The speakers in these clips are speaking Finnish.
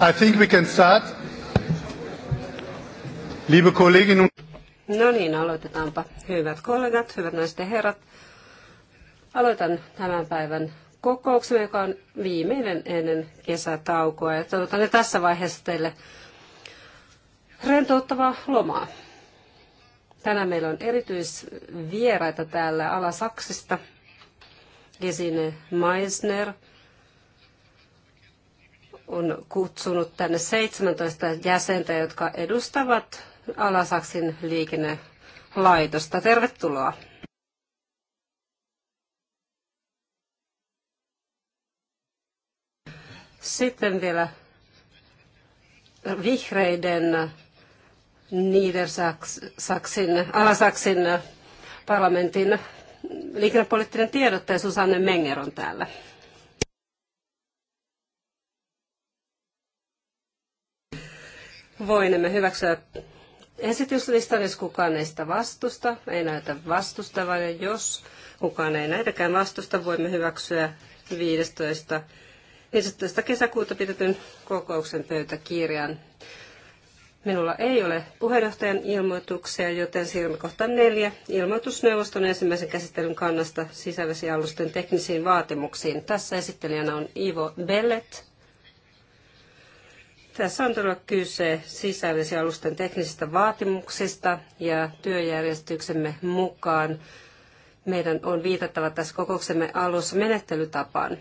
I think we can start. Liebe Kolleginnen No niin, aloitetaanpa. Hyvät kollegat, hyvät naiset ja herrat. Aloitan tämän päivän kokouksen, joka on viimeinen ennen kesätaukoa. Ja toivotan ne tässä vaiheessa teille rentouttavaa lomaa. Tänään meillä on erityisvieraita täällä Alasaksista. Gesine Meisner – on kutsunut tänne 17 jäsentä, jotka edustavat Alasaksin liikennelaitosta. Tervetuloa. Sitten vielä vihreiden Niedersaksin, Alasaksin parlamentin liikennepoliittinen tiedottaja Susanne Menger on täällä. voinemme hyväksyä esityslistan, jos kukaan ei sitä vastusta, ei näytä vastustavaa, ja jos kukaan ei näitäkään vastusta, voimme hyväksyä 15. 15. kesäkuuta pidetyn kokouksen pöytäkirjan. Minulla ei ole puheenjohtajan ilmoituksia, joten siirrymme kohtaan neljä. Ilmoitusneuvoston ensimmäisen käsittelyn kannasta sisävesialusten teknisiin vaatimuksiin. Tässä esittelijänä on Ivo Bellet. Tässä on todella kyse sisävesialusten teknisistä vaatimuksista ja työjärjestyksemme mukaan meidän on viitattava tässä kokouksemme alussa menettelytapaan. 22.6.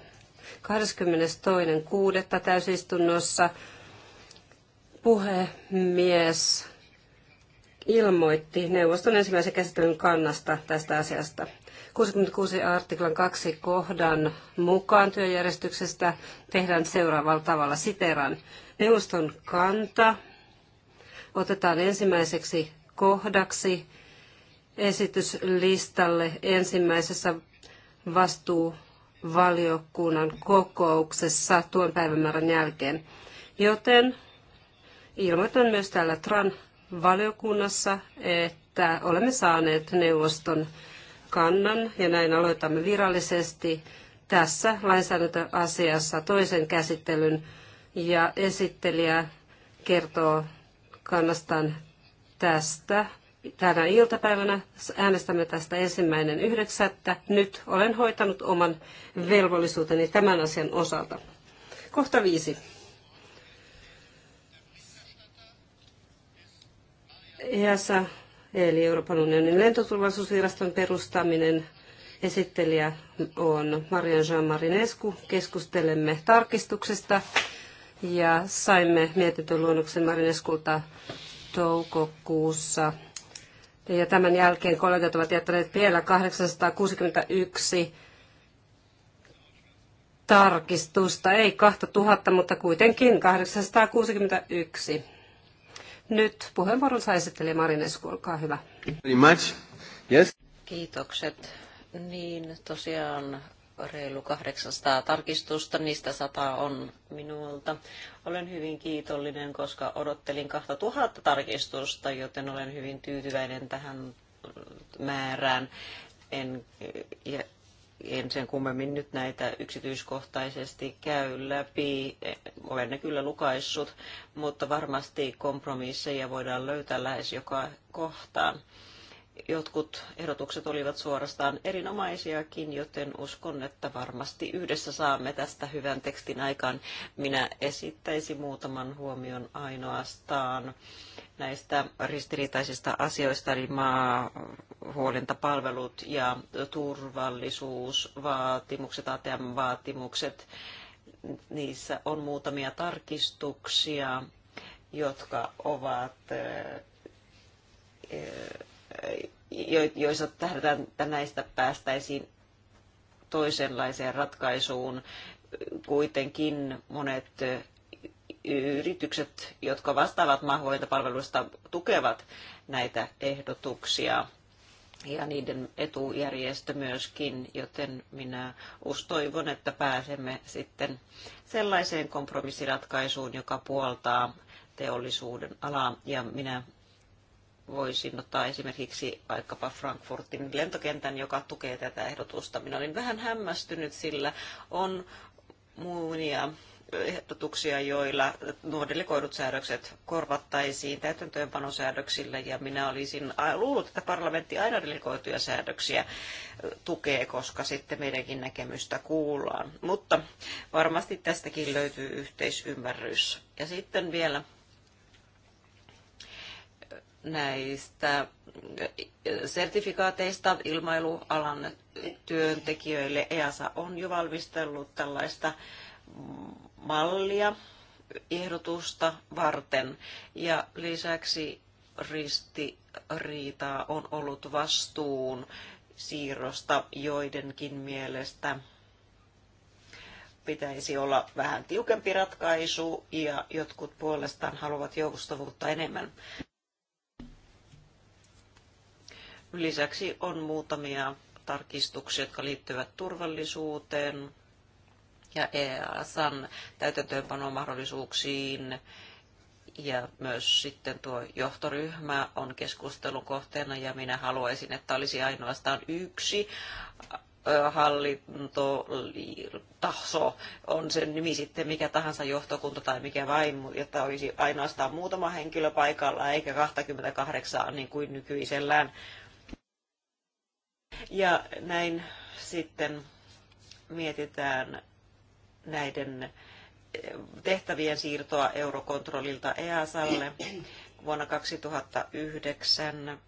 täysistunnossa puhemies ilmoitti neuvoston ensimmäisen käsittelyn kannasta tästä asiasta. 66 artiklan 2 kohdan mukaan työjärjestyksestä tehdään seuraavalla tavalla siteran. Neuvoston kanta otetaan ensimmäiseksi kohdaksi esityslistalle ensimmäisessä vastuuvaliokunnan kokouksessa tuon päivämäärän jälkeen. Joten ilmoitan myös täällä TRAN valiokunnassa, että olemme saaneet neuvoston kannan ja näin aloitamme virallisesti tässä lainsäädäntöasiassa toisen käsittelyn ja esittelijä kertoo kannastaan tästä tänä iltapäivänä. Äänestämme tästä ensimmäinen yhdeksättä. Nyt olen hoitanut oman velvollisuuteni tämän asian osalta. Kohta viisi. EASA, eli Euroopan unionin lentoturvallisuusviraston perustaminen. Esittelijä on Marian Jean Marinescu. Keskustelemme tarkistuksesta ja saimme mietityn luonnoksen Marineskulta toukokuussa. Ja tämän jälkeen kollegat ovat jättäneet vielä 861 tarkistusta, ei 2000, mutta kuitenkin 861. Nyt puheenvuoron saa esitteli Marinesku, olkaa hyvä. Very much. Yes. Kiitokset. Niin tosiaan reilu 800 tarkistusta, niistä 100 on minulta. Olen hyvin kiitollinen, koska odottelin 2000 tarkistusta, joten olen hyvin tyytyväinen tähän määrään. En, ja, en sen kummemmin nyt näitä yksityiskohtaisesti käy läpi. Olen ne kyllä lukaissut, mutta varmasti kompromisseja voidaan löytää lähes joka kohtaan. Jotkut ehdotukset olivat suorastaan erinomaisiakin, joten uskon, että varmasti yhdessä saamme tästä hyvän tekstin aikaan. Minä esittäisin muutaman huomion ainoastaan näistä ristiriitaisista asioista, eli maahuolintapalvelut ja turvallisuusvaatimukset, ATM-vaatimukset. Niissä on muutamia tarkistuksia, jotka ovat eh, eh, joissa tähdätään, että näistä päästäisiin toisenlaiseen ratkaisuun. Kuitenkin monet yritykset, jotka vastaavat maahanmuuttopalveluista, tukevat näitä ehdotuksia ja niiden etujärjestö myöskin, joten minä toivon, että pääsemme sitten sellaiseen kompromissiratkaisuun, joka puoltaa teollisuuden alaa. Ja minä voisin ottaa esimerkiksi vaikkapa Frankfurtin lentokentän, joka tukee tätä ehdotusta. Minä olin vähän hämmästynyt, sillä on muunia ehdotuksia, joilla nuo delegoidut säädökset korvattaisiin täytäntöönpanosäädöksillä, ja minä olisin luullut, että parlamentti aina delegoituja säädöksiä tukee, koska sitten meidänkin näkemystä kuullaan. Mutta varmasti tästäkin löytyy yhteisymmärrys. Ja sitten vielä näistä sertifikaateista ilmailualan työntekijöille. EASA on jo valmistellut tällaista mallia ehdotusta varten ja lisäksi ristiriitaa on ollut vastuun siirrosta joidenkin mielestä pitäisi olla vähän tiukempi ratkaisu ja jotkut puolestaan haluavat joustavuutta enemmän. Lisäksi on muutamia tarkistuksia, jotka liittyvät turvallisuuteen ja EASan täytäntöönpanomahdollisuuksiin. Ja myös sitten tuo johtoryhmä on keskustelun kohteena ja minä haluaisin, että olisi ainoastaan yksi hallintotaso, on sen nimi sitten mikä tahansa johtokunta tai mikä vain, jotta olisi ainoastaan muutama henkilö paikalla eikä 28 niin kuin nykyisellään ja näin sitten mietitään näiden eh, tehtävien siirtoa eurokontrollilta EASalle vuonna 2009.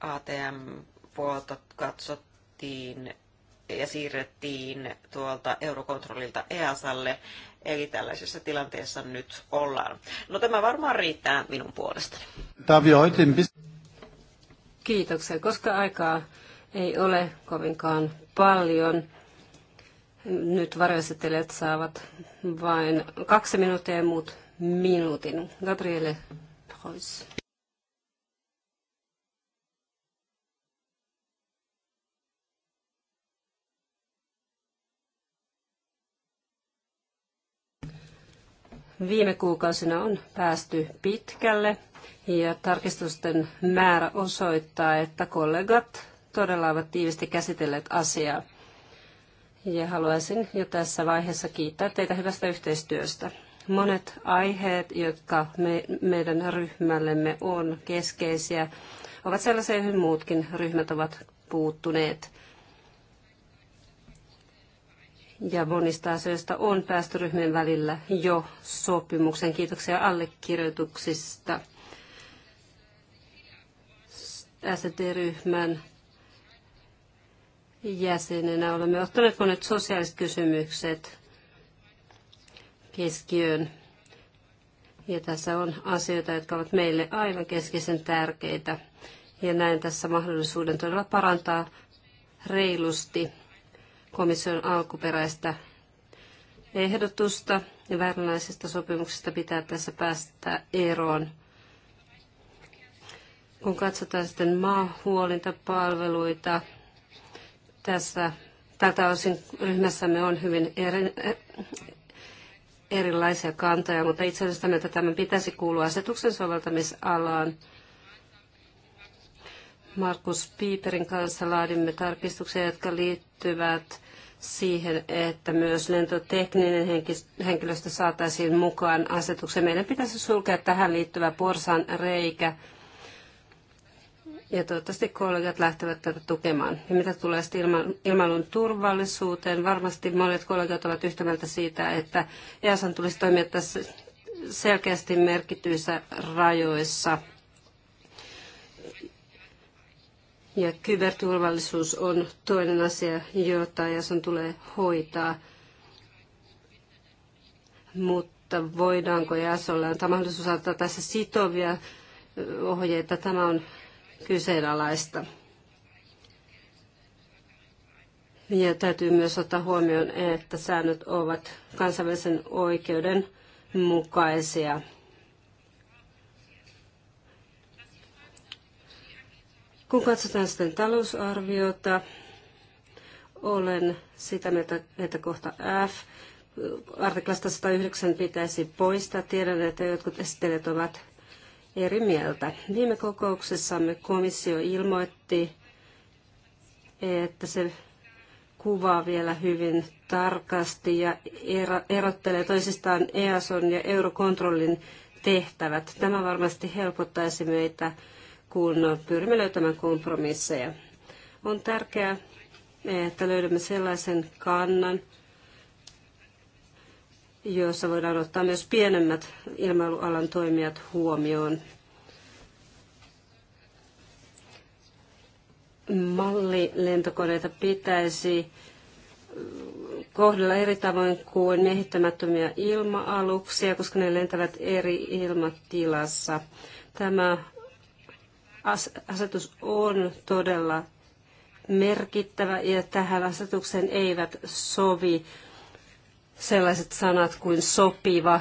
ATM-puolta katsottiin ja siirrettiin tuolta eurokontrollilta EASalle, eli tällaisessa tilanteessa nyt ollaan. No tämä varmaan riittää minun puolestani. Kiitoksia, koska aikaa ei ole kovinkaan paljon. Nyt varjoesittelijät saavat vain kaksi minuuttia ja muut minuutin. Gabriele Preuss. Viime kuukausina on päästy pitkälle ja tarkistusten määrä osoittaa, että kollegat todella ovat tiivisti käsitelleet asiaa. Ja haluaisin jo tässä vaiheessa kiittää teitä hyvästä yhteistyöstä. Monet aiheet, jotka me, meidän ryhmällemme on keskeisiä, ovat sellaisia, joihin muutkin ryhmät ovat puuttuneet. Ja monista asioista on päästy ryhmien välillä jo sopimuksen. Kiitoksia allekirjoituksista. ST-ryhmän jäsenenä olemme ottaneet monet sosiaaliset kysymykset keskiöön. Ja tässä on asioita, jotka ovat meille aivan keskeisen tärkeitä. Ja näen tässä mahdollisuuden todella parantaa reilusti komission alkuperäistä ehdotusta ja väärinlaisesta sopimuksesta pitää tässä päästä eroon. Kun katsotaan sitten maahuolintapalveluita, tässä tältä osin ryhmässämme on hyvin eri, erilaisia kantoja, mutta itse asiassa meiltä tämän pitäisi kuulua asetuksen soveltamisalaan. Markus Piiperin kanssa laadimme tarkistuksia, jotka liittyvät siihen, että myös lentotekninen henkilöstö saataisiin mukaan asetukseen. Meidän pitäisi sulkea tähän liittyvä porsan reikä ja toivottavasti kollegat lähtevät tätä tukemaan. Ja mitä tulee sitten ilmailun turvallisuuteen, varmasti monet kollegat ovat yhtä mieltä siitä, että EASan tulisi toimia tässä selkeästi merkityissä rajoissa. Ja kyberturvallisuus on toinen asia, jota EASan tulee hoitaa. Mutta voidaanko EASolle antaa mahdollisuus antaa tässä sitovia ohjeita? Tämä on kyseenalaista. Ja täytyy myös ottaa huomioon, että säännöt ovat kansainvälisen oikeuden mukaisia. Kun katsotaan sitten talousarviota, olen sitä mieltä, että kohta F artiklasta 109 pitäisi poistaa. Tiedän, että jotkut esittelijät ovat eri mieltä. Viime kokouksessamme komissio ilmoitti, että se kuvaa vielä hyvin tarkasti ja erottelee toisistaan EASON ja Eurokontrollin tehtävät. Tämä varmasti helpottaisi meitä, kun pyrimme löytämään kompromisseja. On tärkeää, että löydämme sellaisen kannan, joissa voidaan ottaa myös pienemmät ilmailualan toimijat huomioon. Malli lentokoneita pitäisi kohdella eri tavoin kuin miehittämättömiä ilma-aluksia, koska ne lentävät eri ilmatilassa. Tämä asetus on todella merkittävä ja tähän asetukseen eivät sovi sellaiset sanat kuin sopiva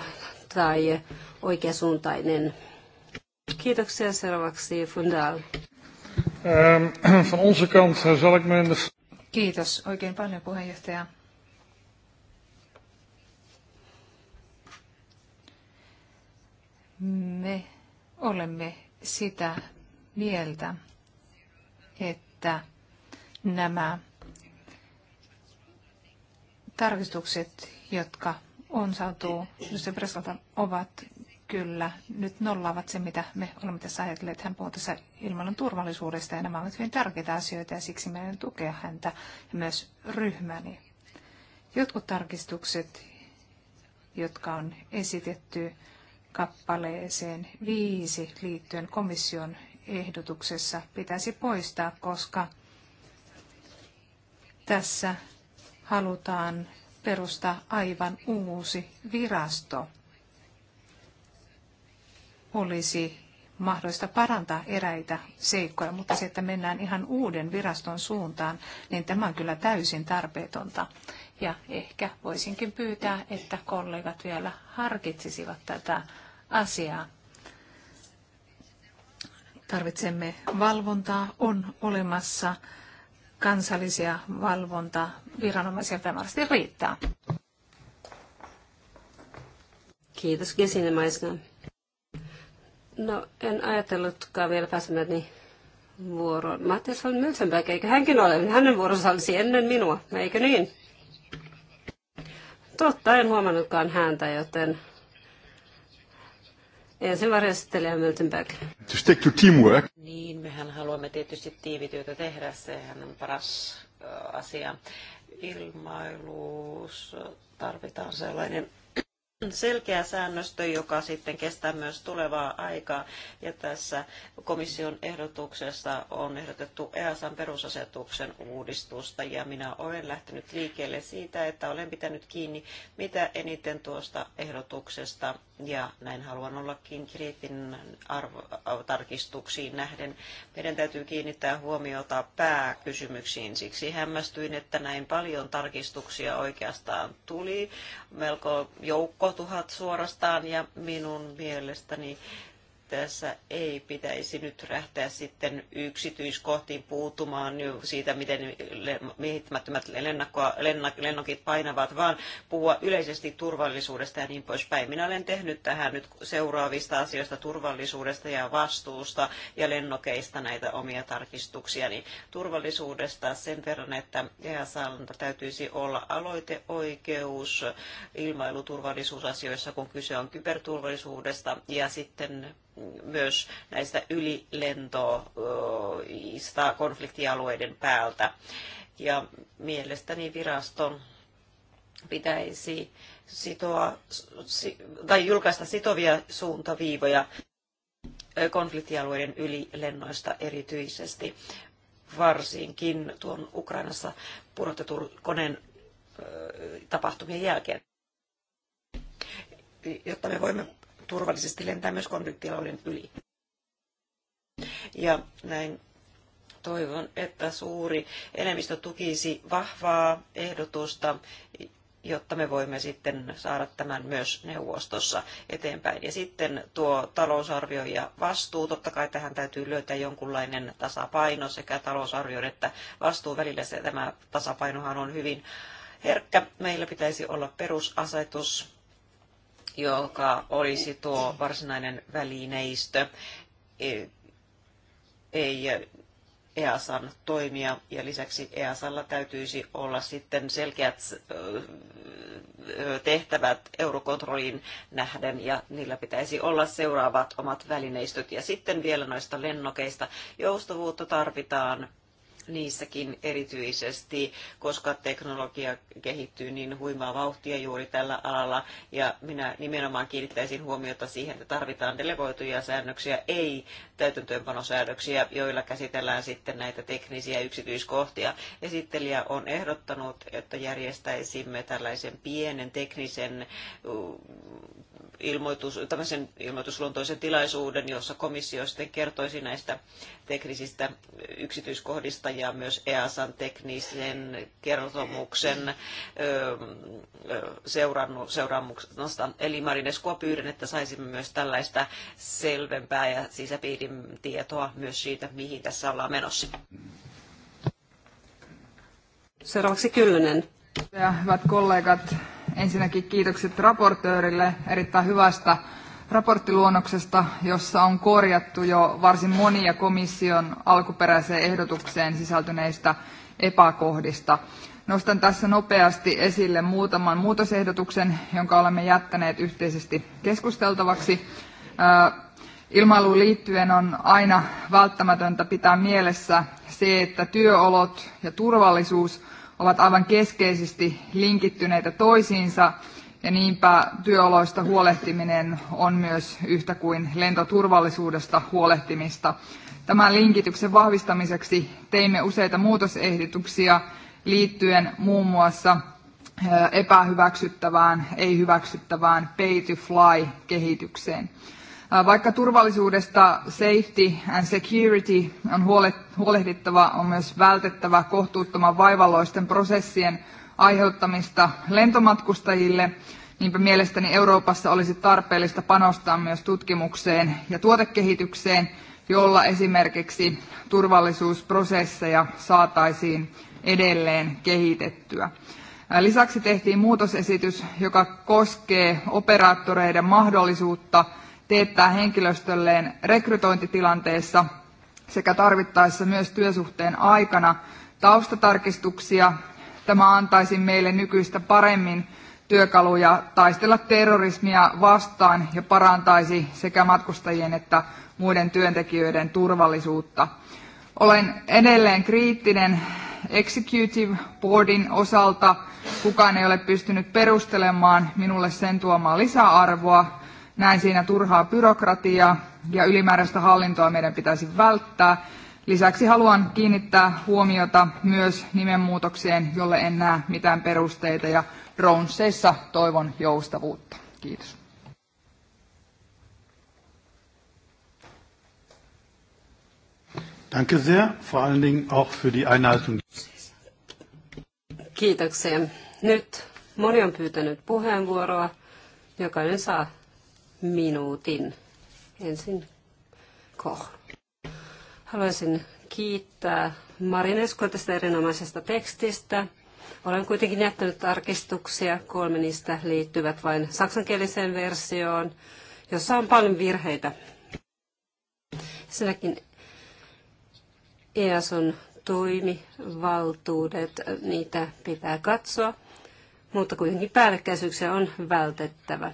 tai oikeasuuntainen. Kiitoksia seuraavaksi Fundal. Ehm, eh, Kiitos oikein paljon puheenjohtaja. Me olemme sitä mieltä, että nämä tarkistukset, jotka on saatu Jussi ovat kyllä nyt nollaavat se, mitä me olemme tässä ajatelleet. Hän puhuu tässä ilmailun turvallisuudesta ja nämä ovat hyvin tärkeitä asioita ja siksi meidän tukea häntä ja myös ryhmäni. Jotkut tarkistukset, jotka on esitetty kappaleeseen viisi liittyen komission ehdotuksessa, pitäisi poistaa, koska tässä halutaan perustaa aivan uusi virasto. Olisi mahdollista parantaa eräitä seikkoja, mutta se, että mennään ihan uuden viraston suuntaan, niin tämä on kyllä täysin tarpeetonta. Ja ehkä voisinkin pyytää, että kollegat vielä harkitsisivat tätä asiaa. Tarvitsemme valvontaa, on olemassa kansallisia valvontaviranomaisia tämä varmasti riittää. Kiitos Gesine No, en ajatellutkaan vielä pääsemäni vuoroon. se on Mylsenberg, eikö hänkin ole? Hänen vuorossa olisi ennen minua, eikö niin? Totta, en huomannutkaan häntä, joten Ensin To stick to teamwork. Niin, mehän haluamme tietysti tiivityötä tehdä, sehän on paras asia. Ilmailuus tarvitaan sellainen selkeä säännöstö, joka sitten kestää myös tulevaa aikaa. Ja tässä komission ehdotuksessa on ehdotettu EASan perusasetuksen uudistusta. Ja minä olen lähtenyt liikkeelle siitä, että olen pitänyt kiinni mitä eniten tuosta ehdotuksesta ja näin haluan ollakin kriitin arvotarkistuksiin tarkistuksiin nähden. Meidän täytyy kiinnittää huomiota pääkysymyksiin. Siksi hämmästyin, että näin paljon tarkistuksia oikeastaan tuli. Melko joukko tuhat suorastaan ja minun mielestäni tässä ei pitäisi nyt rähtää sitten yksityiskohtiin puuttumaan siitä, miten miehittämättömät lennokit painavat, vaan puhua yleisesti turvallisuudesta ja niin poispäin. Minä olen tehnyt tähän nyt seuraavista asioista turvallisuudesta ja vastuusta ja lennokeista näitä omia tarkistuksia. Niin turvallisuudesta sen verran, että EASALta täytyisi olla aloiteoikeus ilmailuturvallisuusasioissa, kun kyse on kyberturvallisuudesta ja sitten myös näistä ylilentoista konfliktialueiden päältä. Ja mielestäni viraston pitäisi sitoa, tai julkaista sitovia suuntaviivoja konfliktialueiden ylilennoista erityisesti, varsinkin tuon Ukrainassa pudotetun koneen tapahtumien jälkeen, jotta me voimme turvallisesti lentää myös konfliktialueiden yli. Ja näin toivon, että suuri enemmistö tukisi vahvaa ehdotusta, jotta me voimme sitten saada tämän myös neuvostossa eteenpäin. Ja sitten tuo talousarvio ja vastuu, totta kai tähän täytyy löytää jonkunlainen tasapaino sekä talousarvio että vastuu välillä. Se, tämä tasapainohan on hyvin herkkä. Meillä pitäisi olla perusasetus joka olisi tuo varsinainen välineistö. E, ei EASan toimia ja lisäksi EASalla täytyisi olla sitten selkeät tehtävät eurokontrolliin nähden ja niillä pitäisi olla seuraavat omat välineistöt. Ja sitten vielä noista lennokeista. Joustavuutta tarvitaan niissäkin erityisesti, koska teknologia kehittyy niin huimaa vauhtia juuri tällä alalla. Ja minä nimenomaan kiinnittäisin huomiota siihen, että tarvitaan delegoituja säännöksiä, ei täytäntöönpanosäädöksiä, joilla käsitellään sitten näitä teknisiä yksityiskohtia. Esittelijä on ehdottanut, että järjestäisimme tällaisen pienen teknisen ilmoitus, tämmöisen ilmoitusluontoisen tilaisuuden, jossa komissio sitten kertoisi näistä teknisistä yksityiskohdista ja myös EASan teknisen kertomuksen seuraamuksesta. Eli Marineskoa pyydän, että saisimme myös tällaista selvempää ja sisäpiirin tietoa myös siitä, mihin tässä ollaan menossa. Seuraavaksi Kyllönen. Ja hyvät kollegat, ensinnäkin kiitokset raportöörille erittäin hyvästä raporttiluonnoksesta, jossa on korjattu jo varsin monia komission alkuperäiseen ehdotukseen sisältyneistä epäkohdista. Nostan tässä nopeasti esille muutaman muutosehdotuksen, jonka olemme jättäneet yhteisesti keskusteltavaksi. Ilmailuun liittyen on aina välttämätöntä pitää mielessä se, että työolot ja turvallisuus – ovat aivan keskeisesti linkittyneitä toisiinsa ja niinpä työoloista huolehtiminen on myös yhtä kuin lentoturvallisuudesta huolehtimista. Tämän linkityksen vahvistamiseksi teimme useita muutosehdotuksia liittyen muun muassa epähyväksyttävään, ei-hyväksyttävään pay-to-fly-kehitykseen. Vaikka turvallisuudesta safety and security on huolehdittava, on myös vältettävä kohtuuttoman vaivalloisten prosessien aiheuttamista lentomatkustajille, niinpä mielestäni Euroopassa olisi tarpeellista panostaa myös tutkimukseen ja tuotekehitykseen, jolla esimerkiksi turvallisuusprosesseja saataisiin edelleen kehitettyä. Lisäksi tehtiin muutosesitys, joka koskee operaattoreiden mahdollisuutta – teettää henkilöstölleen rekrytointitilanteessa sekä tarvittaessa myös työsuhteen aikana taustatarkistuksia. Tämä antaisi meille nykyistä paremmin työkaluja taistella terrorismia vastaan ja parantaisi sekä matkustajien että muiden työntekijöiden turvallisuutta. Olen edelleen kriittinen Executive Boardin osalta. Kukaan ei ole pystynyt perustelemaan minulle sen tuomaa lisäarvoa näin siinä turhaa byrokratiaa ja ylimääräistä hallintoa meidän pitäisi välttää. Lisäksi haluan kiinnittää huomiota myös nimenmuutokseen, jolle en näe mitään perusteita ja Dronesseissa toivon joustavuutta. Kiitos. Danke sehr, vor allen Dingen auch für die Einhaltung. Kiitoksia. Nyt moni on pyytänyt puheenvuoroa. Jokainen saa minuutin. Ensin Koh. Haluaisin kiittää Marineskoa tästä erinomaisesta tekstistä. Olen kuitenkin jättänyt tarkistuksia. Kolme niistä liittyvät vain saksankieliseen versioon, jossa on paljon virheitä. Ensinnäkin EASon toimivaltuudet, niitä pitää katsoa, mutta kuitenkin päällekkäisyyksiä on vältettävä.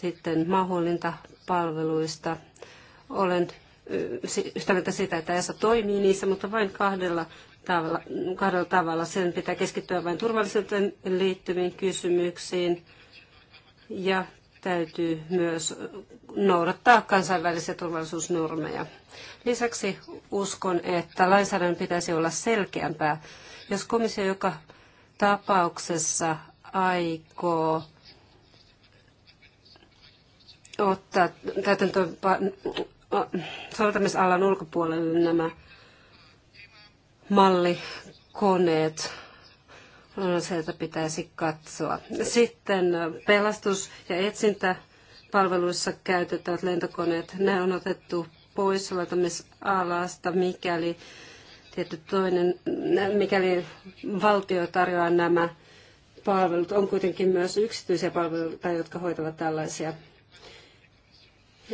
Sitten palveluista Olen sitä mieltä sitä, että ESA toimii niissä, mutta vain kahdella tavalla, kahdella tavalla. Sen pitää keskittyä vain turvallisuuteen liittyviin kysymyksiin ja täytyy myös noudattaa kansainvälisiä turvallisuusnormeja. Lisäksi uskon, että lainsäädännön pitäisi olla selkeämpää. Jos komissio joka tapauksessa aikoo ottaa täytäntöön soveltamisalan ulkopuolelle nämä mallikoneet. On se, että pitäisi katsoa. Sitten pelastus- ja etsintäpalveluissa käytettävät lentokoneet, ne on otettu pois soveltamisalasta, mikäli tietty toinen, mikäli valtio tarjoaa nämä palvelut. On kuitenkin myös yksityisiä palveluita, jotka hoitavat tällaisia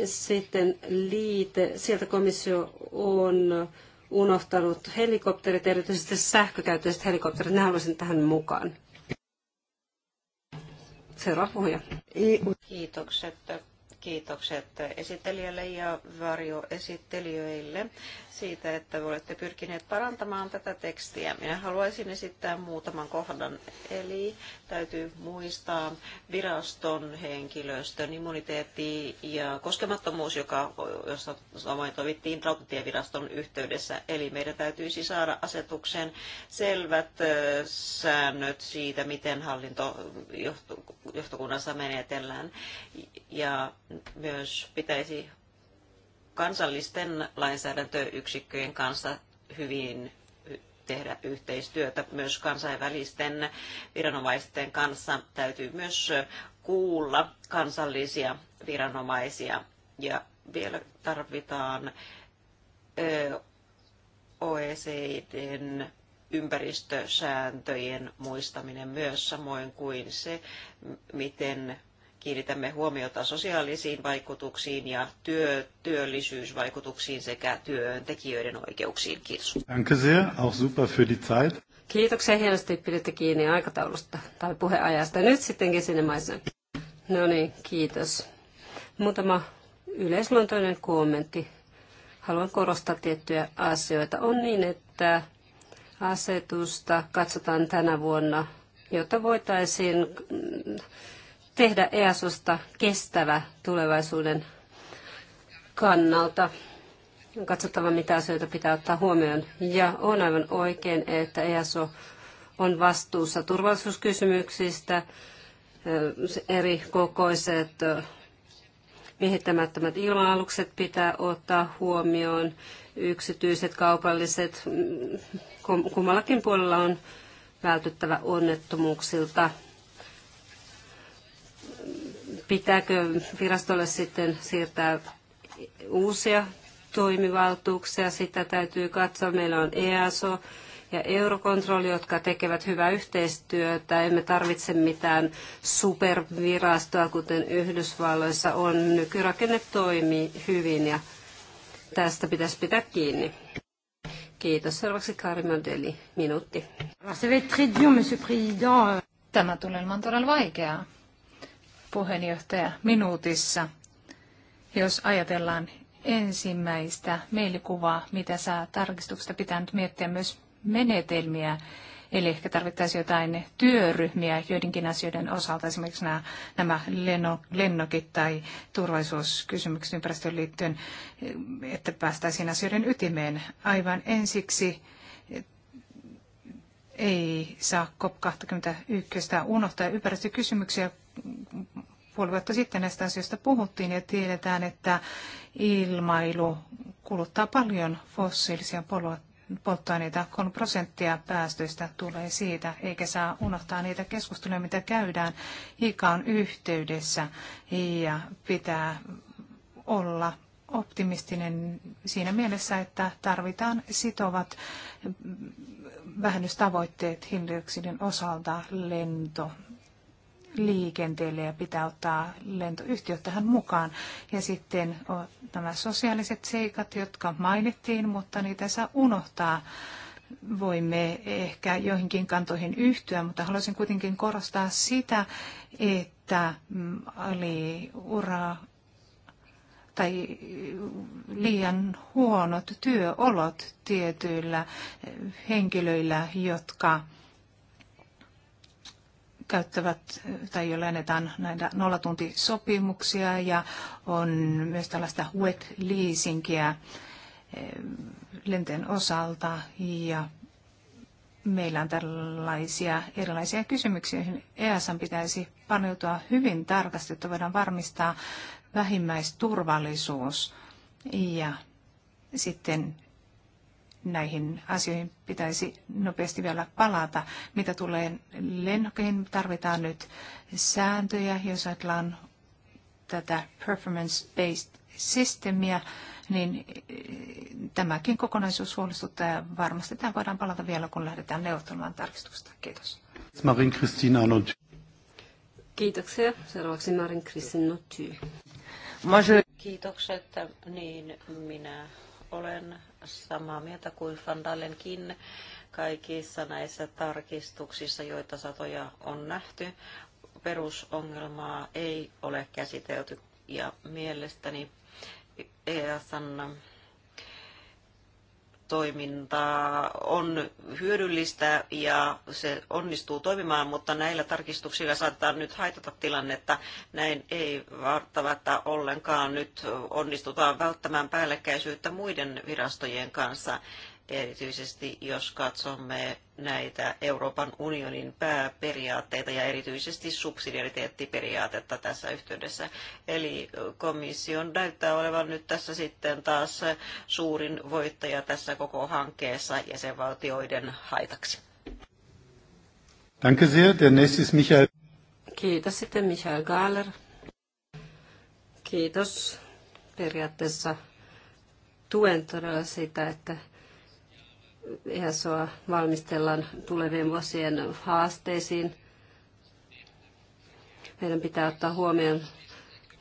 sitten liite, sieltä komissio on unohtanut helikopterit, erityisesti sähkökäyttöiset helikopterit, ne haluaisin tähän mukaan. Seuraava puhuja. Kiitokset. Kiitokset esittelijälle ja varjoesittelijöille siitä, että olette pyrkineet parantamaan tätä tekstiä. Minä haluaisin esittää muutaman kohdan. Eli täytyy muistaa viraston henkilöstön immuniteetti ja koskemattomuus, joka, jossa samoin toimittiin rautatieviraston yhteydessä. Eli meidän täytyisi saada asetuksen selvät säännöt siitä, miten hallinto johtokunnassa menetellään. Ja myös pitäisi kansallisten lainsäädäntöyksikköjen kanssa hyvin tehdä yhteistyötä myös kansainvälisten viranomaisten kanssa. Täytyy myös kuulla kansallisia viranomaisia ja vielä tarvitaan OECDn ympäristösääntöjen muistaminen myös, samoin kuin se, miten kiinnitämme huomiota sosiaalisiin vaikutuksiin ja työ, työllisyysvaikutuksiin sekä työntekijöiden oikeuksiin. Kiitos. Danke sehr, auch super für die Zeit. Kiitoksia hienosti piditte kiinni aikataulusta tai puheajasta. Nyt sitten kesinemaisen. No niin, kiitos. Muutama yleisluontoinen kommentti. Haluan korostaa tiettyjä asioita. On niin, että asetusta katsotaan tänä vuonna, jotta voitaisiin tehdä EASosta kestävä tulevaisuuden kannalta. On katsottava, mitä asioita pitää ottaa huomioon. Ja on aivan oikein, että EASO on vastuussa turvallisuuskysymyksistä, eri kokoiset miehittämättömät ilma-alukset pitää ottaa huomioon, yksityiset, kaupalliset, mm, kummallakin puolella on vältyttävä onnettomuuksilta. Pitääkö virastolle sitten siirtää uusia toimivaltuuksia? Sitä täytyy katsoa. Meillä on EASO ja Eurokontrolli, jotka tekevät hyvää yhteistyötä. Emme tarvitse mitään supervirastoa, kuten Yhdysvalloissa on. Nykyrakenne toimii hyvin ja tästä pitäisi pitää kiinni. Kiitos. Seuraavaksi Kari Möldeli, minuutti. Tämä tulee on todella vaikeaa puheenjohtaja minuutissa, jos ajatellaan ensimmäistä mielikuvaa, mitä saa tarkistuksesta, pitää nyt miettiä myös menetelmiä. Eli ehkä tarvittaisiin jotain työryhmiä joidenkin asioiden osalta, esimerkiksi nämä, nämä lennokit tai turvallisuuskysymykset ympäristöön liittyen, että päästäisiin asioiden ytimeen. Aivan ensiksi ei saa COP21 unohtaa ympäristökysymyksiä, puoli vuotta sitten näistä asioista puhuttiin ja tiedetään, että ilmailu kuluttaa paljon fossiilisia polttoaineita. 3 prosenttia päästöistä tulee siitä, eikä saa unohtaa niitä keskusteluja, mitä käydään ikaan yhteydessä ja pitää olla optimistinen siinä mielessä, että tarvitaan sitovat vähennystavoitteet hiilidioksidin osalta lento liikenteelle ja pitää ottaa lentoyhtiö tähän mukaan. Ja sitten on nämä sosiaaliset seikat, jotka mainittiin, mutta niitä saa unohtaa. Voimme ehkä joihinkin kantoihin yhtyä, mutta haluaisin kuitenkin korostaa sitä, että mm, oli ura tai liian huonot työolot tietyillä henkilöillä, jotka käyttävät tai joilla annetaan näitä nollatuntisopimuksia ja on myös tällaista wet leasingia eh, lenten osalta ja meillä on tällaisia erilaisia kysymyksiä, joihin e EASan pitäisi paneutua hyvin tarkasti, että voidaan varmistaa vähimmäisturvallisuus ja sitten näihin asioihin pitäisi nopeasti vielä palata. Mitä tulee lennokkeihin, tarvitaan nyt sääntöjä, jos ajatellaan tätä performance-based systeemiä, niin eh, tämäkin kokonaisuus huolestuttaa ja varmasti tämä voidaan palata vielä, kun lähdetään neuvottelemaan tarkistusta. Kiitos. Kiitoksia. Seuraavaksi Marin Kristin Noty. Kiitokset. Niin minä olen samaa mieltä kuin Fandallenkin kaikissa näissä tarkistuksissa, joita satoja on nähty. Perusongelmaa ei ole käsitelty ja mielestäni EASan toimintaa on hyödyllistä ja se onnistuu toimimaan, mutta näillä tarkistuksilla saattaa nyt haitata tilannetta. Näin ei välttämättä ollenkaan nyt onnistutaan välttämään päällekkäisyyttä muiden virastojen kanssa erityisesti jos katsomme näitä Euroopan unionin pääperiaatteita ja erityisesti subsidiariteettiperiaatetta tässä yhteydessä. Eli komission näyttää olevan nyt tässä sitten taas suurin voittaja tässä koko hankkeessa jäsenvaltioiden haitaksi. Danke sehr. Der nächste ist Michael. Kiitos sitten Michael Gahler. Kiitos. Periaatteessa tuen todella sitä, että ESOa valmistellaan tulevien vuosien haasteisiin. Meidän pitää ottaa huomioon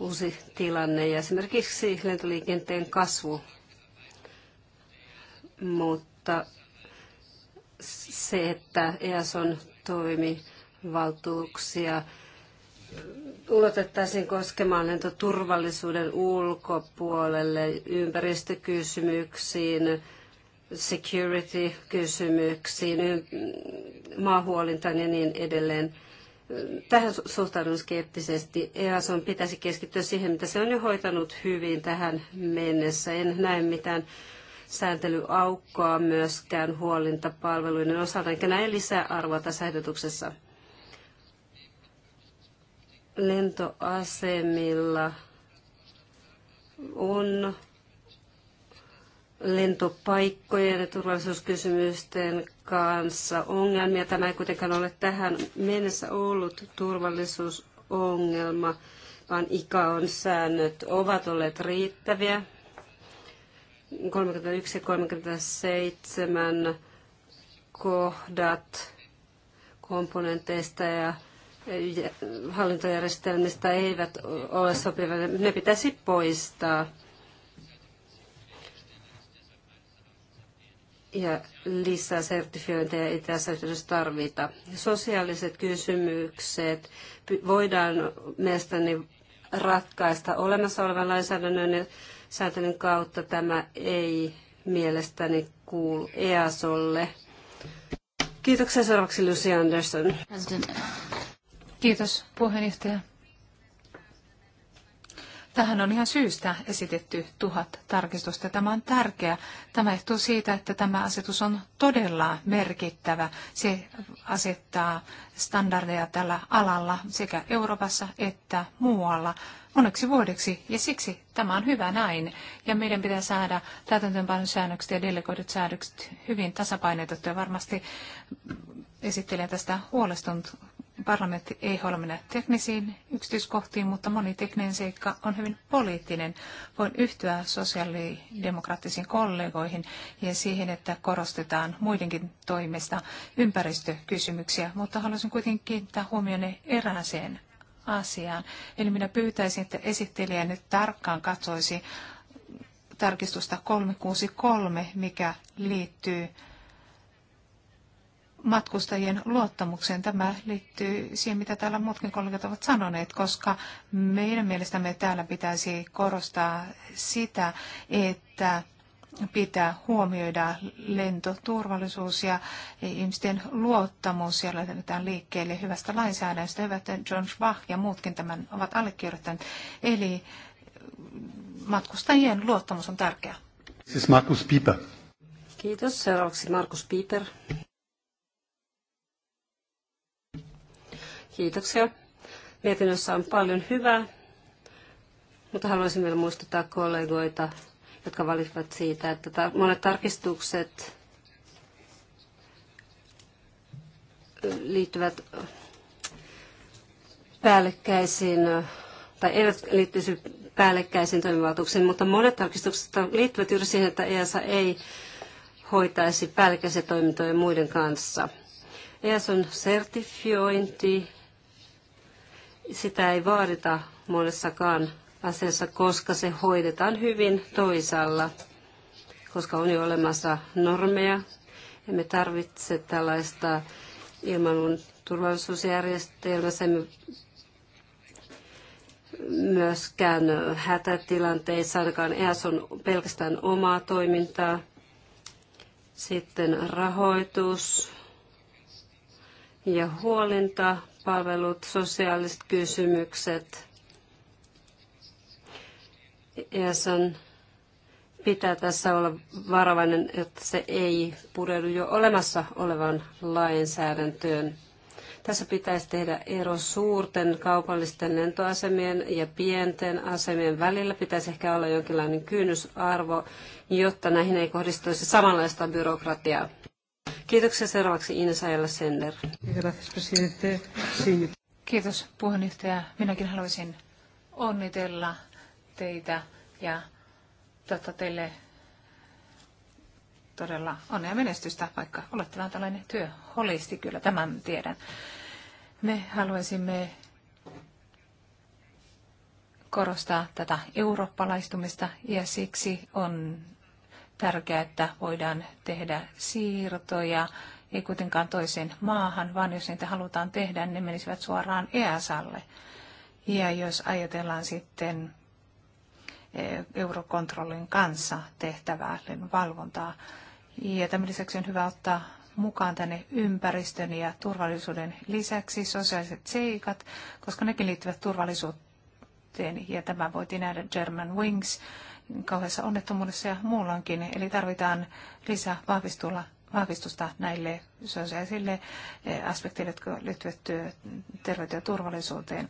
uusi tilanne ja esimerkiksi lentoliikenteen kasvu. Mutta se, että EASON toimivaltuuksia ulotettaisiin koskemaan lentoturvallisuuden ulkopuolelle, ympäristökysymyksiin, security-kysymyksiin, maahuolintaan ja niin edelleen. Tähän suhtaudun skeptisesti. EASON pitäisi keskittyä siihen, mitä se on jo hoitanut hyvin tähän mennessä. En näe mitään sääntelyaukkoa myöskään huolintapalveluiden osalta, enkä näe lisää arvoa tässä ehdotuksessa. Lentoasemilla on lentopaikkojen ja turvallisuuskysymysten kanssa ongelmia. Tämä ei kuitenkaan ole tähän mennessä ollut turvallisuusongelma, vaan ICAON säännöt ovat olleet riittäviä. 31 ja 37 kohdat komponenteista ja hallintojärjestelmistä eivät ole sopivia. Ne pitäisi poistaa ja lisää sertifiointeja ei tässä yhteydessä tarvita. Sosiaaliset kysymykset voidaan mielestäni ratkaista olemassa olevan lainsäädännön ja sääntelyn kautta. Tämä ei mielestäni kuulu EASOlle. Kiitoksia seuraavaksi Lucy Anderson. Kiitos puheenjohtaja. Tähän on ihan syystä esitetty tuhat tarkistusta. Tämä on tärkeä. Tämä johtuu siitä, että tämä asetus on todella merkittävä. Se asettaa standardeja tällä alalla sekä Euroopassa että muualla moneksi vuodeksi, ja siksi tämä on hyvä näin. Ja meidän pitää saada säännökset ja delegoidut säännökset hyvin tasapainotettu, ja varmasti esittelen tästä huolestunut parlamentti ei halua mennä teknisiin yksityiskohtiin, mutta moni tekninen seikka on hyvin poliittinen. Voin yhtyä sosiaalidemokraattisiin kollegoihin ja siihen, että korostetaan muidenkin toimesta ympäristökysymyksiä, mutta haluaisin kuitenkin kiinnittää huomioon erääseen asiaan. Eli minä pyytäisin, että esittelijä nyt tarkkaan katsoisi tarkistusta 363, mikä liittyy matkustajien luottamukseen. Tämä liittyy siihen, mitä täällä muutkin kollegat ovat sanoneet, koska meidän mielestämme täällä pitäisi korostaa sitä, että pitää huomioida lentoturvallisuus ja ihmisten luottamus ja lähdetään liikkeelle hyvästä lainsäädännöstä. Hyvä, että John Schwach ja muutkin tämän ovat allekirjoittaneet. Eli matkustajien luottamus on tärkeä. Siis Markus Pieper. Kiitos. Seuraavaksi Markus Pieper. Kiitoksia. Mietinnössä on paljon hyvää, mutta haluaisin vielä muistuttaa kollegoita, jotka valitsivat siitä, että monet tarkistukset liittyvät päällekkäisiin, tai eivät liittyisi päällekkäisiin toimivaltuuksiin, mutta monet tarkistukset liittyvät juuri siihen, että ESA ei hoitaisi päällekkäisiä toimintoja muiden kanssa. on e sertifiointi sitä ei vaadita monessakaan asiassa, koska se hoidetaan hyvin toisaalla, koska on jo olemassa normeja. Emme tarvitse tällaista ilmailun turvallisuusjärjestelmässä, emme myöskään hätätilanteissa, ainakaan EAS on pelkästään omaa toimintaa. Sitten rahoitus ja huolinta palvelut, sosiaaliset kysymykset. sen pitää tässä olla varovainen, että se ei pureudu jo olemassa olevan lainsäädäntöön. Tässä pitäisi tehdä ero suurten kaupallisten lentoasemien ja pienten asemien välillä. Pitäisi ehkä olla jonkinlainen kynnysarvo, jotta näihin ei kohdistuisi samanlaista byrokratiaa. Kiitoksia seuraavaksi Ines Ajala Sender. Kiitos puheenjohtaja. Minäkin haluaisin onnitella teitä ja totta teille todella onnea menestystä, vaikka olette vähän tällainen työholisti, kyllä tämän tiedän. Me haluaisimme korostaa tätä eurooppalaistumista ja siksi on tärkeää, että voidaan tehdä siirtoja, ei kuitenkaan toiseen maahan, vaan jos niitä halutaan tehdä, ne menisivät suoraan EASalle. Ja jos ajatellaan sitten eh, eurokontrollin kanssa tehtävää valvontaa. Ja tämän lisäksi on hyvä ottaa mukaan tänne ympäristön ja turvallisuuden lisäksi sosiaaliset seikat, koska nekin liittyvät turvallisuuteen. Ja tämä voitiin nähdä German Wings kauheassa onnettomuudessa ja muullankin. Eli tarvitaan lisää vahvistulla vahvistusta näille sosiaalisille eh, aspekteille, jotka liittyvät työ, terveyteen ja turvallisuuteen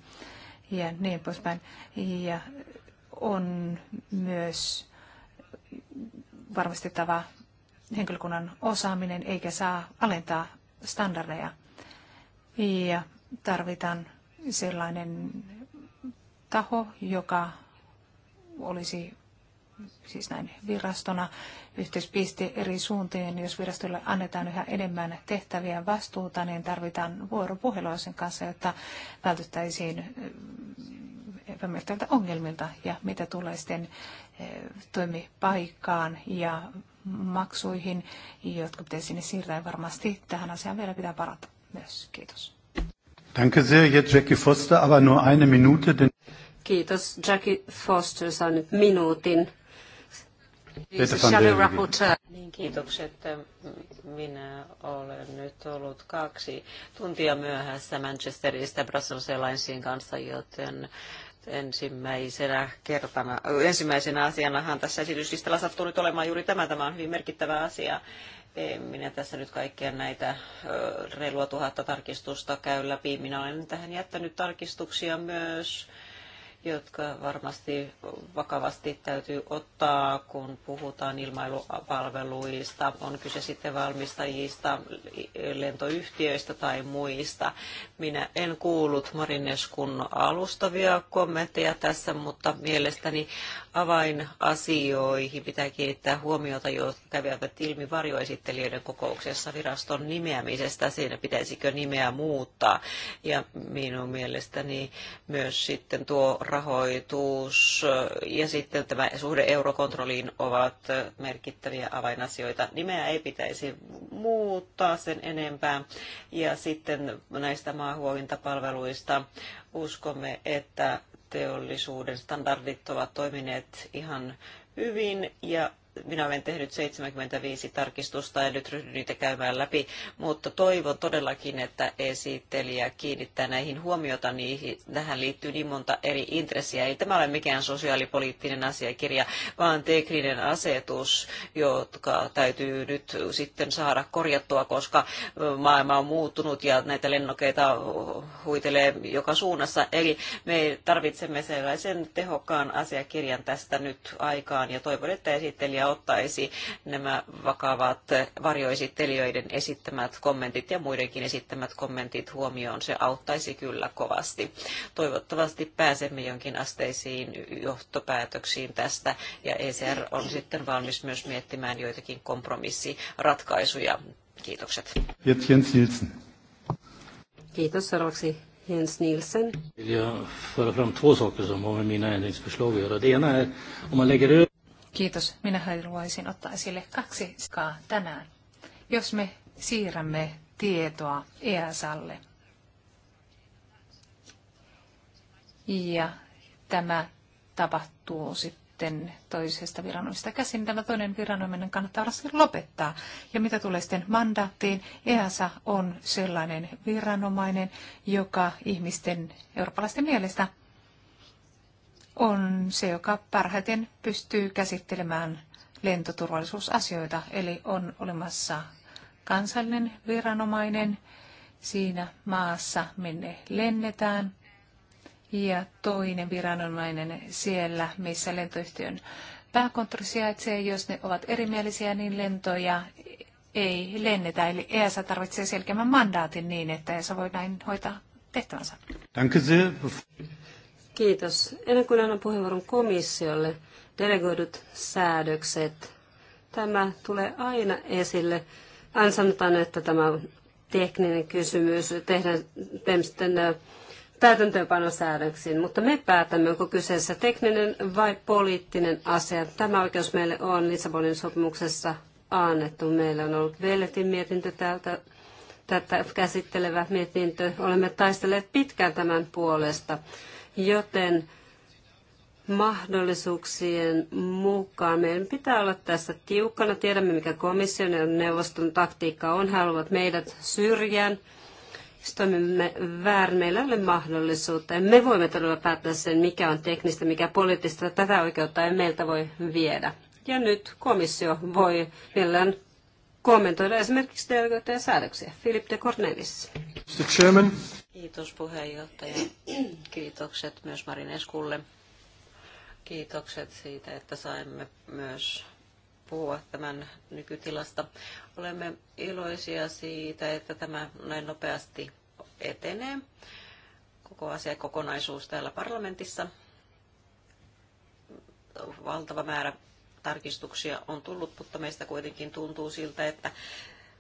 ja niin poispäin. Ja on myös varmistettava henkilökunnan osaaminen, eikä saa alentaa standardeja. Ja tarvitaan sellainen taho, joka olisi siis näin virastona yhteispiste eri suuntiin. Jos virastolle annetaan yhä enemmän tehtäviä ja vastuuta, niin tarvitaan vuoropuhelua sen kanssa, jotta vältyttäisiin eh, epämieltäviltä ongelmilta ja mitä tulee sitten eh, toimipaikkaan ja maksuihin, jotka pitäisi sinne siirtää. Ja niin varmasti tähän asiaan vielä pitää parata myös. Kiitos. Danke sehr, Jackie Foster, aber nur eine Minute. Denn Kiitos. Jackie Foster saa nyt minuutin. Niin, kiitokset. Minä olen nyt ollut kaksi tuntia myöhässä Manchesterista Brussels Airlinesin kanssa, joten ensimmäisenä kertana, ensimmäisenä asianahan tässä esityslistalla sattuu nyt olemaan juuri tämä. Tämä on hyvin merkittävä asia. En minä tässä nyt kaikkia näitä reilua tuhatta tarkistusta käy läpi. Minä olen tähän jättänyt tarkistuksia myös jotka varmasti vakavasti täytyy ottaa, kun puhutaan ilmailupalveluista. On kyse sitten valmistajista, lentoyhtiöistä tai muista. Minä en kuullut Marineskun alustavia kommentteja tässä, mutta mielestäni avainasioihin pitää kiinnittää huomiota, jotka kävivät ilmi varjoesittelijöiden kokouksessa viraston nimeämisestä. Siinä pitäisikö nimeä muuttaa. Ja minun mielestäni myös sitten tuo rahoitus ja sitten tämä suhde eurokontrolliin ovat merkittäviä avainasioita. Nimeä ei pitäisi muuttaa sen enempää. Ja sitten näistä maahuolintapalveluista uskomme, että teollisuuden standardit ovat toimineet ihan hyvin ja minä olen tehnyt 75 tarkistusta ja nyt ryhdyn niitä käymään läpi, mutta toivon todellakin, että esittelijä kiinnittää näihin huomiota. Niihin, tähän liittyy niin monta eri intressiä. Ei tämä ole mikään sosiaalipoliittinen asiakirja, vaan tekninen asetus, jotka täytyy nyt sitten saada korjattua, koska maailma on muuttunut ja näitä lennokeita huitelee joka suunnassa. Eli me tarvitsemme sellaisen tehokkaan asiakirjan tästä nyt aikaan ja toivon, että esittelijä ottaisi nämä vakavat varjoesittelijöiden esittämät kommentit ja muidenkin esittämät kommentit huomioon. Se auttaisi kyllä kovasti. Toivottavasti pääsemme jonkin asteisiin johtopäätöksiin tästä ja ECR on sitten valmis myös miettimään joitakin kompromissiratkaisuja. Kiitokset. Jens Nielsen. Kiitos. Seuraavaksi Jens Nielsen. Jag vill föra fram två saker som har med mina ändringsförslag att göra. Det ena är om man lägger över Kiitos. Minä haluaisin ottaa esille kaksi skaa tänään. Jos me siirrämme tietoa EASalle ja tämä tapahtuu sitten toisesta viranomaisesta käsin, tämä toinen viranomainen kannattaa olla lopettaa. Ja mitä tulee sitten mandaattiin, EASA on sellainen viranomainen, joka ihmisten eurooppalaisten mielestä on se, joka parhaiten pystyy käsittelemään lentoturvallisuusasioita, eli on olemassa kansallinen viranomainen siinä maassa, minne lennetään, ja toinen viranomainen siellä, missä lentoyhtiön pääkonttori sijaitsee. Jos ne ovat erimielisiä, niin lentoja ei lennetä. Eli EASA tarvitsee selkeämmän mandaatin niin, että EASA voi näin hoitaa tehtävänsä. Danke sehr. Kiitos. Ennen kuin annan puheenvuoron komissiolle, delegoidut säädökset. Tämä tulee aina esille. Aina sanotaan, että tämä on tekninen kysymys, tehdään tämmöisten täytäntöönpanosäädöksiin, mutta me päätämme, onko kyseessä tekninen vai poliittinen asia. Tämä oikeus meille on Lissabonin sopimuksessa annettu. Meillä on ollut Velletin mietintö täältä, tätä käsittelevä mietintö. Olemme taistelleet pitkään tämän puolesta joten mahdollisuuksien mukaan meidän pitää olla tässä tiukkana. Tiedämme, mikä komission ja neuvoston taktiikka on. He haluavat meidät syrjään. Jos toimimme väärin, meillä ei ole mahdollisuutta. me voimme todella päättää sen, mikä on teknistä, mikä poliittista. Tätä oikeutta ei meiltä voi viedä. Ja nyt komissio voi millään kommentoida esimerkiksi delegoituja säädöksiä. Philip de Cornelis. Mr. Chairman. Kiitos puheenjohtaja. Kiitokset myös Marineskulle. Kiitokset siitä, että saimme myös puhua tämän nykytilasta. Olemme iloisia siitä, että tämä näin nopeasti etenee. Koko asia kokonaisuus täällä parlamentissa. Valtava määrä tarkistuksia on tullut, mutta meistä kuitenkin tuntuu siltä, että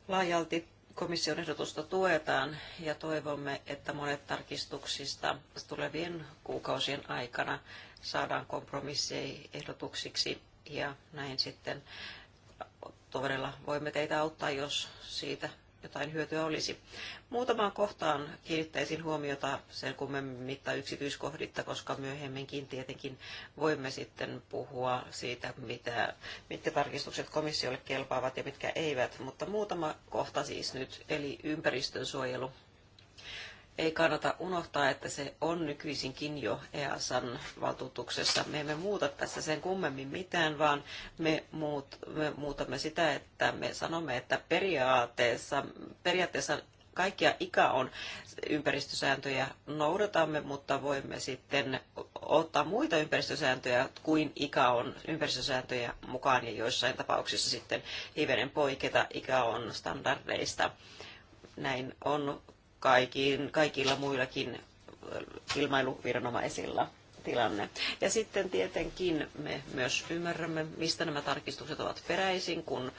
laajalti komission ehdotusta tuetaan ja toivomme, että monet tarkistuksista tulevien kuukausien aikana saadaan kompromissiehdotuksiksi ja näin sitten todella voimme teitä auttaa, jos siitä jotain hyötyä olisi. Muutamaan kohtaan kiinnittäisin huomiota sen kummemmitta yksityiskohditta, koska myöhemminkin tietenkin voimme sitten puhua siitä, mitä, mitkä tarkistukset komissiolle kelpaavat ja mitkä eivät, mutta muutama kohta siis nyt, eli ympäristönsuojelu ei kannata unohtaa, että se on nykyisinkin jo EASan valtuutuksessa. Me emme muuta tässä sen kummemmin mitään, vaan me, muut, me muutamme sitä, että me sanomme, että periaatteessa, periaatteessa kaikkia ikä on ympäristösääntöjä noudatamme, mutta voimme sitten ottaa muita ympäristösääntöjä kuin ikä on ympäristösääntöjä mukaan ja joissain tapauksissa sitten hivenen poiketa ikä on standardeista. Näin on kaikin, kaikilla muillakin äh, ilmailuviranomaisilla tilanne. Ja sitten tietenkin me myös ymmärrämme, mistä nämä tarkistukset ovat peräisin, kun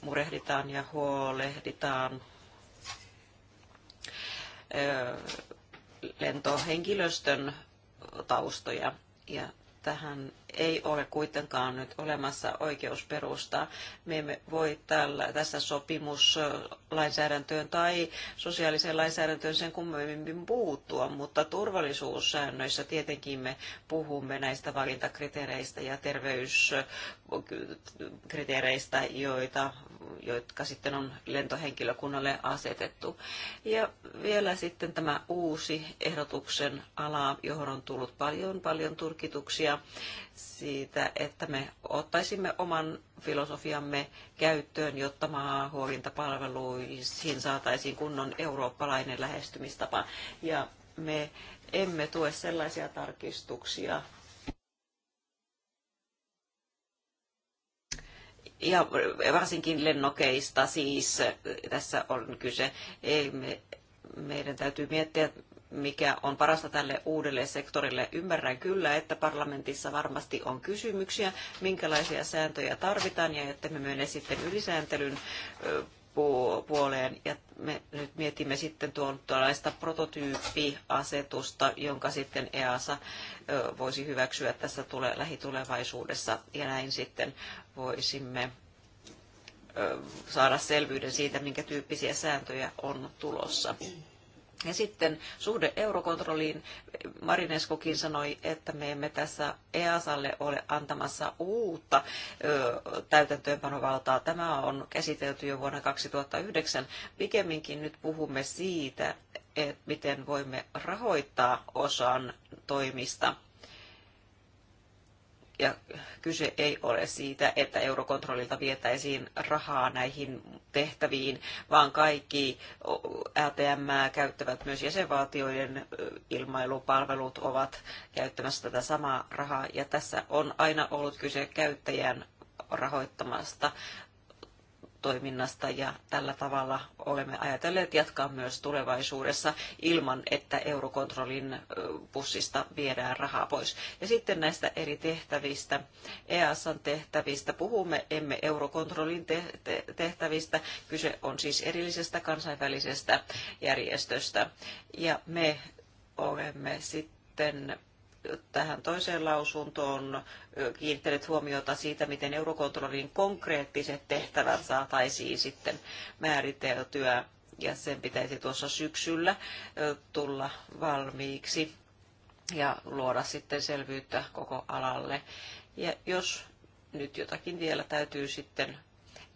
murehditaan ja huolehditaan äh, lentohenkilöstön taustoja ja tähän ei ole kuitenkaan nyt olemassa oikeusperustaa. Me emme voi tällä, tässä sopimuslainsäädäntöön tai sosiaaliseen lainsäädäntöön sen kummemmin puuttua, mutta turvallisuussäännöissä tietenkin me puhumme näistä valintakriteereistä ja terveyskriteereistä, joita jotka sitten on lentohenkilökunnalle asetettu. Ja vielä sitten tämä uusi ehdotuksen ala, johon on tullut paljon, paljon turkituksia siitä, että me ottaisimme oman filosofiamme käyttöön, jotta maahuolintapalveluihin saataisiin kunnon eurooppalainen lähestymistapa. Ja me emme tue sellaisia tarkistuksia, ja varsinkin lennokeista siis eh, tässä on kyse. Ei me, meidän täytyy miettiä, mikä on parasta tälle uudelle sektorille. Ymmärrän kyllä, että parlamentissa varmasti on kysymyksiä, minkälaisia sääntöjä tarvitaan ja että me myönnä sitten ylisääntelyn eh, puoleen. Ja me nyt mietimme sitten tuon tuollaista prototyyppiasetusta, jonka sitten EASA voisi hyväksyä tässä tule, lähitulevaisuudessa. Ja näin sitten voisimme saada selvyyden siitä, minkä tyyppisiä sääntöjä on tulossa. Ja sitten suhde eurokontrolliin, Marineskokin sanoi, että me emme tässä EASalle ole antamassa uutta ö, täytäntöönpanovaltaa. Tämä on käsitelty jo vuonna 2009. Pikemminkin nyt puhumme siitä, että miten voimme rahoittaa osan toimista ja kyse ei ole siitä, että eurokontrollilta vietäisiin rahaa näihin tehtäviin, vaan kaikki ATM käyttävät myös jäsenvaltioiden ilmailupalvelut ovat käyttämässä tätä samaa rahaa. Ja tässä on aina ollut kyse käyttäjän rahoittamasta toiminnasta ja tällä tavalla olemme ajatelleet jatkaa myös tulevaisuudessa ilman, että eurokontrollin pussista viedään rahaa pois. Ja sitten näistä eri tehtävistä, EASan tehtävistä puhumme, emme eurokontrollin tehtävistä. Kyse on siis erillisestä kansainvälisestä järjestöstä ja me olemme sitten tähän toiseen lausuntoon kiinnittänyt huomiota siitä, miten eurokontrollin konkreettiset tehtävät saataisiin sitten määriteltyä ja sen pitäisi tuossa syksyllä tulla valmiiksi ja luoda sitten selvyyttä koko alalle. Ja jos nyt jotakin vielä täytyy sitten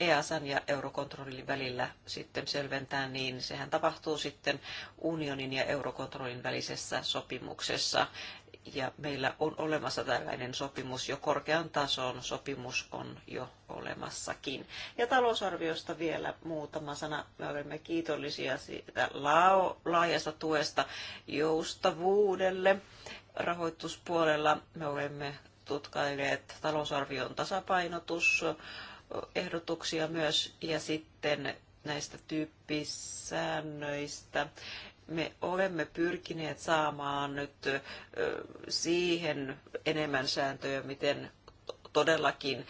EASan ja eurokontrollin välillä sitten selventää, niin sehän tapahtuu sitten unionin ja eurokontrollin välisessä sopimuksessa ja meillä on olemassa tällainen sopimus, jo korkean tason sopimus on jo olemassakin. Ja talousarviosta vielä muutama sana. Me olemme kiitollisia siitä laajasta tuesta joustavuudelle. Rahoituspuolella me olemme tutkailleet talousarvion tasapainotusehdotuksia myös ja sitten näistä tyyppisäännöistä me olemme pyrkineet saamaan nyt siihen enemmän sääntöjä, miten todellakin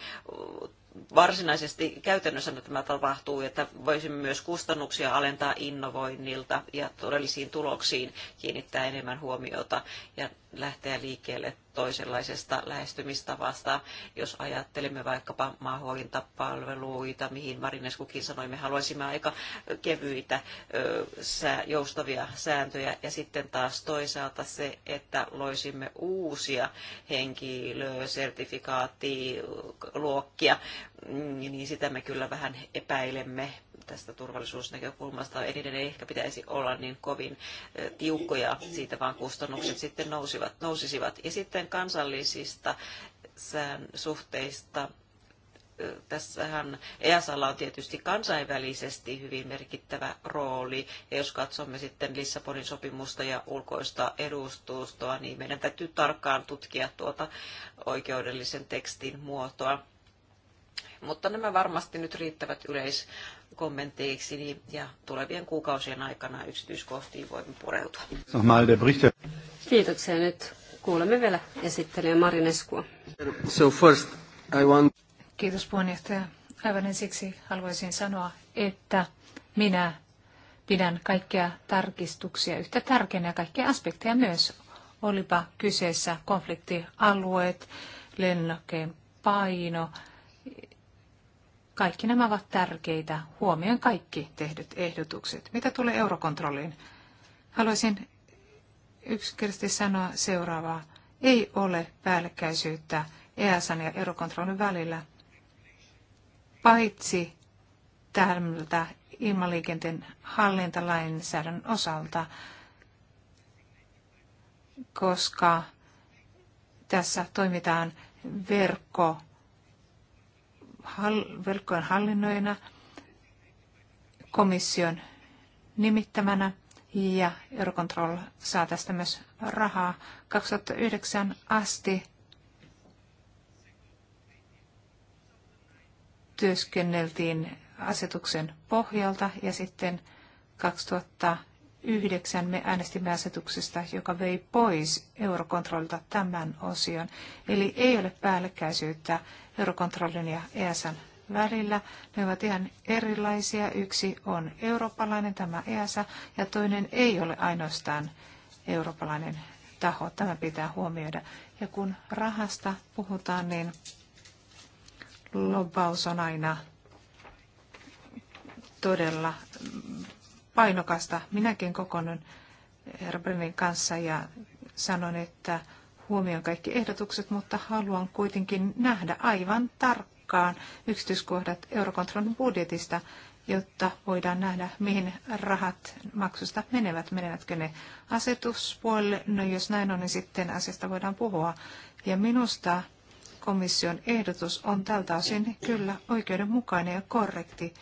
varsinaisesti käytännössä tämä tapahtuu, että voisimme myös kustannuksia alentaa innovoinnilta ja todellisiin tuloksiin kiinnittää enemmän huomiota. Ja lähteä liikkeelle toisenlaisesta lähestymistavasta. Jos ajattelemme vaikkapa maahuolintapalveluita, mihin Marineskukin sanoi, me haluaisimme aika kevyitä, joustavia sääntöjä. Ja sitten taas toisaalta se, että loisimme uusia henkilösertifikaattiluokkia, mm, niin sitä me kyllä vähän epäilemme tästä turvallisuusnäkökulmasta. Eniten ei ehkä pitäisi olla niin kovin eh, tiukkoja, siitä vaan kustannukset sitten nousivat, nousisivat. Ja sitten kansallisista sään eh, suhteista eh, tässähän EASalla on tietysti kansainvälisesti hyvin merkittävä rooli. Ja jos katsomme sitten Lissabonin sopimusta ja ulkoista edustustoa, niin meidän täytyy tarkkaan tutkia tuota oikeudellisen tekstin muotoa. Mutta nämä varmasti nyt riittävät yleis kommentteiksi niin- ja tulevien kuukausien aikana yksityiskohtiin voimme pureutua. Kiitoksia nyt. Kuulemme vielä esittelijä Marineskua. So first I want... Kiitos puheenjohtaja. Aivan ensiksi haluaisin sanoa, että minä pidän kaikkia tarkistuksia yhtä tärkeänä ja kaikkia aspekteja myös. Olipa kyseessä konfliktialueet, lennokkeen paino, kaikki nämä ovat tärkeitä, huomioon kaikki tehdyt ehdotukset. Mitä tulee eurokontrolliin? Haluaisin yksinkertaisesti sanoa seuraavaa. Ei ole päällekkäisyyttä EASan ja eurokontrollin välillä, paitsi tältä ilmaliikenteen hallintalainsäädännön osalta, koska tässä toimitaan verkko hall, verkkojen hallinnoina komission nimittämänä ja Eurocontrol saa tästä myös rahaa 2009 asti työskenneltiin asetuksen pohjalta ja sitten 2000 2009 me äänestimme asetuksesta, joka vei pois eurokontrollilta tämän osion. Eli ei ole päällekkäisyyttä eurokontrollin ja ESN välillä. Ne ovat ihan erilaisia. Yksi on eurooppalainen, tämä EASA, ja toinen ei ole ainoastaan eurooppalainen taho. Tämä pitää huomioida. Ja kun rahasta puhutaan, niin lobbaus on aina todella painokasta. Minäkin kokoonnun herra Brennin kanssa ja sanon, että huomioon kaikki ehdotukset, mutta haluan kuitenkin nähdä aivan tarkkaan yksityiskohdat Eurokontrollin budjetista, jotta voidaan nähdä, mihin rahat maksusta menevät. Menevätkö ne asetuspuolelle? No jos näin on, niin sitten asiasta voidaan puhua. Ja minusta komission ehdotus on tältä osin kyllä oikeudenmukainen ja korrekti.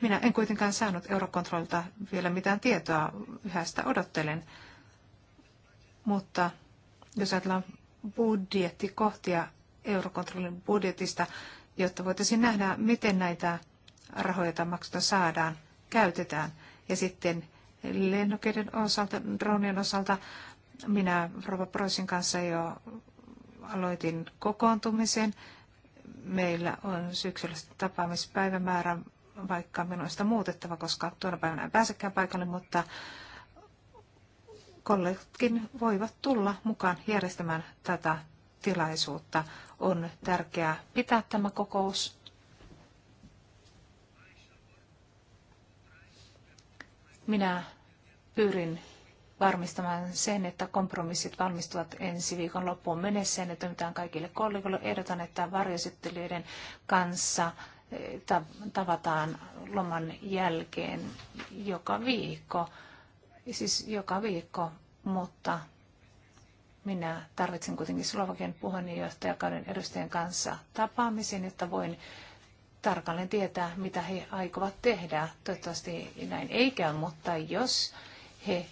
Minä en kuitenkaan saanut Eurokontrollilta vielä mitään tietoa, yhä sitä odottelen. Mutta jos ajatellaan budjettikohtia Eurokontrollin budjetista, jotta voitaisiin nähdä, miten näitä rahoja, maksuta saadaan, käytetään. Ja sitten lennokeiden osalta, dronien osalta, minä Rova Proisin kanssa jo aloitin kokoontumisen. Meillä on syksyllä tapaamispäivämäärä vaikka minun on sitä muutettava, koska tuona päivänä en pääsekään paikalle, mutta kollegatkin voivat tulla mukaan järjestämään tätä tilaisuutta. On tärkeää pitää tämä kokous. Minä pyrin varmistamaan sen, että kompromissit valmistuvat ensi viikon loppuun mennessä että mitään kaikille kollegoille. Ehdotan, että varjosyttelijöiden kanssa tavataan loman jälkeen joka viikko, siis joka viikko, mutta minä tarvitsen kuitenkin Slovakian puheenjohtajakauden edustajien kanssa tapaamisen, jotta voin tarkalleen tietää, mitä he aikovat tehdä. Toivottavasti näin ei käy, mutta jos he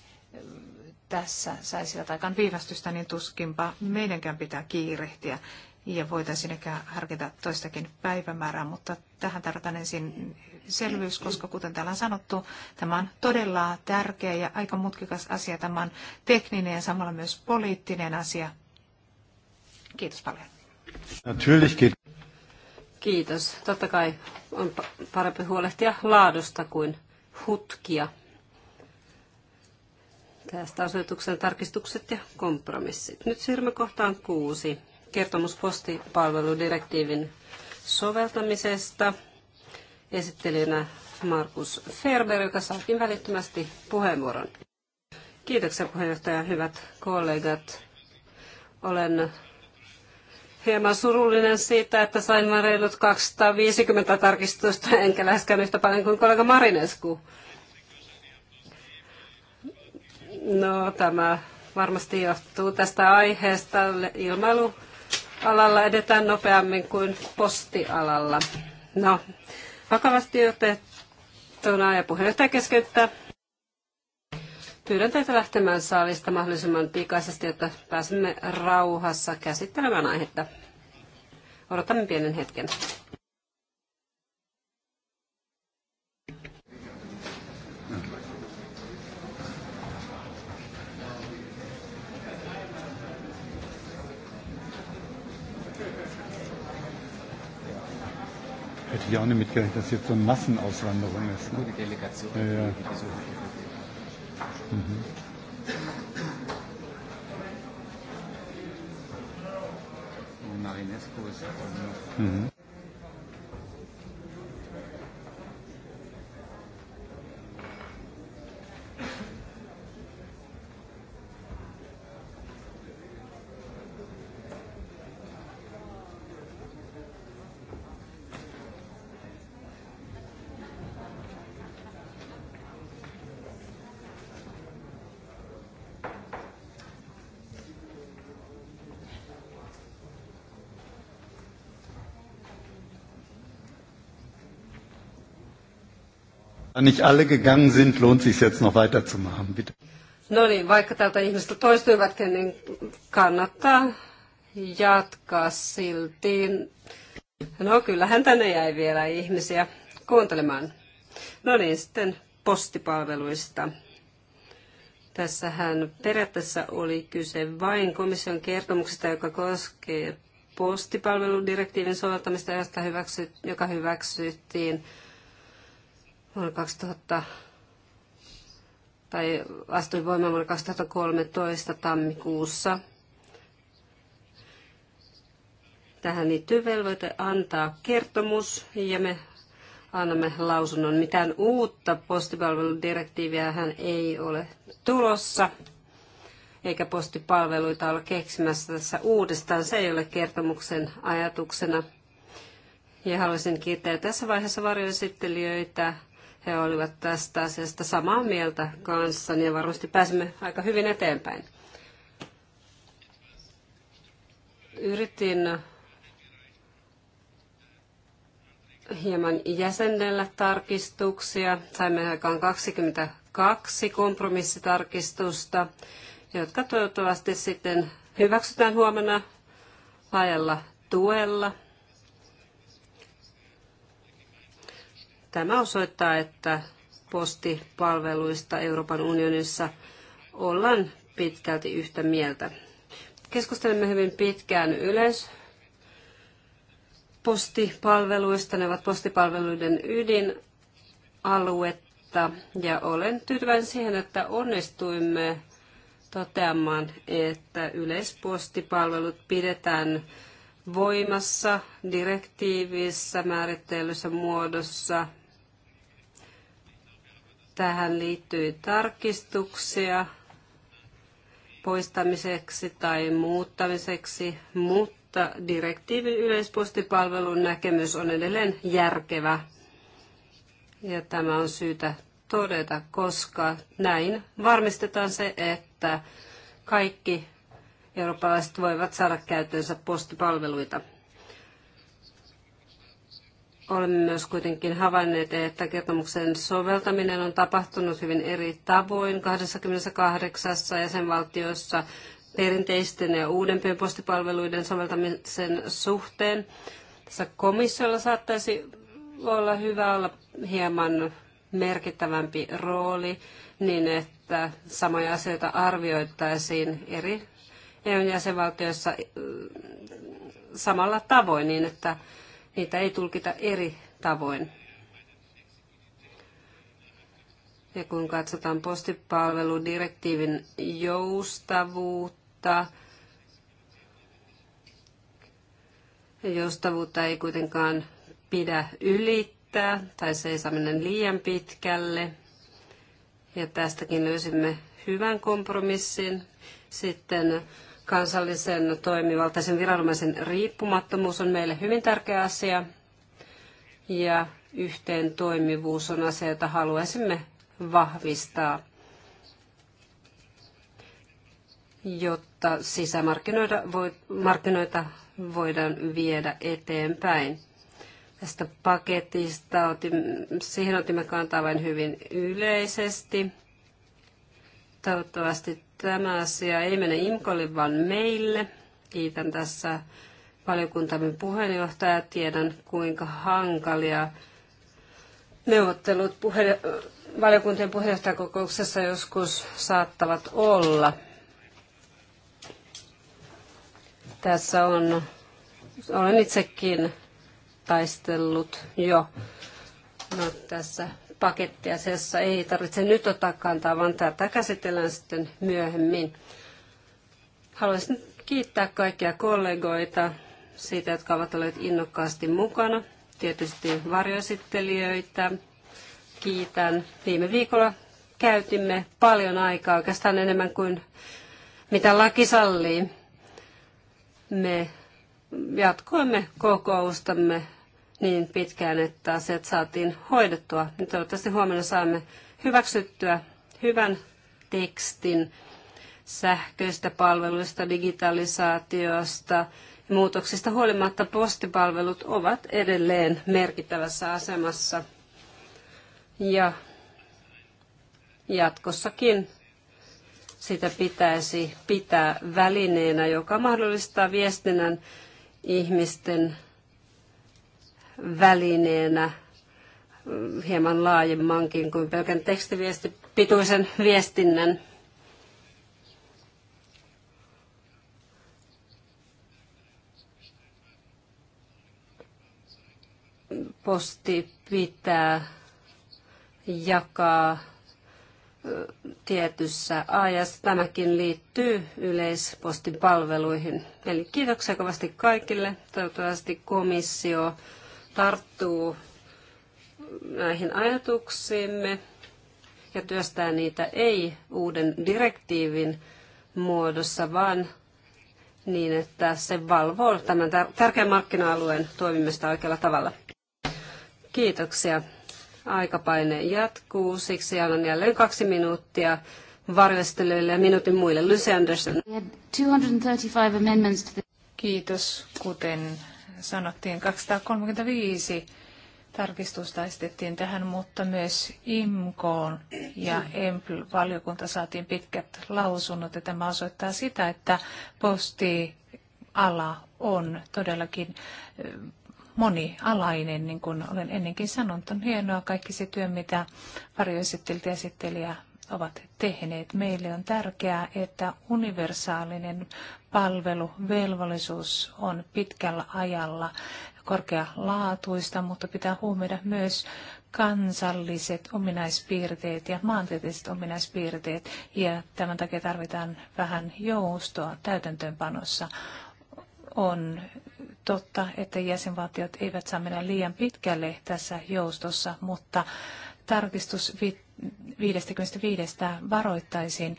tässä saisivat aikaan viivästystä, niin tuskinpa meidänkään pitää kiirehtiä ja voitaisiin ehkä harkita toistakin päivämäärää, mutta tähän tarvitaan ensin selvyys, koska kuten täällä on sanottu, tämä on todella tärkeä ja aika mutkikas asia. Tämä on tekninen ja samalla myös poliittinen asia. Kiitos paljon. Kiitos. Totta kai on parempi huolehtia laadusta kuin hutkia. Tästä asetuksen tarkistukset ja kompromissit. Nyt siirrymme kohtaan kuusi kertomus postipalveludirektiivin soveltamisesta. Esittelijänä Markus Ferber, joka saakin välittömästi puheenvuoron. Kiitoksia puheenjohtaja, hyvät kollegat. Olen hieman surullinen siitä, että sain vain reilut 250 tarkistusta, enkä läheskään yhtä paljon kuin kollega Marinesku. No, tämä varmasti johtuu tästä aiheesta. Ilmailu alalla edetään nopeammin kuin postialalla. No, vakavasti otettuna ja puheenjohtaja keskeyttää. Pyydän teitä lähtemään saalista mahdollisimman pikaisesti, jotta pääsemme rauhassa käsittelemään aihetta. Odotamme pienen hetken. ich auch nicht mitgerechnet, dass jetzt so eine Massenauswanderung ist. Ne? Delegation. Ja, ja. Mhm. Marinescu ist auch noch. Mhm. nicht alle gegangen sind, lohnt sich jetzt noch weiterzumachen, bitte. No niin, vaikka tältä ihmistä toistuivatkin, niin kannattaa jatkaa silti. No kyllähän tänne jäi vielä ihmisiä kuuntelemaan. No niin, sitten postipalveluista. Tässähän periaatteessa oli kyse vain komission kertomuksesta, joka koskee postipalveludirektiivin soveltamista, josta hyväksy, joka hyväksyttiin vuonna 2000 tai astui voimaan vuonna 2013 tammikuussa. Tähän liittyy velvoite antaa kertomus ja me annamme lausunnon. Mitään uutta postipalveludirektiiviä hän ei ole tulossa, eikä postipalveluita olla keksimässä tässä uudestaan. Se ei ole kertomuksen ajatuksena. Ja haluaisin kiittää tässä vaiheessa varjoesittelijöitä he olivat tästä asiasta samaa mieltä kanssa niin varmasti pääsimme aika hyvin eteenpäin. Yritin hieman jäsennellä tarkistuksia. Saimme aikaan 22 kompromissitarkistusta, jotka toivottavasti sitten hyväksytään huomenna laajalla tuella. Tämä osoittaa, että postipalveluista Euroopan unionissa ollaan pitkälti yhtä mieltä. Keskustelemme hyvin pitkään yleis postipalveluista. Ne ovat postipalveluiden ydinaluetta ja olen tyytyväinen siihen, että onnistuimme toteamaan, että yleispostipalvelut pidetään voimassa direktiivissä määrittelyissä muodossa Tähän liittyy tarkistuksia poistamiseksi tai muuttamiseksi, mutta direktiivin yleispostipalvelun näkemys on edelleen järkevä. Ja tämä on syytä todeta, koska näin varmistetaan se, että kaikki eurooppalaiset voivat saada käyttöönsä postipalveluita. Olemme myös kuitenkin havainneet, että kertomuksen soveltaminen on tapahtunut hyvin eri tavoin 28 jäsenvaltiossa perinteisten ja uudempien postipalveluiden soveltamisen suhteen. Tässä komissiolla saattaisi olla hyvä olla hieman merkittävämpi rooli niin, että samoja asioita arvioittaisiin eri eu jäsenvaltioissa mm, samalla tavoin niin, että niitä ei tulkita eri tavoin. Ja kun katsotaan postipalveludirektiivin joustavuutta, joustavuutta ei kuitenkaan pidä ylittää tai se ei saa mennä liian pitkälle. Ja tästäkin löysimme hyvän kompromissin. Sitten Kansallisen toimivaltaisen viranomaisen riippumattomuus on meille hyvin tärkeä asia ja yhteen toimivuus on asia, jota haluaisimme vahvistaa, jotta sisämarkkinoita voidaan viedä eteenpäin. Tästä paketista otin, siihen otimme kantaa vain hyvin yleisesti. Toivottavasti tämä asia ei mene Imkolle, vaan meille. Kiitän tässä valiokuntamme puheenjohtajaa. Tiedän, kuinka hankalia neuvottelut puhe- valiokuntien puheenjohtajakokouksessa joskus saattavat olla. Tässä on, olen itsekin taistellut jo no, tässä paketti asiassa ei tarvitse nyt ottaa kantaa, vaan tätä käsitellään sitten myöhemmin. Haluaisin kiittää kaikkia kollegoita siitä, jotka ovat olleet innokkaasti mukana. Tietysti varjoesittelijöitä kiitän. Viime viikolla käytimme paljon aikaa, oikeastaan enemmän kuin mitä laki sallii. Me jatkoimme kokoustamme niin pitkään, että asiat saatiin hoidettua. Nyt niin toivottavasti huomenna saamme hyväksyttyä hyvän tekstin sähköistä palveluista, digitalisaatiosta ja muutoksista huolimatta postipalvelut ovat edelleen merkittävässä asemassa. Ja jatkossakin sitä pitäisi pitää välineenä, joka mahdollistaa viestinnän ihmisten välineenä hieman laajemmankin kuin pelkän tekstiviestipituisen viestinnän. Posti pitää jakaa tietyssä ajassa. Tämäkin liittyy yleispostin palveluihin. Eli kiitoksia kovasti kaikille. Toivottavasti komissio tarttuu näihin ajatuksiimme ja työstää niitä ei uuden direktiivin muodossa, vaan niin, että se valvoo tämän tärkeän markkina-alueen toimimista oikealla tavalla. Kiitoksia. Aikapaine jatkuu, siksi annan jälleen kaksi minuuttia varjostelijoille ja minuutin muille. Lucy Anderson. Kiitos, kuten sanottiin. 235 tarkistusta esitettiin tähän, mutta myös IMKOon ja EMPL-valiokunta saatiin pitkät lausunnot. Ja tämä osoittaa sitä, että postiala on todellakin monialainen, niin kuin olen ennenkin sanonut. On hienoa kaikki se työ, mitä varjoesittelijä ja ovat tehneet. Meille on tärkeää, että universaalinen palveluvelvollisuus on pitkällä ajalla korkealaatuista, mutta pitää huomioida myös kansalliset ominaispiirteet ja maantieteelliset ominaispiirteet, ja tämän takia tarvitaan vähän joustoa täytäntöönpanossa. On totta, että jäsenvaltiot eivät saa mennä liian pitkälle tässä joustossa, mutta tarkistus 55 varoittaisin,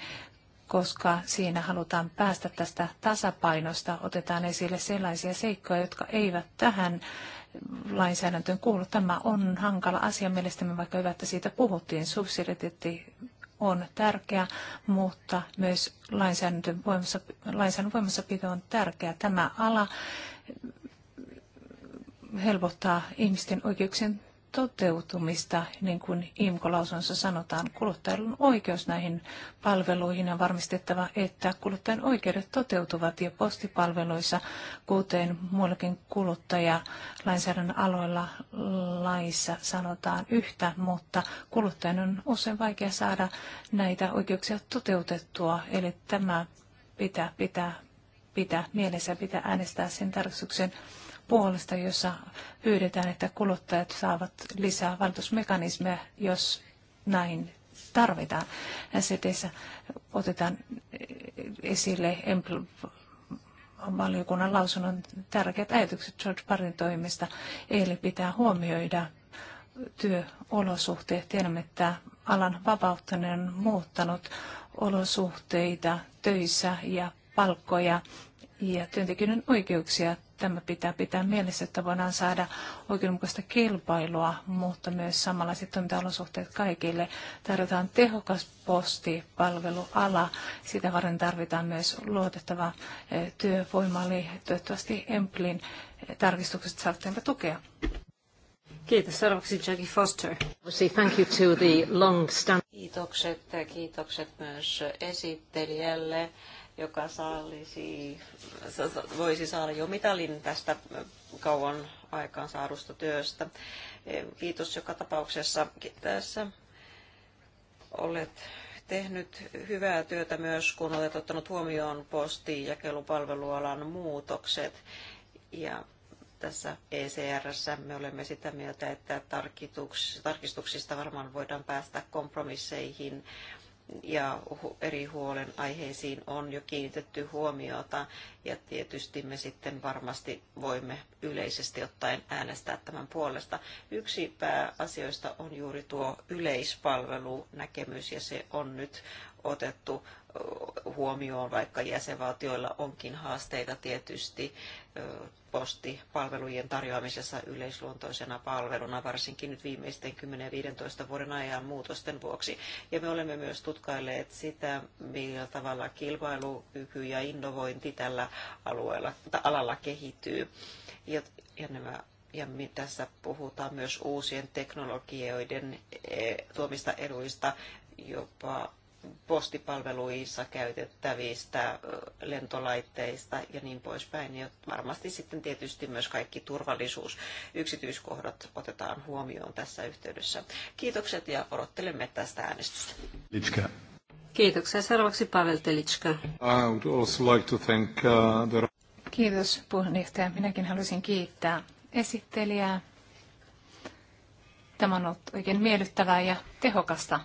koska siinä halutaan päästä tästä tasapainosta. Otetaan esille sellaisia seikkoja, jotka eivät tähän lainsäädäntöön kuulu. Tämä on hankala asia mielestäni, vaikka hyvä, että siitä puhuttiin. Subsidiariteetti on tärkeä, mutta myös lainsäädännön voimassa, lainsäädännön voimassapito on tärkeä. Tämä ala helpottaa ihmisten oikeuksien toteutumista, niin kuin IMKO-lausunnossa sanotaan, kuluttajan oikeus näihin palveluihin ja varmistettava, että kuluttajan oikeudet toteutuvat ja postipalveluissa, kuten muillakin kuluttajalainsäädännön aloilla laissa sanotaan yhtä, mutta kuluttajan on usein vaikea saada näitä oikeuksia toteutettua, eli tämä pitää, pitää, pitää mielessä, pitää äänestää sen tarkistuksen puolesta, jossa pyydetään, että kuluttajat saavat lisää valitusmekanismeja, jos näin tarvitaan. SETissä otetaan esille valiokunnan lausunnon tärkeät ajatukset George Parin toimesta, eli pitää huomioida työolosuhteet. Tiedämme, että alan vapauttaminen on muuttanut olosuhteita töissä ja palkkoja ja työntekijöiden oikeuksia. Tämä pitää pitää mielessä, että voidaan saada oikeudenmukaista kilpailua, mutta myös samanlaiset toimintaolosuhteet kaikille. Tarvitaan tehokas posti, Sitä varten tarvitaan myös luotettava eh, työvoima, eli toivottavasti Emplin eh, tarkistukset saavat tukea. Kiitos. Seuraavaksi Jackie Foster. Thank you to the long stand- kiitokset, kiitokset myös esittelijälle joka sallisi, voisi saada jo mitalin tästä kauan aikaan saadusta työstä. E, kiitos joka tapauksessa. Tässä olet tehnyt hyvää työtä myös, kun olet ottanut huomioon posti- ja jakelupalvelualan muutokset. Ja tässä ECRssä me olemme sitä mieltä, että tarkistuksista varmaan voidaan päästä kompromisseihin ja eri huolen aiheisiin on jo kiinnitetty huomiota ja tietysti me sitten varmasti voimme yleisesti ottaen äänestää tämän puolesta. Yksi pääasioista on juuri tuo yleispalvelunäkemys ja se on nyt otettu huomioon, vaikka jäsenvaltioilla onkin haasteita tietysti postipalvelujen tarjoamisessa yleisluontoisena palveluna, varsinkin nyt viimeisten 10-15 vuoden ajan muutosten vuoksi. Ja me olemme myös tutkailleet sitä, millä tavalla kilpailukyky ja innovointi tällä alueella, alalla kehittyy. Ja, ja nämä ja tässä puhutaan myös uusien teknologioiden e, tuomista eduista jopa postipalveluissa käytettävistä lentolaitteista ja niin poispäin. Ja varmasti sitten tietysti myös kaikki turvallisuus yksityiskohdat otetaan huomioon tässä yhteydessä. Kiitokset ja odottelemme tästä äänestystä. Litska. Kiitoksia. Seuraavaksi Pavel Telitska. Like uh, the... Kiitos puheenjohtaja. Minäkin haluaisin kiittää esittelijää. Tämä on ollut oikein miellyttävää ja tehokasta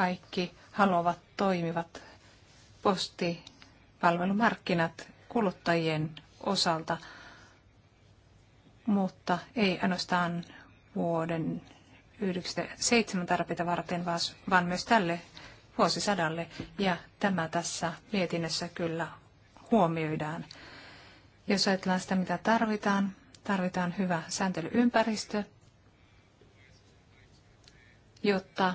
kaikki haluavat toimivat postipalvelumarkkinat kuluttajien osalta, mutta ei ainoastaan vuoden 1997 tarpeita varten, vaan myös tälle vuosisadalle. Ja tämä tässä mietinnössä kyllä huomioidaan. Jos ajatellaan sitä, mitä tarvitaan, tarvitaan hyvä sääntelyympäristö, jotta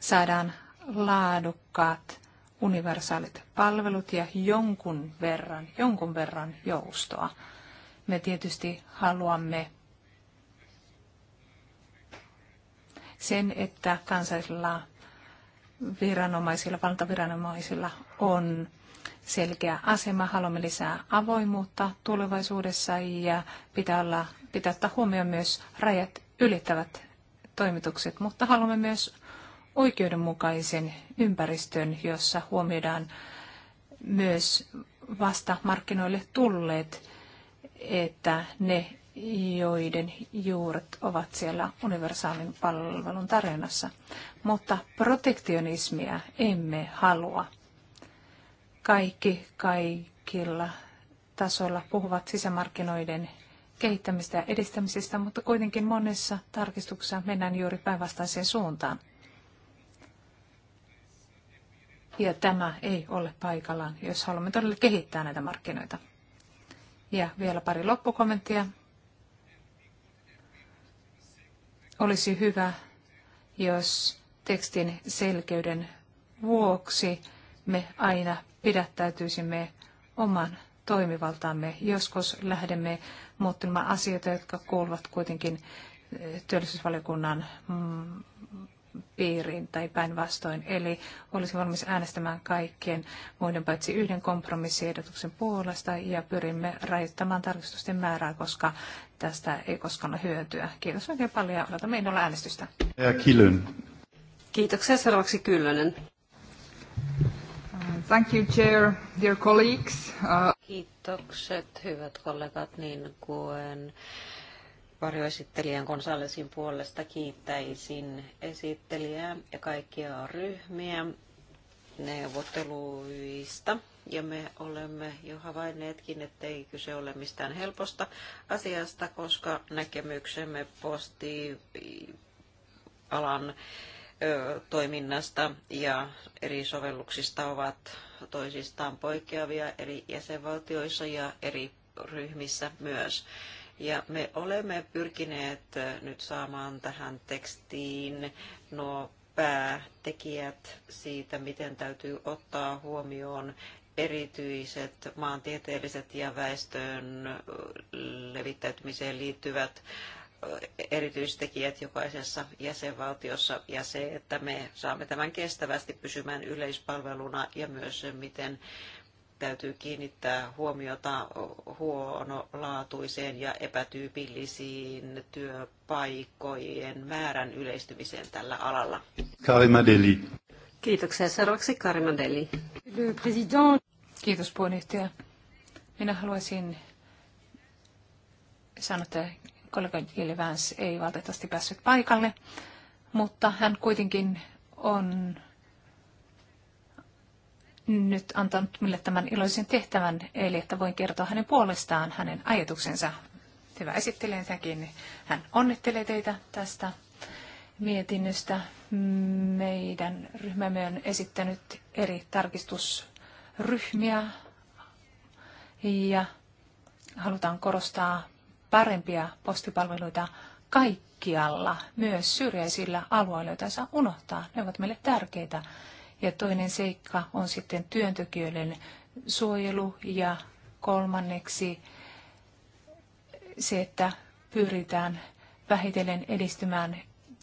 saadaan laadukkaat universaalit palvelut ja jonkun verran, jonkun verran joustoa. Me tietysti haluamme sen, että kansallisilla viranomaisilla, valtaviranomaisilla on selkeä asema. Haluamme lisää avoimuutta tulevaisuudessa ja pitää, olla, pitää ottaa huomioon myös rajat ylittävät toimitukset, mutta haluamme myös oikeudenmukaisen ympäristön, jossa huomioidaan myös vasta markkinoille tulleet, että ne, joiden juuret ovat siellä universaalin palvelun tarjonnassa. Mutta protektionismia emme halua. Kaikki kaikilla tasolla puhuvat sisämarkkinoiden kehittämistä ja edistämisestä, mutta kuitenkin monessa tarkistuksessa mennään juuri päinvastaiseen suuntaan. Ja tämä ei ole paikallaan, jos haluamme todella kehittää näitä markkinoita. Ja vielä pari loppukommenttia. Olisi hyvä, jos tekstin selkeyden vuoksi me aina pidättäytyisimme oman toimivaltaamme. Joskus lähdemme muuttamaan asioita, jotka kuuluvat kuitenkin eh, työllisyysvaliokunnan mm, piiriin tai päinvastoin. Eli olisi valmis äänestämään kaikkien muiden paitsi yhden kompromissiehdotuksen puolesta ja pyrimme rajoittamaan tarkistusten määrää, koska tästä ei koskaan ole hyötyä. Kiitos oikein paljon ja odotamme innolla äänestystä. Ja Kilön. Kiitoksia. Seuraavaksi Kyllönen. Uh, thank you, Chair, dear colleagues. Uh... Kiitokset, hyvät kollegat, niin kuin varjoesittelijän Gonzalesin puolesta kiittäisin esittelijää ja kaikkia ryhmiä neuvotteluista. Ja me olemme jo havainneetkin, ettei kyse ole mistään helposta asiasta, koska näkemyksemme postialan toiminnasta ja eri sovelluksista ovat toisistaan poikkeavia eri jäsenvaltioissa ja eri ryhmissä myös. Ja me olemme pyrkineet äh, nyt saamaan tähän tekstiin nuo päätekijät siitä, miten täytyy ottaa huomioon erityiset maantieteelliset ja väestön äh, levittäytymiseen liittyvät äh, erityistekijät jokaisessa jäsenvaltiossa ja se, että me saamme tämän kestävästi pysymään yleispalveluna ja myös se, miten täytyy kiinnittää huomiota huonolaatuiseen ja epätyypillisiin työpaikkojen määrän yleistymiseen tällä alalla. Karima Deli. Kiitoksia. Seuraavaksi Karima Deli. Kiitos puheenjohtaja. Minä haluaisin sanoa, että kollega Jill Vance ei valitettavasti päässyt paikalle, mutta hän kuitenkin on nyt antanut minulle tämän iloisen tehtävän, eli että voin kertoa hänen puolestaan hänen ajatuksensa. Hyvä esittelen säkin. Hän onnittelee teitä tästä mietinnöstä. Meidän ryhmämme on esittänyt eri tarkistusryhmiä ja halutaan korostaa parempia postipalveluita kaikkialla, myös syrjäisillä alueilla, joita saa unohtaa. Ne ovat meille tärkeitä. Ja toinen seikka on sitten työntekijöiden suojelu ja kolmanneksi se, että pyritään vähitellen edistymään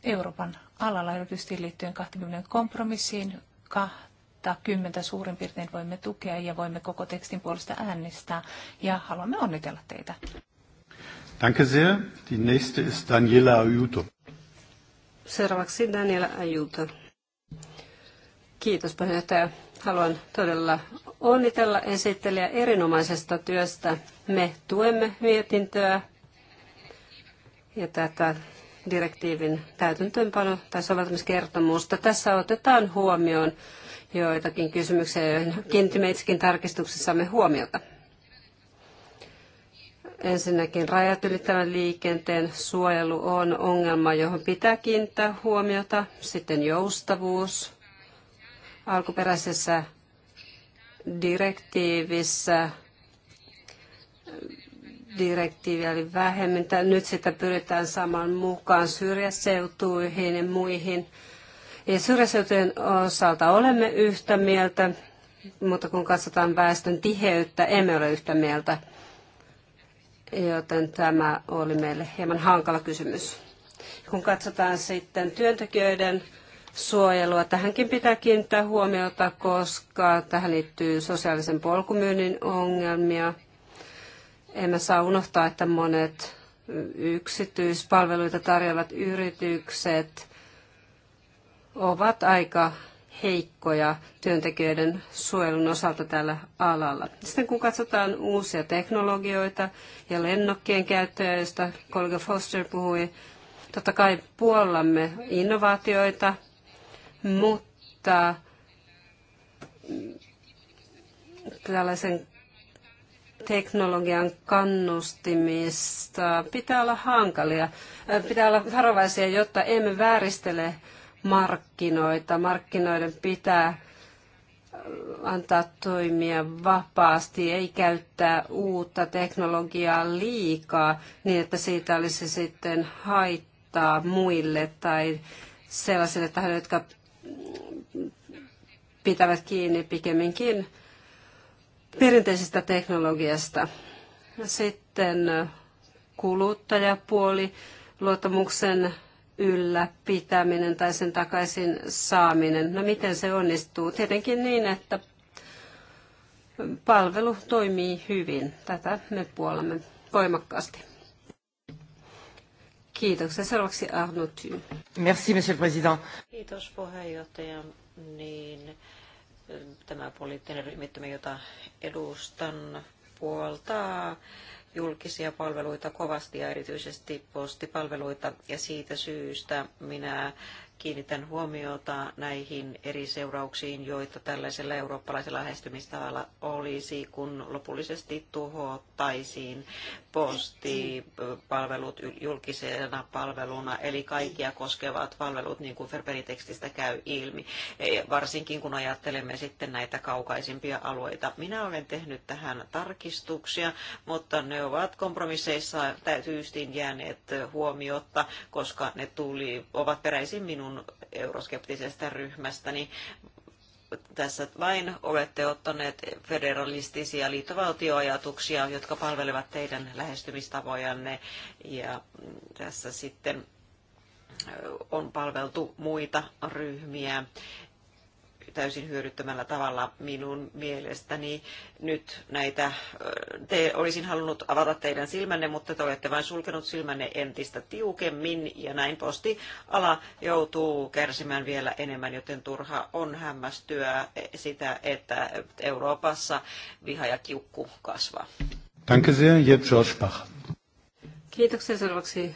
Euroopan alalla, erityisesti liittyen 20 kompromissiin, 20 suurin piirtein voimme tukea ja voimme koko tekstin puolesta äänestää ja haluamme onnitella teitä. Danke sehr. Die nächste ist Daniela Ayuto. Seuraavaksi Daniela Ayuto. Kiitos puheenjohtaja. Haluan todella onnitella esittelijä erinomaisesta työstä. Me tuemme mietintöä ja tätä direktiivin täytäntöönpano- tai soveltamiskertomusta. Tässä otetaan huomioon joitakin kysymyksiä, joihin kiinnitimme itsekin tarkistuksessamme huomiota. Ensinnäkin rajat ylittävän liikenteen suojelu on ongelma, johon pitää kiinnittää huomiota. Sitten joustavuus, alkuperäisessä direktiivissä direktiiviä oli vähemmän. Nyt sitä pyritään saman mukaan syrjäseutuihin ja muihin. Ja syrjäseutujen osalta olemme yhtä mieltä, mutta kun katsotaan väestön tiheyttä, emme ole yhtä mieltä. Joten tämä oli meille hieman hankala kysymys. Kun katsotaan sitten työntekijöiden suojelua. Tähänkin pitää kiinnittää huomiota, koska tähän liittyy sosiaalisen polkumyynnin ongelmia. Emme saa unohtaa, että monet yksityispalveluita tarjoavat yritykset ovat aika heikkoja työntekijöiden suojelun osalta tällä alalla. Sitten kun katsotaan uusia teknologioita ja lennokkien käyttöä, joista kollega Foster puhui, totta kai puollamme innovaatioita, mutta tällaisen teknologian kannustimista pitää olla hankalia, pitää olla varovaisia, jotta emme vääristele markkinoita. Markkinoiden pitää antaa toimia vapaasti, ei käyttää uutta teknologiaa liikaa niin, että siitä olisi sitten haittaa muille tai sellaisille tahoille, jotka pitävät kiinni pikemminkin perinteisestä teknologiasta. Sitten kuluttajapuoli, luottamuksen ylläpitäminen tai sen takaisin saaminen. No miten se onnistuu? Tietenkin niin, että palvelu toimii hyvin. Tätä me puolamme voimakkaasti. Kiitoksia. Seuraavaksi Arno Thyn. Merci, monsieur le président. Kiitos puheenjohtaja. Niin, tämä poliittinen ryhmittymä, jota edustan, puoltaa julkisia palveluita kovasti ja erityisesti postipalveluita. Ja siitä syystä minä kiinnitän huomiota näihin eri seurauksiin, joita tällaisella eurooppalaisella lähestymistavalla olisi, kun lopullisesti tuhottaisiin postipalvelut julkisena palveluna, eli kaikkia koskevat palvelut, niin kuin Ferberi-tekstistä käy ilmi, e, varsinkin kun ajattelemme sitten näitä kaukaisimpia alueita. Minä olen tehnyt tähän tarkistuksia, mutta ne ovat kompromisseissa täytyystin jääneet huomiotta, koska ne tuli, ovat peräisin minun minun euroskeptisestä ryhmästäni. Tässä vain olette ottaneet federalistisia liittovaltioajatuksia, jotka palvelevat teidän lähestymistavojanne. Ja tässä sitten on palveltu muita ryhmiä täysin hyödyttämällä tavalla minun mielestäni. Nyt näitä, te olisin halunnut avata teidän silmänne, mutta te olette vain sulkenut silmänne entistä tiukemmin ja näin postiala joutuu kärsimään vielä enemmän, joten turha on hämmästyä sitä, että Euroopassa viha ja kiukku kasvaa. Danke sehr, George Bach. Kiitoksia seuraavaksi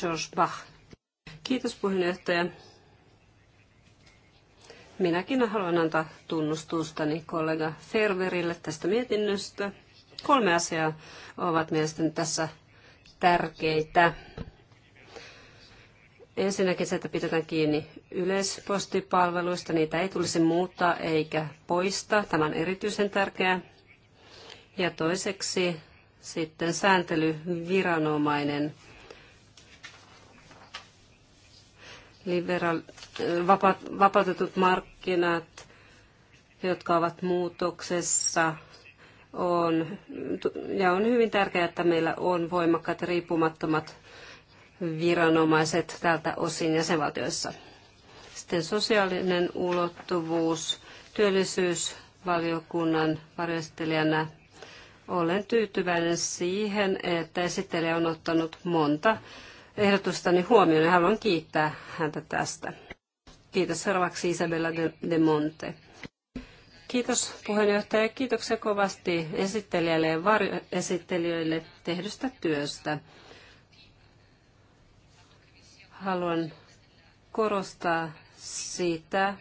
George Bach. Kiitos puheenjohtaja. Minäkin haluan antaa tunnustustani kollega Ferverille tästä mietinnöstä. Kolme asiaa ovat mielestäni tässä tärkeitä. Ensinnäkin se, että pidetään kiinni yleispostipalveluista. Niitä ei tulisi muuttaa eikä poistaa. Tämä on erityisen tärkeää. Ja toiseksi sitten sääntelyviranomainen liberal, vapaut, vapautetut markkinat, jotka ovat muutoksessa, on, ja on hyvin tärkeää, että meillä on voimakkaat riippumattomat viranomaiset tältä osin jäsenvaltioissa. Sitten sosiaalinen ulottuvuus, työllisyysvaliokunnan varjostelijana olen tyytyväinen siihen, että esittelijä on ottanut monta ehdotustani huomioon ja haluan kiittää häntä tästä. Kiitos seuraavaksi Isabella de Monte. Kiitos puheenjohtaja ja kiitoksia kovasti esittelijälle ja varjoesittelijöille tehdystä työstä. Haluan korostaa sitä,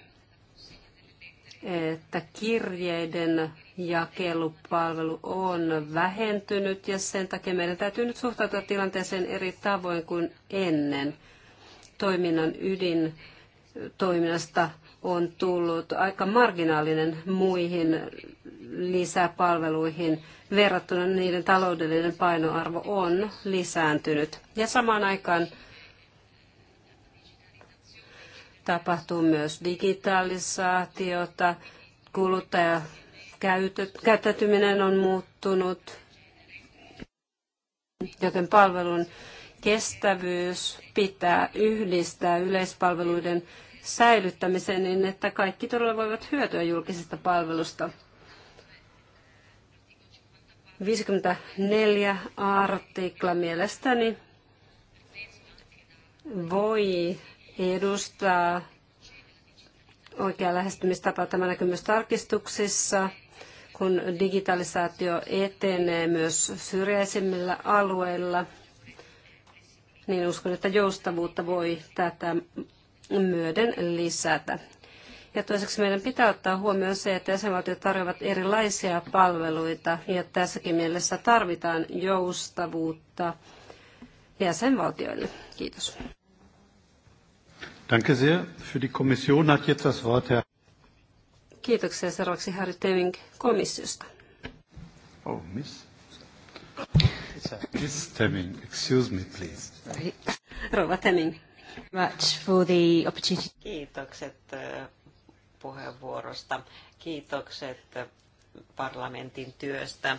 että kirjeiden jakelupalvelu on vähentynyt ja sen takia meidän täytyy nyt suhtautua tilanteeseen eri tavoin kuin ennen. Toiminnan ydin toiminnasta on tullut aika marginaalinen muihin lisäpalveluihin verrattuna niiden taloudellinen painoarvo on lisääntynyt. Ja samaan aikaan tapahtuu myös digitalisaatiota, kuluttaja käyttäytyminen on muuttunut, joten palvelun kestävyys pitää yhdistää yleispalveluiden säilyttämiseen niin, että kaikki todella voivat hyötyä julkisesta palvelusta. 54 artikla mielestäni voi edustaa oikea lähestymistapa tämä näkemys tarkistuksissa kun digitalisaatio etenee myös syrjäisemmillä alueilla, niin uskon, että joustavuutta voi tätä myöden lisätä. Ja toiseksi meidän pitää ottaa huomioon se, että jäsenvaltiot tarjoavat erilaisia palveluita ja tässäkin mielessä tarvitaan joustavuutta jäsenvaltioille. Kiitos. Danke sehr. Für die Kommission hat jetzt das Wort Herr Kiitoksia seuraavaksi Harry Teving komissiosta. Oh, miss. Miss Teming, excuse me please. Rova Teming. Much for the opportunity. Kiitokset eh, puheenvuorosta. Kiitokset eh, parlamentin työstä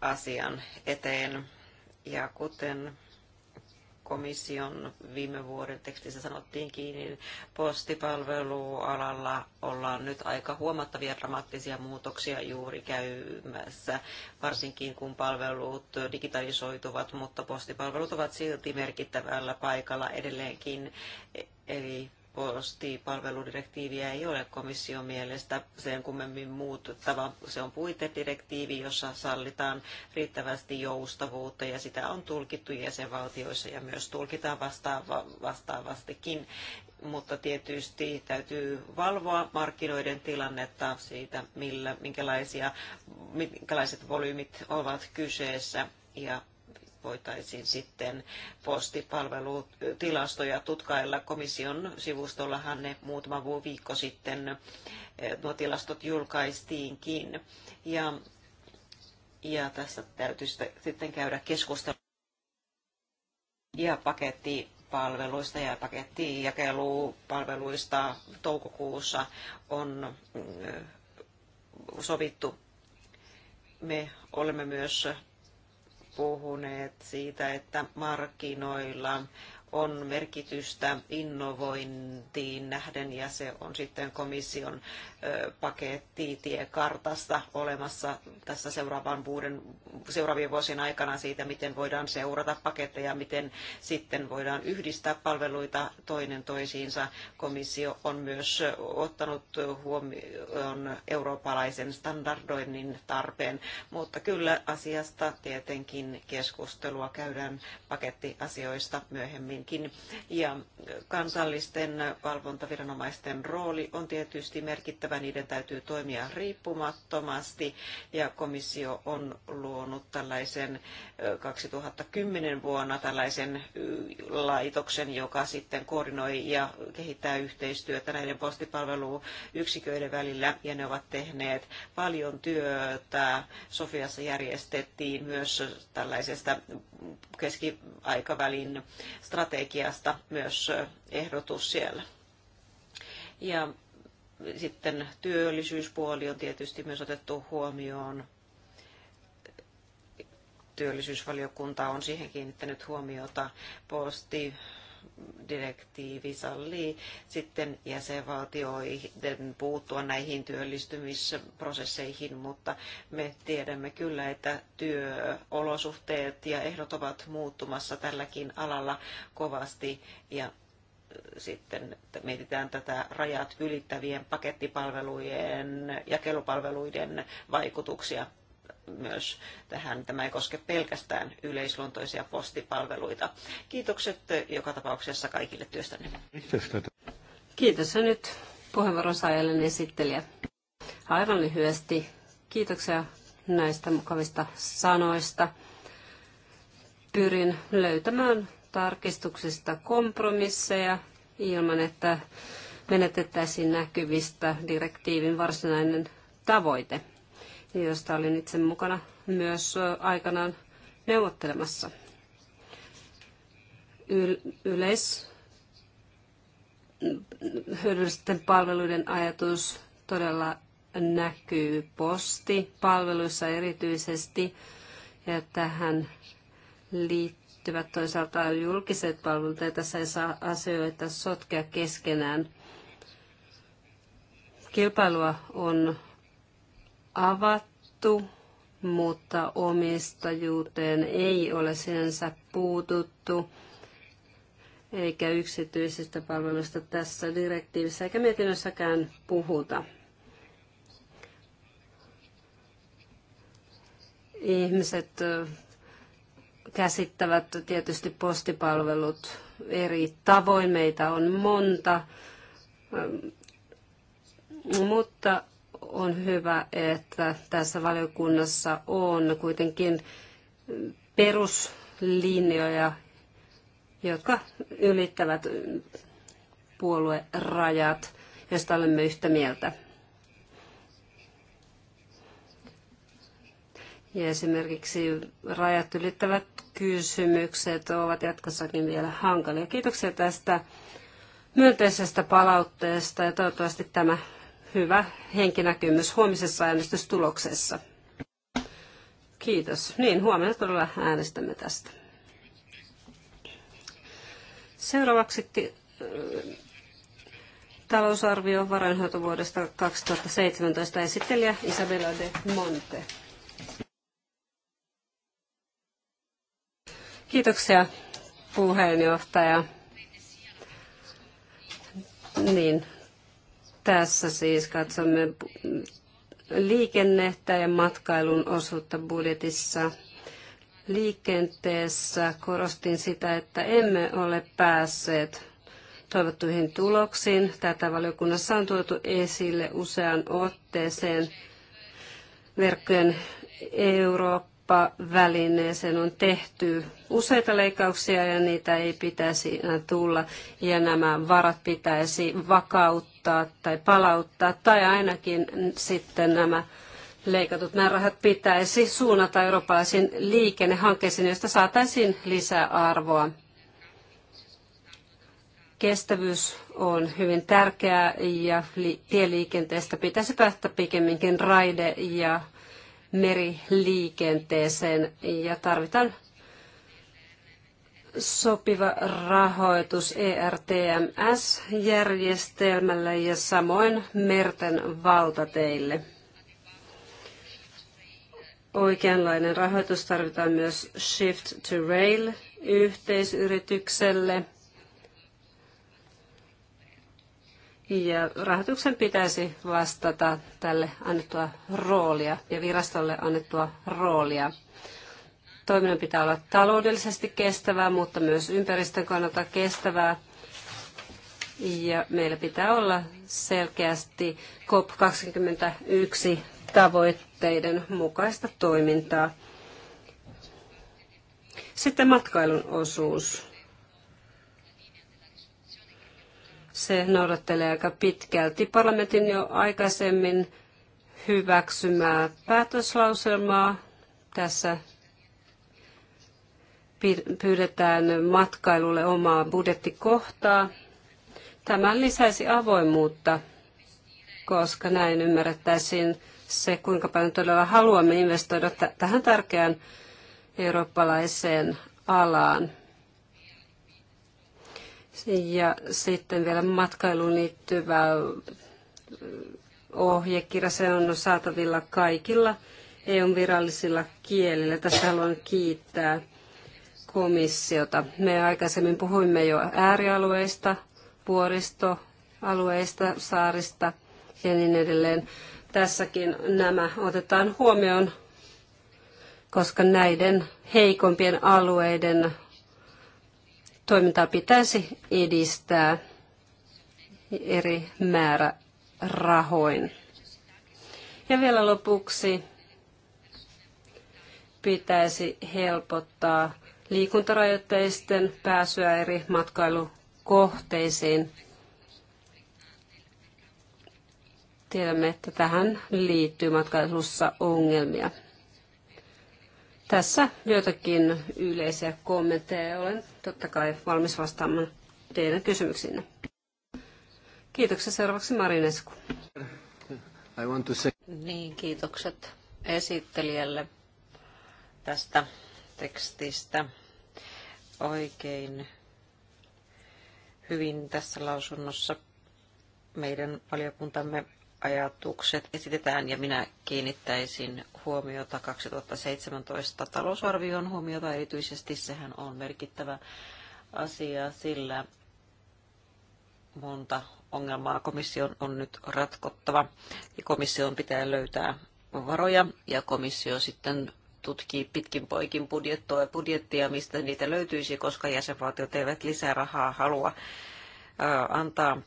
asian eteen. Ja kuten komission viime vuoden tekstissä sanottiinkin, niin postipalvelualalla ollaan nyt aika huomattavia dramaattisia muutoksia juuri käymässä, varsinkin kun palvelut digitalisoituvat, mutta postipalvelut ovat silti merkittävällä paikalla edelleenkin. Eli postipalveludirektiiviä ei ole komission mielestä sen kummemmin muutettava. Se on puitedirektiivi, jossa sallitaan riittävästi joustavuutta ja sitä on tulkittu jäsenvaltioissa ja myös tulkitaan vastaava, vastaavastikin mutta tietysti täytyy valvoa markkinoiden tilannetta siitä, millä, minkälaisia, minkälaiset volyymit ovat kyseessä ja voitaisiin sitten postipalvelutilastoja tutkailla. Komission sivustollahan ne muutama viikko sitten eh, nuo tilastot julkaistiinkin. Ja, ja tässä täytyy sitten käydä keskustelua ja paketti palveluista ja pakettiin jakelupalveluista toukokuussa on eh, sovittu. Me olemme myös puhuneet siitä, että markkinoilla on merkitystä innovointiin nähden ja se on sitten komission paketti tiekartasta olemassa tässä seuraavan vuoden, seuraavien vuosien aikana siitä, miten voidaan seurata paketteja, miten sitten voidaan yhdistää palveluita toinen toisiinsa. Komissio on myös ottanut huomioon eurooppalaisen standardoinnin tarpeen, mutta kyllä asiasta tietenkin keskustelua käydään pakettiasioista myöhemminkin. Ja kansallisten valvontaviranomaisten rooli on tietysti merkittävä mukaan Niiden täytyy toimia riippumattomasti ja komissio on luonut tällaisen 2010 vuonna tällaisen laitoksen, joka sitten koordinoi ja kehittää yhteistyötä näiden postipalveluyksiköiden välillä ja ne ovat tehneet paljon työtä. Sofiassa järjestettiin myös tällaisesta keskiaikavälin strategiasta myös ehdotus siellä. Ja sitten työllisyyspuoli on tietysti myös otettu huomioon. Työllisyysvaliokunta on siihen kiinnittänyt huomiota. Posti direktiivi sallii sitten jäsenvaltioiden puuttua näihin työllistymisprosesseihin, mutta me tiedämme kyllä, että työolosuhteet ja ehdot ovat muuttumassa tälläkin alalla kovasti ja sitten mietitään tätä rajat ylittävien pakettipalvelujen, jakelupalveluiden vaikutuksia myös tähän. Tämä ei koske pelkästään yleisluontoisia postipalveluita. Kiitokset joka tapauksessa kaikille työstänne. Kiitos ja nyt puheenvuoron saajalle esittelijä. Aivan lyhyesti. Kiitoksia näistä mukavista sanoista. Pyrin löytämään tarkistuksista kompromisseja ilman, että menetettäisiin näkyvistä direktiivin varsinainen tavoite, josta olin itse mukana myös aikanaan neuvottelemassa. yleis hyödyllisten palveluiden ajatus todella näkyy postipalveluissa erityisesti, ja tähän liittyy liittyvät toisaalta julkiset palvelut, ja tässä ei saa asioita sotkea keskenään. Kilpailua on avattu, mutta omistajuuteen ei ole sinänsä puututtu, eikä yksityisistä palveluista tässä direktiivissä eikä mietinnössäkään puhuta. ihmiset käsittävät tietysti postipalvelut eri tavoin. Meitä on monta, ähm, mutta on hyvä, että tässä valiokunnassa on kuitenkin peruslinjoja, jotka ylittävät puoluerajat, joista olemme yhtä mieltä. Ja esimerkiksi rajat ylittävät kysymykset ovat jatkossakin vielä hankalia. Kiitoksia tästä myönteisestä palautteesta ja toivottavasti tämä hyvä henkinäkymys huomisessa äänestystuloksessa. Kiitos. Niin, huomenna todella äänestämme tästä. Seuraavaksi talousarvio varainhoitovuodesta 2017 esittelijä Isabella de Monte. Kiitoksia puheenjohtaja. Niin, tässä siis katsomme liikennettä ja matkailun osuutta budjetissa. Liikenteessä korostin sitä, että emme ole päässeet toivottuihin tuloksiin. Tätä valiokunnassa on tuotu esille useaan otteeseen. Verkkojen Eurooppa kauppavälineeseen on tehty useita leikkauksia ja niitä ei pitäisi tulla. Ja nämä varat pitäisi vakauttaa tai palauttaa tai ainakin sitten nämä leikatut määrärahat pitäisi suunnata eurooppalaisiin liikennehankkeisiin, joista saataisiin lisää arvoa. Kestävyys on hyvin tärkeää ja tieliikenteestä pitäisi päästä pikemminkin raide- ja meriliikenteeseen ja tarvitaan sopiva rahoitus ERTMS-järjestelmälle ja samoin merten valtateille. Oikeanlainen rahoitus tarvitaan myös Shift to Rail yhteisyritykselle – Ja rahoituksen pitäisi vastata tälle annettua roolia ja virastolle annettua roolia. Toiminnan pitää olla taloudellisesti kestävää, mutta myös ympäristön kannalta kestävää. Ja meillä pitää olla selkeästi COP21 tavoitteiden mukaista toimintaa. Sitten matkailun osuus. Se noudattelee aika pitkälti parlamentin jo aikaisemmin hyväksymää päätöslauselmaa. Tässä pyydetään matkailulle omaa budjettikohtaa. Tämä lisäisi avoimuutta, koska näin ymmärrettäisiin se, kuinka paljon todella haluamme investoida tähän tärkeään eurooppalaiseen alaan. Ja sitten vielä matkailuun liittyvä ohjekirja, se on saatavilla kaikilla EUn virallisilla kielillä. Tästä haluan kiittää komissiota. Me aikaisemmin puhuimme jo äärialueista, vuoristoalueista, saarista ja niin edelleen. Tässäkin nämä otetaan huomioon, koska näiden heikompien alueiden toimintaa pitäisi edistää eri määrä rahoin. Ja vielä lopuksi pitäisi helpottaa liikuntarajoitteisten pääsyä eri matkailukohteisiin. Tiedämme, että tähän liittyy matkailussa ongelmia. Tässä joitakin yleisiä kommentteja olen totta kai valmis vastaamaan teidän kysymyksiinne. Kiitoksia seuraavaksi Marinesku. I want to say... Niin, kiitokset esittelijälle tästä tekstistä. Oikein hyvin tässä lausunnossa meidän valiokuntamme ajatukset esitetään ja minä kiinnittäisin huomiota 2017 talousarvion huomiota erityisesti. Sehän on merkittävä asia, sillä monta ongelmaa komission on nyt ratkottava ja komission pitää löytää varoja ja komissio sitten tutkii pitkin poikin budjettoa ja budjettia, mistä niitä löytyisi, koska jäsenvaltiot eivät lisää rahaa halua antaa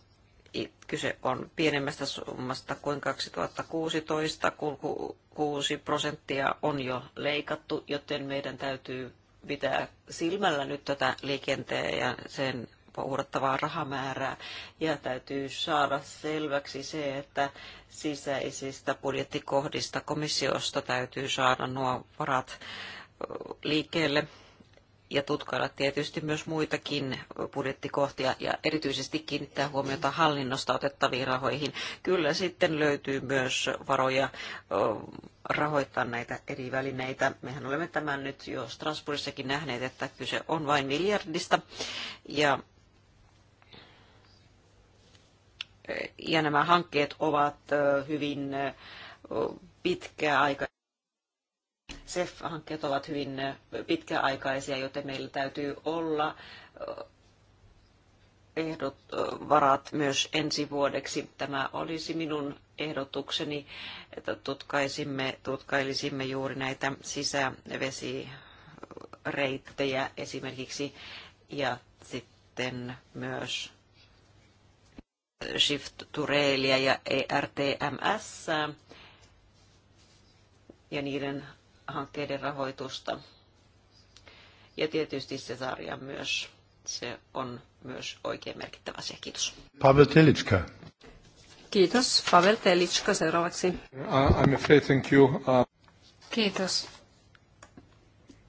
kyse on pienemmästä summasta kuin 2016, kun 6 prosenttia on jo leikattu, joten meidän täytyy pitää silmällä nyt tätä liikenteen ja sen uhrattavaa rahamäärää. Ja täytyy saada selväksi se, että sisäisistä budjettikohdista komissiosta täytyy saada nuo varat liikkeelle ja tutkailla tietysti myös muitakin budjettikohtia ja erityisesti kiinnittää huomiota hallinnosta otettaviin rahoihin. Kyllä sitten löytyy myös varoja rahoittaa näitä eri välineitä. Mehän olemme tämän nyt jo Strasbourgissakin nähneet, että kyse on vain miljardista ja ja nämä hankkeet ovat hyvin pitkää aikaa. CEF-hankkeet ovat hyvin pitkäaikaisia, joten meillä täytyy olla ehdot, varat myös ensi vuodeksi. Tämä olisi minun ehdotukseni, että tutkaisimme, tutkailisimme juuri näitä sisävesireittejä esimerkiksi ja sitten myös Shift to Railia ja ERTMS ja niiden hankkeiden rahoitusta. Ja tietysti se sarja myös. Se on myös oikein merkittävä asia. Kiitos. Pavel Telitska. Kiitos. Pavel Telitska seuraavaksi. Uh, I'm afraid, thank you. Uh... Kiitos.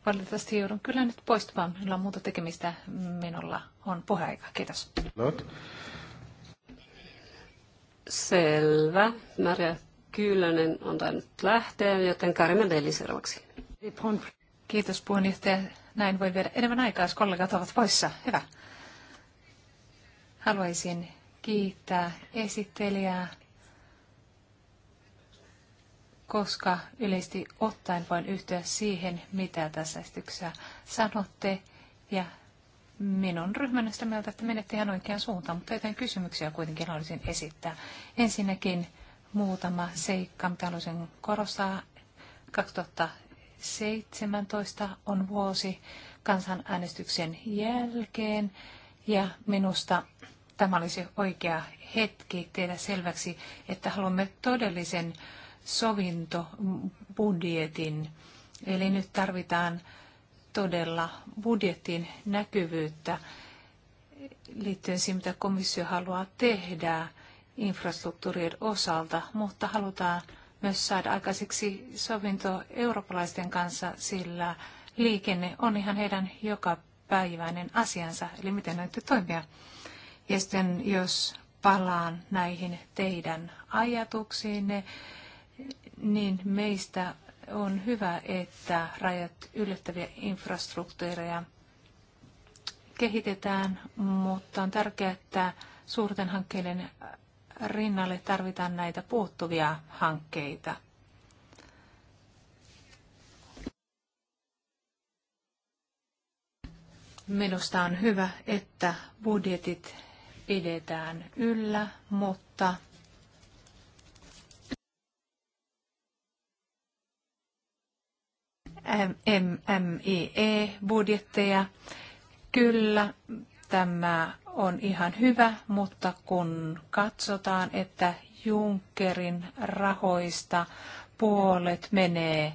Valitettavasti joudun kyllä nyt poistumaan. Minulla on muuta tekemistä. Minulla on puheaika. Kiitos. Not. Selvä. Maria Kyllönen niin on tainnut lähteä, joten Karimen Belli seuraavaksi. Kiitos puheenjohtaja. Näin voi viedä enemmän aikaa, jos kollegat ovat poissa. Hyvä. Haluaisin kiittää esittelijää, koska yleisesti ottaen voin yhtyä siihen, mitä tässä esityksessä sanotte. Ja minun ryhmän sitä mieltä, että menette ihan oikeaan suuntaan, mutta jotain kysymyksiä kuitenkin haluaisin esittää. Ensinnäkin muutama seikka, mitä haluaisin korostaa. 2017 on vuosi kansanäänestyksen jälkeen ja minusta tämä olisi oikea hetki tehdä selväksi, että haluamme todellisen sovintobudjetin. Eli nyt tarvitaan todella budjetin näkyvyyttä liittyen siihen, mitä komissio haluaa tehdä infrastruktuurien osalta, mutta halutaan myös saada aikaiseksi sovinto eurooppalaisten kanssa, sillä liikenne on ihan heidän jokapäiväinen asiansa, eli miten näette toimia. Ja sitten jos palaan näihin teidän ajatuksiinne, niin meistä on hyvä, että rajat ylittäviä infrastruktuureja kehitetään, mutta on tärkeää, että suurten hankkeiden rinnalle tarvitaan näitä puuttuvia hankkeita. Minusta on hyvä, että budjetit pidetään yllä, mutta MMIE-budjetteja. Kyllä, Tämä on ihan hyvä, mutta kun katsotaan, että Junckerin rahoista puolet menee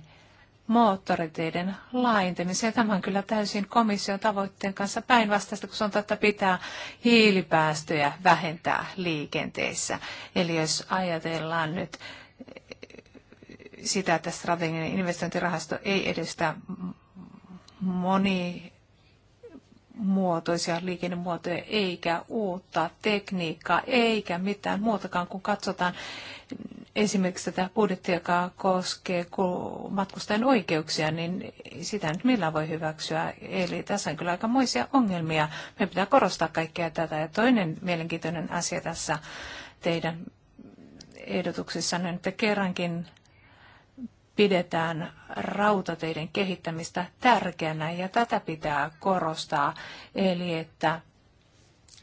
moottoriteiden laajentamiseen. Tämä on kyllä täysin komission tavoitteen kanssa päinvastaista, kun sanotaan, että pitää hiilipäästöjä vähentää liikenteessä. Eli jos ajatellaan nyt sitä, että strateginen investointirahasto ei edistä moni muotoisia liikennemuotoja eikä uutta tekniikkaa eikä mitään muutakaan, kun katsotaan esimerkiksi tätä budjettia, joka koskee matkustajan oikeuksia, niin sitä nyt millään voi hyväksyä. Eli tässä on kyllä moisia ongelmia. Me pitää korostaa kaikkea tätä. Ja toinen mielenkiintoinen asia tässä teidän ehdotuksissanne, että kerrankin pidetään rautateiden kehittämistä tärkeänä ja tätä pitää korostaa. Eli että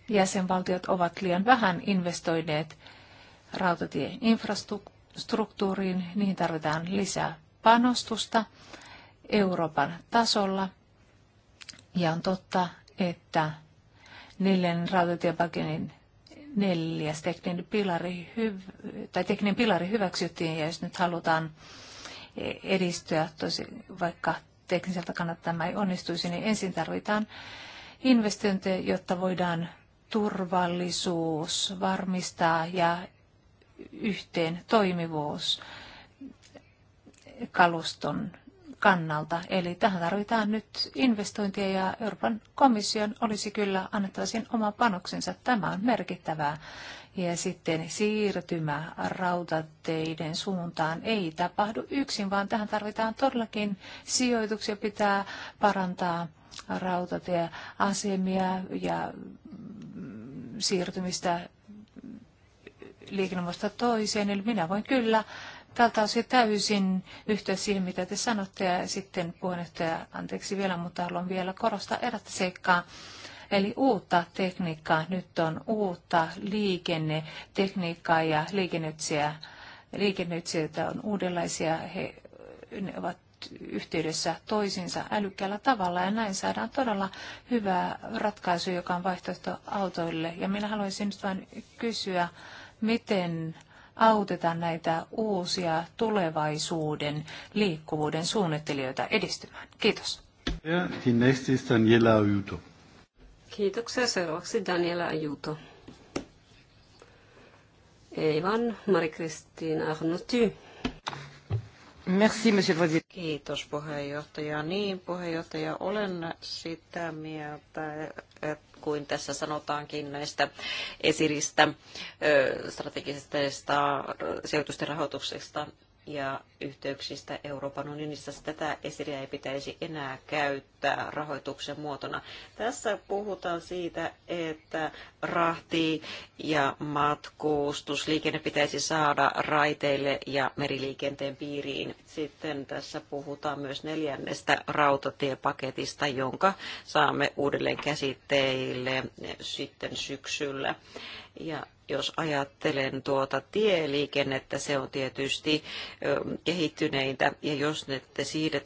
jäsenvaltiot ovat liian vähän investoineet rautatieinfrastruktuuriin, niihin tarvitaan lisää panostusta Euroopan tasolla. Ja on totta, että neljän rautatiepaketin neljäs tekninen pilari, hyv- tai tekninen pilari hyväksyttiin, ja jos nyt halutaan edistyä, tosi, vaikka tekniseltä kannalta tämä ei onnistuisi, niin ensin tarvitaan investointeja, jotta voidaan turvallisuus varmistaa ja yhteen toimivuus kaluston kannalta. Eli tähän tarvitaan nyt investointia ja Euroopan komission olisi kyllä annettava siihen oma panoksensa. Tämä on merkittävää. Ja sitten siirtymä rautateiden suuntaan ei tapahdu yksin, vaan tähän tarvitaan todellakin sijoituksia, pitää parantaa rautatieasemia ja mm, siirtymistä liikennemuodosta toiseen. Eli minä voin kyllä tältä osin täysin yhtyä siihen, mitä te sanotte. Ja sitten puheenjohtaja, anteeksi vielä, mutta haluan vielä korostaa erättä seikkaa. Eli uutta tekniikkaa, nyt on uutta liikennetekniikkaa ja liikennöitsijä, on uudenlaisia, he ne ovat yhteydessä toisiinsa älykkäällä tavalla ja näin saadaan todella hyvä ratkaisu, joka on vaihtoehto autoille. Ja minä haluaisin nyt vain kysyä, miten autetaan näitä uusia tulevaisuuden liikkuvuuden suunnittelijoita edistymään. Kiitos. Ja, die nächste ist Daniela Kiitoksia. Seuraavaksi Daniela Ajuto. Eivan, marie Mari-Kristiin Arnoty. Merci, monsieur le Kiitos puheenjohtaja. Niin, puheenjohtaja, olen sitä mieltä, että kuin tässä sanotaankin näistä esiristä strategisista sijoitusten rahoituksesta ja yhteyksistä Euroopan unionissa. Tätä esiriä ei pitäisi enää käyttää rahoituksen muotona. Tässä puhutaan siitä, että rahti ja matkustusliikenne pitäisi saada raiteille ja meriliikenteen piiriin. Sitten tässä puhutaan myös neljännestä rautatiepaketista, jonka saamme uudelleen käsitteille sitten syksyllä. Ja jos ajattelen tuota tieliikennettä, se on tietysti kehittyneintä. Ja jos nyt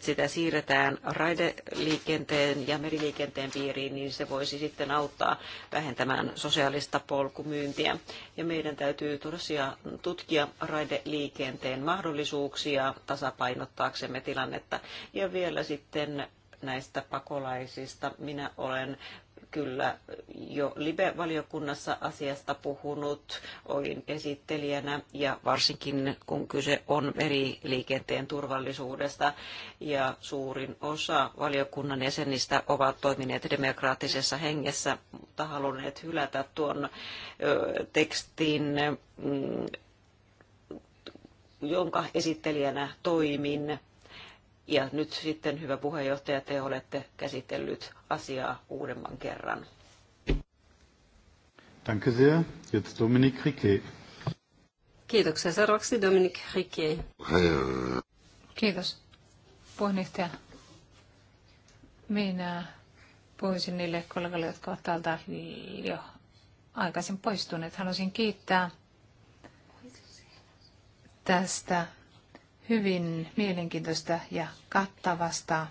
sitä siirretään raideliikenteen ja meriliikenteen piiriin, niin se voisi sitten auttaa vähentämään sosiaalista polkumyyntiä. Ja meidän täytyy tosiaan tutkia raideliikenteen mahdollisuuksia tasapainottaaksemme tilannetta. Ja vielä sitten näistä pakolaisista. Minä olen kyllä jo Libe-valiokunnassa asiasta puhunut, olin esittelijänä ja varsinkin kun kyse on meriliikenteen turvallisuudesta ja suurin osa valiokunnan jäsenistä ovat toimineet demokraattisessa hengessä, mutta halunneet hylätä tuon tekstin mm, jonka esittelijänä toimin ja nyt sitten, hyvä puheenjohtaja, te olette käsitellyt asiaa uudemman kerran. Danke sehr. Jetzt Dominik Riquet. Kiitoksia. Seuraavaksi Dominik Riquet. Kiitos. Puheenjohtaja. Minä puhuisin niille kollegoille, jotka ovat täältä jo aikaisin poistuneet. Haluaisin kiittää tästä hyvin mielenkiintoista ja kattavasta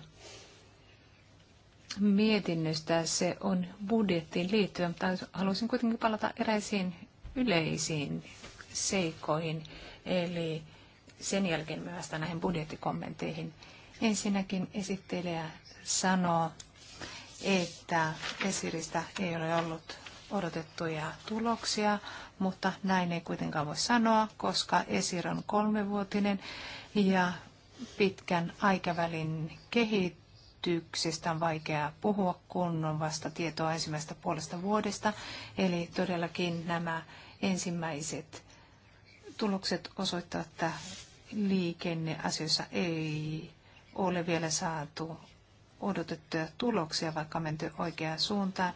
mietinnöstä. Se on budjettiin liittyen, mutta haluaisin kuitenkin palata eräisiin yleisiin seikoihin, Eli sen jälkeen myös näihin budjettikommenteihin. Ensinnäkin esittelijä sanoo, että esiristä ei ole ollut odotettuja tuloksia, mutta näin ei kuitenkaan voi sanoa, koska Esir on kolmevuotinen ja pitkän aikavälin kehityksestä on vaikea puhua, kun on vasta tietoa ensimmäistä puolesta vuodesta. Eli todellakin nämä ensimmäiset tulokset osoittavat, että liikenneasioissa ei ole vielä saatu odotettuja tuloksia, vaikka menty oikeaan suuntaan.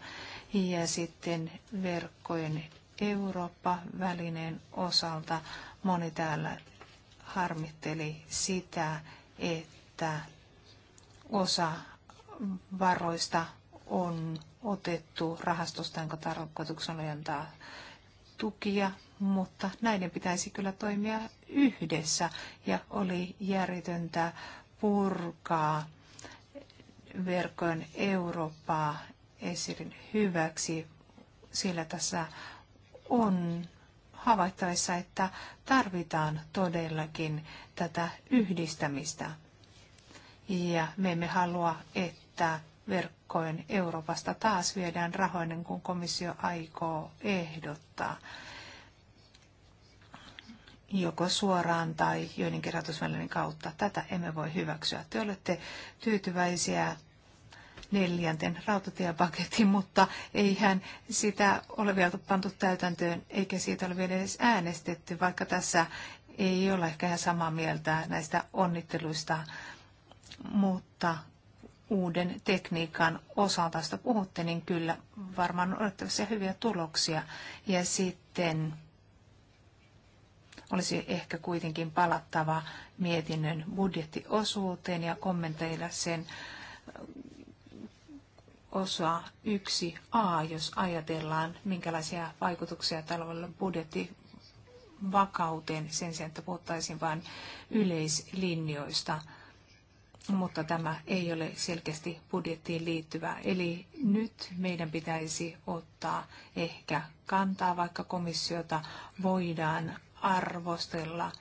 Ja sitten verkkojen Eurooppa-välineen osalta moni täällä harmitteli sitä, että osa varoista on otettu rahastosta, jonka tarkoituksena oli antaa tukia, mutta näiden pitäisi kyllä toimia yhdessä ja oli järjetöntä purkaa verkon Eurooppaa esirin hyväksi, sillä tässä on havaittavissa, että tarvitaan todellakin tätä yhdistämistä. Ja me emme halua, että verkkojen Euroopasta taas viedään rahoinen, kun komissio aikoo ehdottaa joko suoraan tai joidenkin rahoitusvälineiden kautta. Tätä emme voi hyväksyä. Te olette tyytyväisiä neljänten rautatiepaketin, mutta eihän sitä ole vielä pantu täytäntöön, eikä siitä ole vielä edes äänestetty, vaikka tässä ei ole ehkä ihan samaa mieltä näistä onnitteluista, mutta uuden tekniikan osalta, josta puhutte, niin kyllä varmaan odottavissa hyviä tuloksia. Ja sitten olisi ehkä kuitenkin palattava mietinnön budjettiosuuteen ja kommenteilla sen osa 1a, jos ajatellaan, minkälaisia vaikutuksia tällä budjetti vakauteen sen sijaan, että puhuttaisiin vain yleislinjoista, mutta tämä ei ole selkeästi budjettiin liittyvä. Eli nyt meidän pitäisi ottaa ehkä kantaa, vaikka komissiota voidaan arvostella –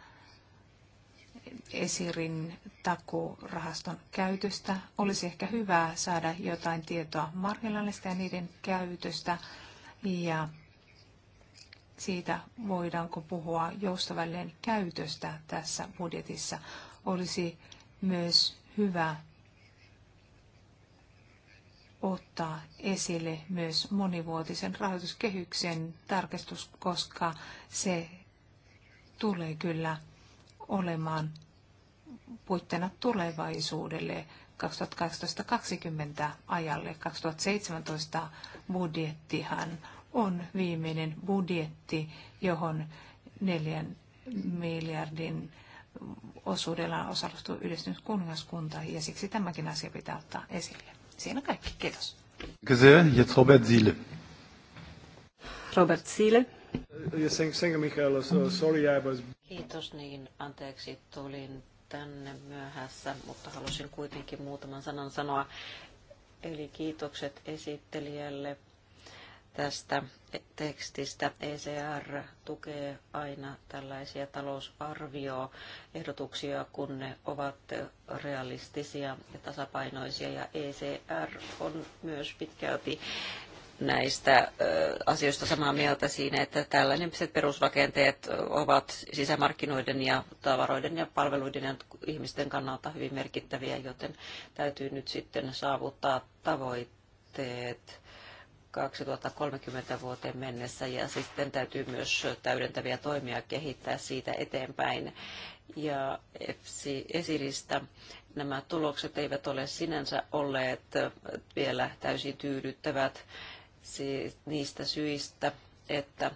Esirin takuurahaston käytöstä. Olisi ehkä hyvä saada jotain tietoa marginaalista ja niiden käytöstä ja siitä, voidaanko puhua joustavälleen käytöstä tässä budjetissa. Olisi myös hyvä ottaa esille myös monivuotisen rahoituskehyksen tarkistus, koska se tulee kyllä olemaan puitteena tulevaisuudelle 2018-2020 ajalle. 2017 budjettihan on viimeinen budjetti, johon neljän miljardin osuudella osallistuu yhdistynyt kuningaskunta ja siksi tämäkin asia pitää ottaa esille. Siinä kaikki. Kiitos. Kiitos. Robert Zille. Robert Ziele. Uh, yes, thank, you, Michael. sorry, I was... Kiitos, niin anteeksi tulin tänne myöhässä, mutta halusin kuitenkin muutaman sanan sanoa. Eli kiitokset esittelijälle tästä tekstistä. ECR tukee aina tällaisia talousarvioehdotuksia, kun ne ovat realistisia ja tasapainoisia. Ja ECR on myös pitkälti näistä asioista samaa mieltä siinä, että tällaiset perusrakenteet ovat sisämarkkinoiden ja tavaroiden ja palveluiden ja ihmisten kannalta hyvin merkittäviä, joten täytyy nyt sitten saavuttaa tavoitteet 2030 vuoteen mennessä ja sitten täytyy myös täydentäviä toimia kehittää siitä eteenpäin. Ja esiristä nämä tulokset eivät ole sinänsä olleet vielä täysin tyydyttävät niistä syistä, että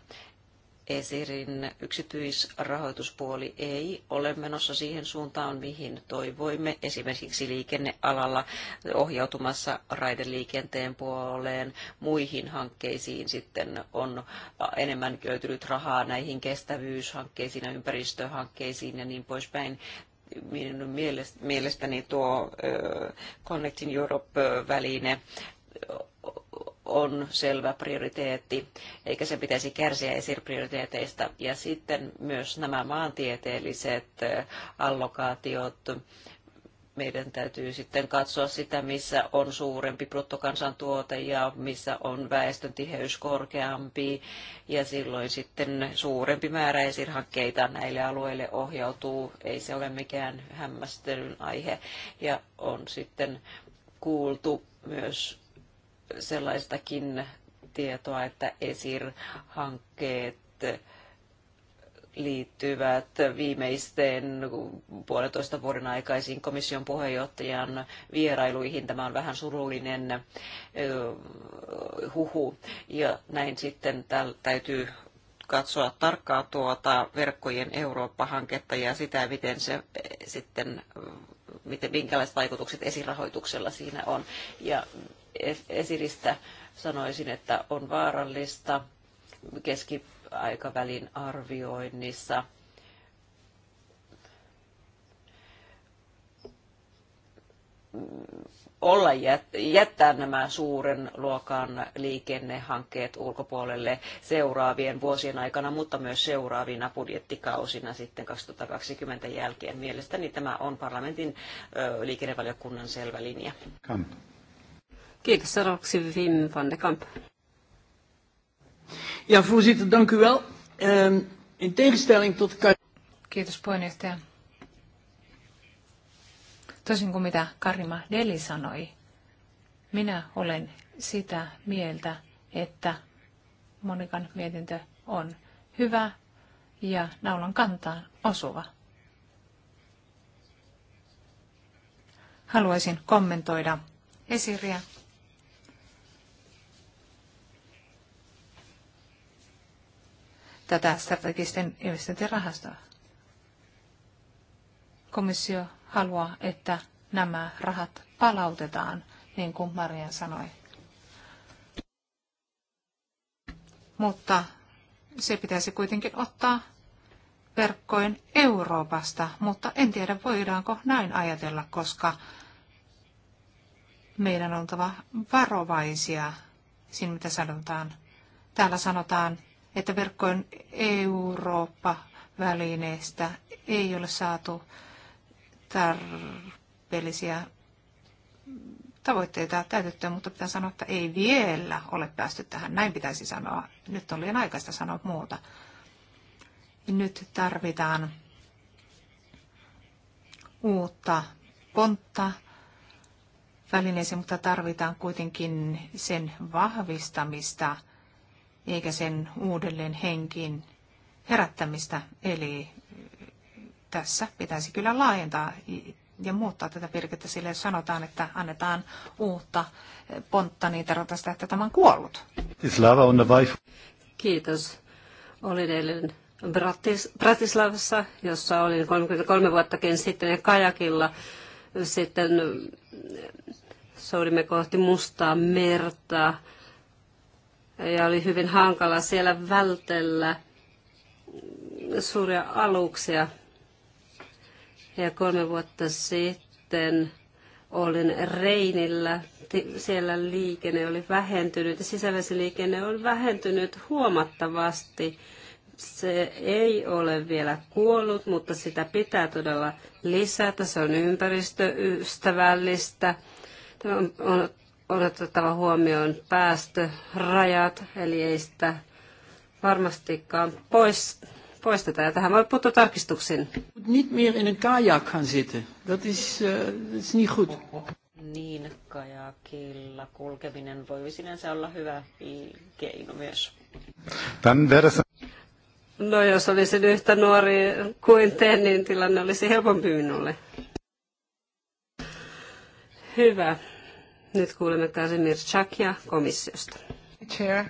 Esirin yksityisrahoituspuoli ei ole menossa siihen suuntaan, mihin toivoimme, esimerkiksi liikennealalla ohjautumassa raideliikenteen puoleen. Muihin hankkeisiin sitten on enemmän löytynyt rahaa näihin kestävyyshankkeisiin ja ympäristöhankkeisiin ja niin poispäin minun mielestäni tuo Connecting Europe-väline on selvä prioriteetti, eikä se pitäisi kärsiä esirprioriteeteista. Ja sitten myös nämä maantieteelliset allokaatiot, meidän täytyy sitten katsoa sitä, missä on suurempi bruttokansantuote ja missä on väestön tiheys korkeampi. Ja silloin sitten suurempi määrä esirhankkeita näille alueille ohjautuu. Ei se ole mikään hämmästelyn aihe. Ja on sitten kuultu myös sellaistakin tietoa, että ESIR-hankkeet liittyvät viimeisten puolitoista vuoden aikaisiin komission puheenjohtajan vierailuihin. Tämä on vähän surullinen huhu. Ja näin sitten täytyy katsoa tarkkaa tuota verkkojen Eurooppa-hanketta ja sitä, miten se sitten, miten, minkälaiset vaikutukset esirahoituksella siinä on. Ja esiristä sanoisin, että on vaarallista keskiaikavälin arvioinnissa olla jättää nämä suuren luokan liikennehankkeet ulkopuolelle seuraavien vuosien aikana, mutta myös seuraavina budjettikausina sitten 2020 jälkeen. Mielestäni tämä on parlamentin liikennevaliokunnan selvä linja. Kamp. Kiitos seuraavaksi Wim van de Kamp. Ja voorzitter, dank u wel. Uh, in tegenstelling tot... Kiitos puheenjohtaja. Toisin kuin mitä Karima Deli sanoi, minä olen sitä mieltä, että Monikan mietintö on hyvä ja naulan kantaan osuva. Haluaisin kommentoida esiriä tätä strategisten investointirahastoa. Komissio haluaa, että nämä rahat palautetaan, niin kuin Marian sanoi. Mutta se pitäisi kuitenkin ottaa verkkojen Euroopasta, mutta en tiedä voidaanko näin ajatella, koska meidän on oltava varovaisia siinä, mitä sanotaan. Täällä sanotaan että verkkojen Eurooppa-välineestä ei ole saatu tarpeellisia tavoitteita täytettyä, mutta pitää sanoa, että ei vielä ole päästy tähän. Näin pitäisi sanoa. Nyt on liian aikaista sanoa muuta. Nyt tarvitaan uutta pontta välineeseen, mutta tarvitaan kuitenkin sen vahvistamista – eikä sen uudelleen henkiin herättämistä. Eli tässä pitäisi kyllä laajentaa ja muuttaa tätä virkettä sille, jos sanotaan, että annetaan uutta pontta, niin tarvitaan sitä, että tämä on kuollut. Kiitos. Olin eilen Bratis, Bratislavassa, jossa olin 33 vuottakin sitten ja kajakilla sitten soudimme kohti Mustaa merta ja oli hyvin hankala siellä vältellä suuria aluksia. Ja kolme vuotta sitten olin Reinillä. Siellä liikenne oli vähentynyt ja sisävesiliikenne on vähentynyt huomattavasti. Se ei ole vielä kuollut, mutta sitä pitää todella lisätä. Se on ympäristöystävällistä. Tämä on on otettava huomioon päästörajat, eli ei sitä varmastikaan pois, poisteta. Ja tähän voi puuttua tarkistuksiin. Niet meer in een kajak gaan zitten. Dat is, uh, is niet goed. Niin, kajakilla kulkeminen voi sinänsä olla hyvä keino myös. Tämän verran. No jos olisin yhtä nuori kuin te, niin tilanne olisi helpompi minulle. Hyvä. Nyt kuulemme Chakia komissiosta. Chair,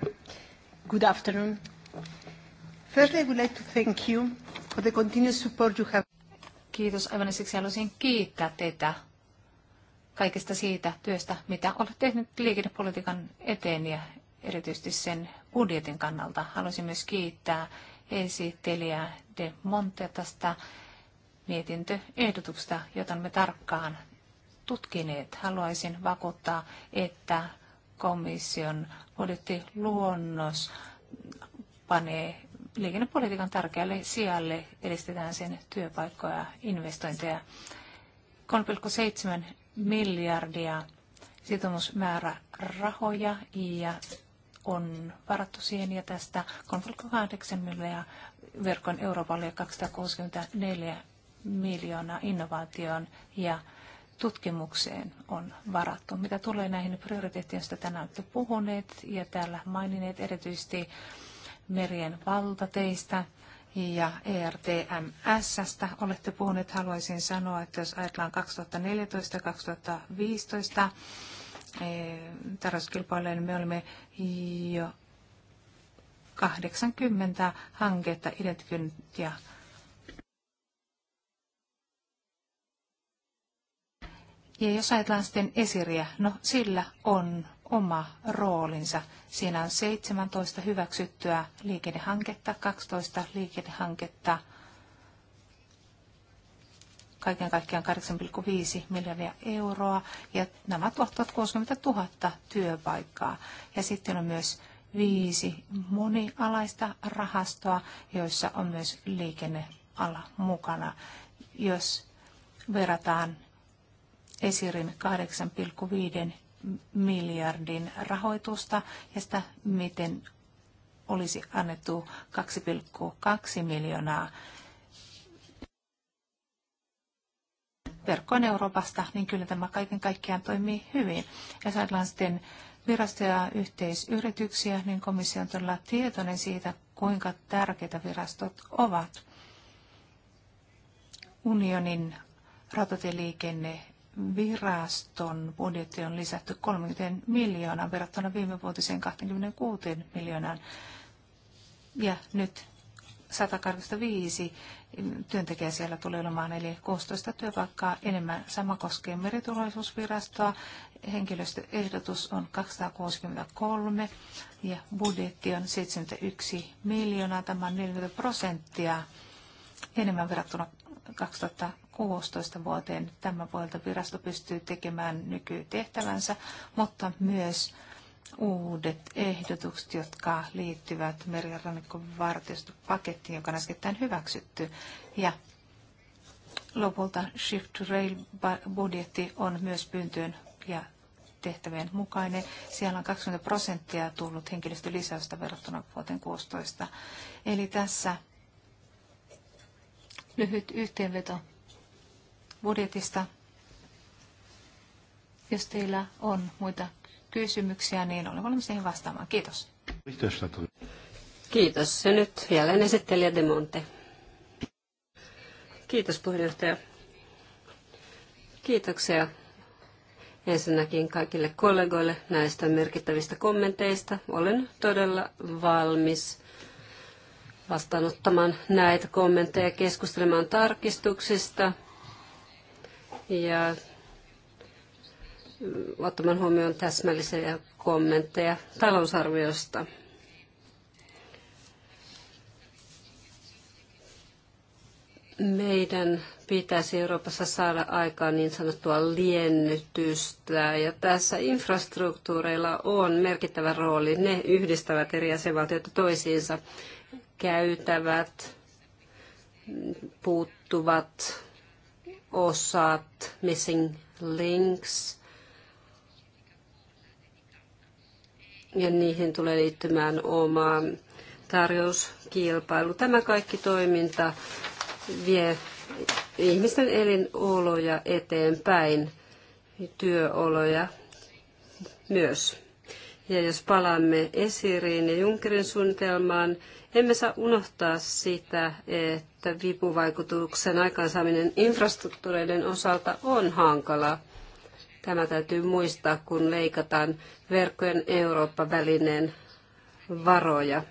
good afternoon. Firstly, I would like to thank you for the continuous support you have. Kiitos. Aivan siksi haluaisin kiittää teitä kaikesta siitä työstä, mitä olet tehnyt liikennepolitiikan eteen ja erityisesti sen budjetin kannalta. Haluaisin myös kiittää esittelijää De Monte tästä mietintöehdotuksesta, jota me tarkkaan tutkineet. Haluaisin vakuuttaa, että komission budjettiluonnos panee liikennepolitiikan tärkeälle sijalle, edistetään sen työpaikkoja ja investointeja. 3,7 miljardia sitomusmäärä rahoja ja on varattu siihen ja tästä 3,8 miljoonaa verkon Euroopalle ja 264 miljoonaa innovaatioon ja tutkimukseen on varattu. Mitä tulee näihin prioriteettiin, joista tänään olette puhuneet ja täällä mainineet erityisesti merien valtateistä ja ERTMSstä olette puhuneet, haluaisin sanoa, että jos ajatellaan 2014-2015 e, tarjouskilpailuja, niin me olimme jo 80 hanketta identifioinut ja Ja jos ajatellaan sitten esiriä, no sillä on oma roolinsa. Siinä on 17 hyväksyttyä liikennehanketta, 12 liikennehanketta, kaiken kaikkiaan 8,5 miljardia euroa ja nämä tuottavat 60 000 työpaikkaa. Ja sitten on myös viisi monialaista rahastoa, joissa on myös liikenneala mukana. Jos verrataan Esirin 8,5 miljardin rahoitusta ja sitä, miten olisi annettu 2,2 miljoonaa verkkoon Euroopasta, niin kyllä tämä kaiken kaikkiaan toimii hyvin. Ja saadaan sitten virastoja ja yhteisyrityksiä, niin komissio on todella tietoinen siitä, kuinka tärkeitä virastot ovat. Unionin rautatieliikenne viraston budjetti on lisätty 30 miljoonaan verrattuna viime vuotiseen 26 miljoonaan. Ja nyt 185 työntekijää siellä tulee olemaan, eli 16 työpaikkaa enemmän. Sama koskee meriturvallisuusvirastoa. Henkilöstöehdotus on 263 ja budjetti on 71 miljoonaa. Tämä on 40 prosenttia enemmän verrattuna 2000 16 vuoteen. Tämän vuodelta virasto pystyy tekemään nykytehtävänsä, mutta myös uudet ehdotukset, jotka liittyvät merirannikon vartiostopakettiin, joka on äskettäin hyväksytty. Ja lopulta Shift Rail-budjetti on myös pyyntöön ja tehtävien mukainen. Siellä on 20 prosenttia tullut henkilöstölisäystä verrattuna vuoteen 16. Eli tässä lyhyt yhteenveto budjetista. Jos teillä on muita kysymyksiä, niin olen valmis niihin vastaamaan. Kiitos. Kiitos. Ja nyt jälleen esittelijä Demonte. Kiitos puheenjohtaja. Kiitoksia ensinnäkin kaikille kollegoille näistä merkittävistä kommenteista. Olen todella valmis vastaanottamaan näitä kommentteja, keskustelemaan tarkistuksista ja ottamaan huomioon täsmällisiä kommentteja talousarviosta. Meidän pitäisi Euroopassa saada aikaan niin sanottua liennytystä, ja tässä infrastruktuureilla on merkittävä rooli. Ne yhdistävät eri jäsenvaltioita toisiinsa, käytävät, puuttuvat osat, missing links, ja niihin tulee liittymään oma tarjouskilpailu. Tämä kaikki toiminta vie ihmisten elinoloja eteenpäin, työoloja myös. Ja jos palaamme Esiriin ja Junkerin suunnitelmaan, emme saa unohtaa sitä, että vipuvaikutuksen aikaansaaminen infrastruktuureiden osalta on hankala. Tämä täytyy muistaa, kun leikataan verkkojen Eurooppa-välineen varoja.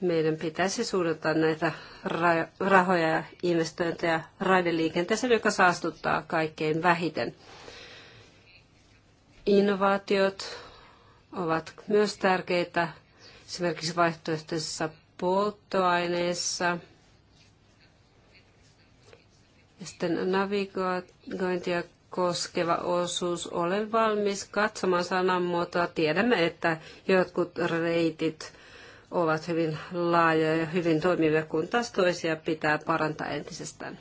meidän pitäisi suunnata näitä rahoja ja investointeja raideliikenteeseen, joka saastuttaa kaikkein vähiten. Innovaatiot ovat myös tärkeitä esimerkiksi vaihtoehtoisissa polttoaineissa. Ja sitten navigointia koskeva osuus. Olen valmis katsomaan sananmuotoa. Tiedämme, että jotkut reitit ovat hyvin laajoja ja hyvin toimivia, kun taas toisia pitää parantaa entisestään.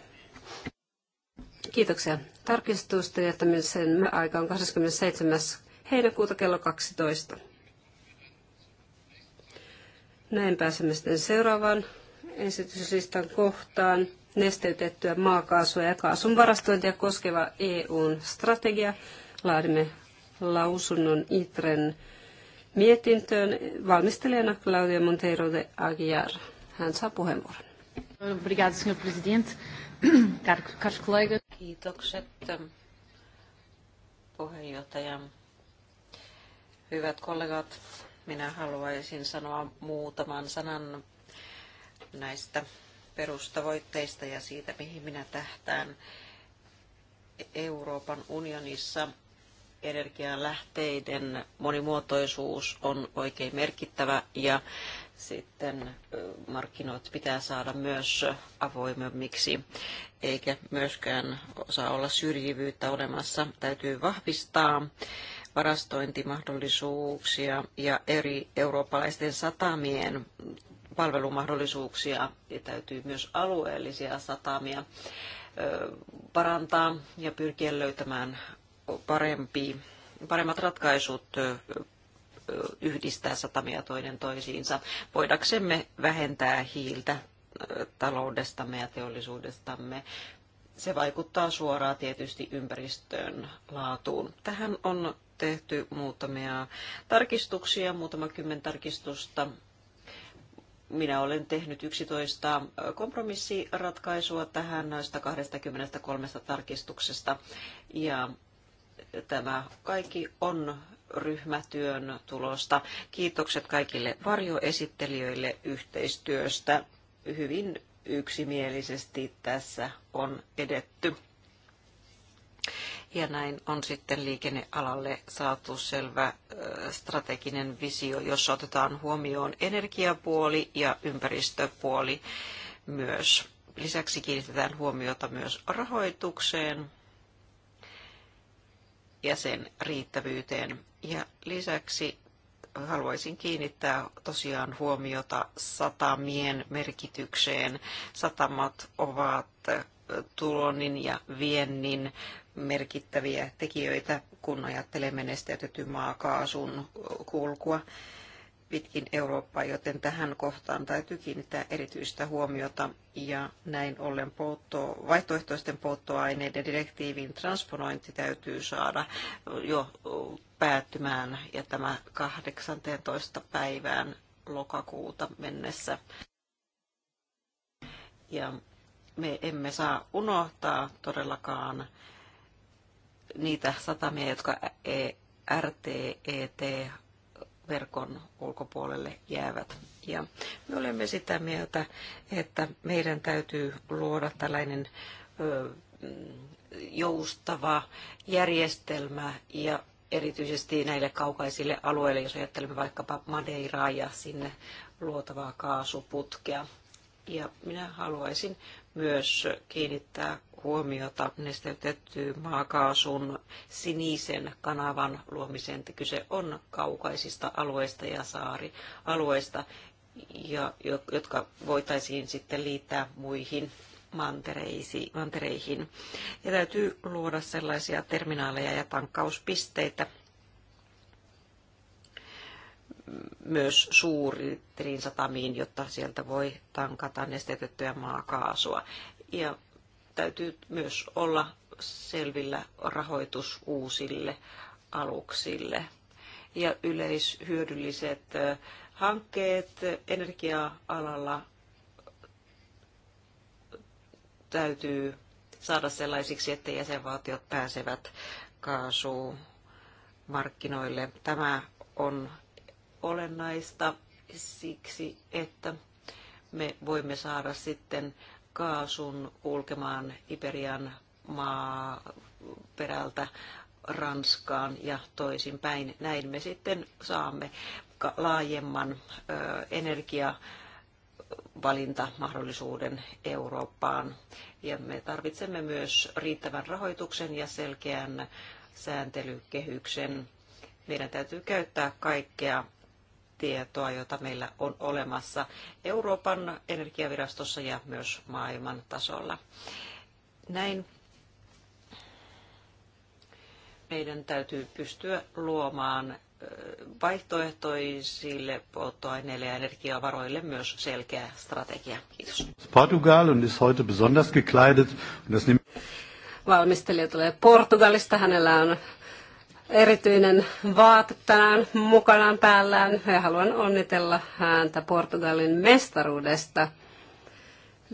Kiitoksia tarkistusta ja sen aika on 27. heinäkuuta kello 12. Näin pääsemme sitten seuraavaan esityslistan kohtaan nesteytettyä maakaasua ja kaasun varastointia koskeva EUn strategia. Laadimme lausunnon ITREN mietintöön valmistelijana Claudia Monteiro de Aguiar. Hän saa puheenvuoron. Obrigado, senhor presidente. Caros colegas. Kiitokset puheenjohtaja. Hyvät kollegat, minä haluaisin sanoa muutaman sanan näistä perustavoitteista ja siitä, mihin minä tähtään Euroopan unionissa. Energialähteiden monimuotoisuus on oikein merkittävä ja sitten markkinoit pitää saada myös avoimemmiksi, eikä myöskään saa olla syrjivyyttä olemassa. Täytyy vahvistaa varastointimahdollisuuksia ja eri eurooppalaisten satamien palvelumahdollisuuksia ja täytyy myös alueellisia satamia parantaa ja pyrkiä löytämään parempi, paremmat ratkaisut yhdistää satamia toinen toisiinsa, voidaksemme vähentää hiiltä taloudestamme ja teollisuudestamme. Se vaikuttaa suoraan tietysti ympäristöön laatuun. Tähän on tehty muutamia tarkistuksia, muutama kymmen tarkistusta. Minä olen tehnyt 11 kompromissiratkaisua tähän noista 23 tarkistuksesta ja tämä kaikki on ryhmätyön tulosta. Kiitokset kaikille varjoesittelijöille yhteistyöstä. Hyvin yksimielisesti tässä on edetty. Ja näin on sitten liikennealalle saatu selvä strateginen visio, jossa otetaan huomioon energiapuoli ja ympäristöpuoli myös. Lisäksi kiinnitetään huomiota myös rahoitukseen ja sen riittävyyteen. Ja lisäksi haluaisin kiinnittää tosiaan huomiota satamien merkitykseen. Satamat ovat tulonnin ja viennin merkittäviä tekijöitä, kun ajattelemme nesteytetyn maakaasun kulkua pitkin Eurooppaa, joten tähän kohtaan täytyy kiinnittää erityistä huomiota ja näin ollen poltto, vaihtoehtoisten polttoaineiden direktiivin transponointi täytyy saada jo päättymään ja tämä 18. päivään lokakuuta mennessä. Ja me emme saa unohtaa todellakaan niitä satamia, jotka e RTET e verkon ulkopuolelle jäävät. Ja me olemme sitä mieltä, että meidän täytyy luoda tällainen joustava järjestelmä ja erityisesti näille kaukaisille alueille, jos ajattelemme vaikkapa Madeiraa ja sinne luotavaa kaasuputkea. Ja minä haluaisin myös kiinnittää huomiota nesteytettyyn maakaasun sinisen kanavan luomiseen. Kyse on kaukaisista alueista ja saarialueista, ja, jotka voitaisiin sitten liittää muihin mantereihin. Ja täytyy luoda sellaisia terminaaleja ja tankkauspisteitä, myös suuriin satamiin, jotta sieltä voi tankata nestetettyä maakaasua. Ja täytyy myös olla selvillä rahoitus uusille aluksille. Ja yleishyödylliset hankkeet energia-alalla täytyy saada sellaisiksi, että jäsenvaltiot pääsevät kaasumarkkinoille. Tämä on olennaista siksi, että me voimme saada sitten kaasun kulkemaan Iberian maa perältä Ranskaan ja toisinpäin. Näin me sitten saamme laajemman energia valintamahdollisuuden Eurooppaan. Ja me tarvitsemme myös riittävän rahoituksen ja selkeän sääntelykehyksen. Meidän täytyy käyttää kaikkea tietoa, jota meillä on olemassa Euroopan energiavirastossa ja myös maailman tasolla. Näin meidän täytyy pystyä luomaan vaihtoehtoisille polttoaineille ja energiavaroille myös selkeä strategia. Kiitos. Portugal on is heute besonders gekleidet. Valmistelija tulee Portugalista. Hänellä on erityinen vaate tänään mukanaan päällään ja haluan onnitella häntä Portugalin mestaruudesta.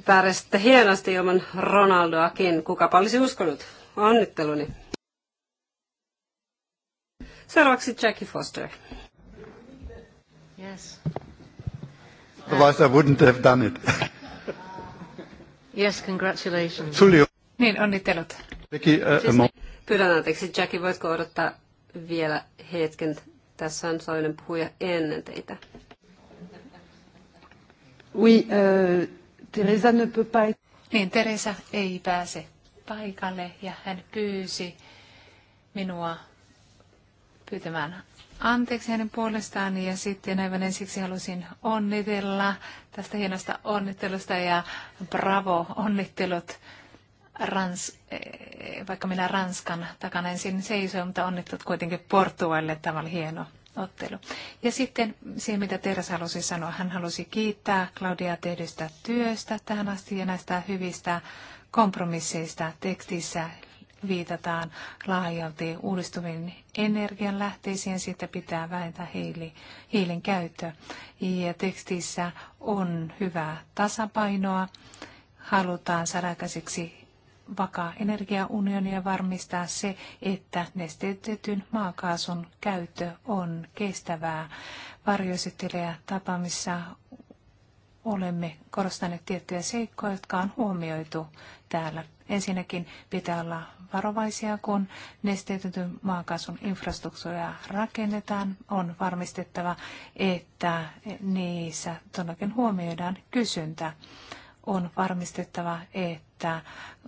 Pärjäsitte hienosti ilman Ronaldoakin. Kukapa olisi uskonut? Onnitteluni. Seuraavaksi Jackie Foster. Yes. Otherwise I wouldn't have done it. yes, congratulations. Niin, onnittelut. Jackie, uh, äh, Pyydän anteeksi, Jackie, voitko odottaa vielä hetken? Tässä on soinen puhuja ennen teitä. Oui, uh, Teresa ne peut pas... Niin, Teresa ei pääse paikalle ja hän pyysi minua pyytämään anteeksi hänen puolestaan ja sitten aivan ensiksi halusin onnitella tästä hienosta onnittelusta ja bravo onnittelut Rans, eh, vaikka minä Ranskan takana ensin seisoin, mutta onnittelut kuitenkin Portugalille. Tämä oli hieno ottelu. Ja sitten siihen, mitä Teres halusi sanoa. Hän halusi kiittää Claudia tehdystä työstä tähän asti ja näistä hyvistä kompromisseista tekstissä viitataan laajalti uudistuviin lähteisiin siitä pitää vähentää hiili, hiilin käyttö. Ja tekstissä on hyvää tasapainoa, halutaan saada vakaa energiaunioni ja varmistaa se, että nesteytetyn maakaasun käyttö on kestävää. Varjoesittelijä tapaamissa olemme korostaneet tiettyjä seikkoja, jotka on huomioitu täällä. Ensinnäkin pitää olla varovaisia, kun nesteytetyn maakaasun infrastruktuuria rakennetaan. On varmistettava, että niissä todellakin huomioidaan kysyntä on varmistettava, että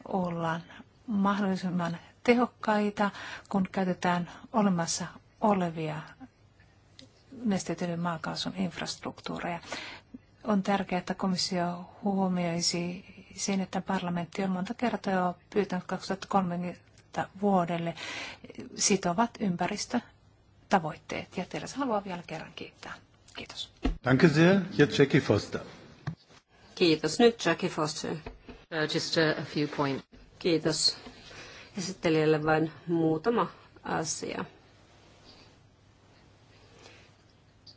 ollaan mahdollisimman tehokkaita, kun käytetään olemassa olevia nesteytetyn maakaasun infrastruktuureja. On tärkeää, että komissio huomioisi sen, että parlamentti on monta kertaa jo pyytänyt 2030 vuodelle sitovat ympäristötavoitteet. Ja teillä haluan vielä kerran kiittää. Kiitos. Danke sehr. Jetzt Jackie Foster. Kiitos. Nyt Jackie Foster. Uh, just a few point. Kiitos. Esittelijälle vain muutama asia.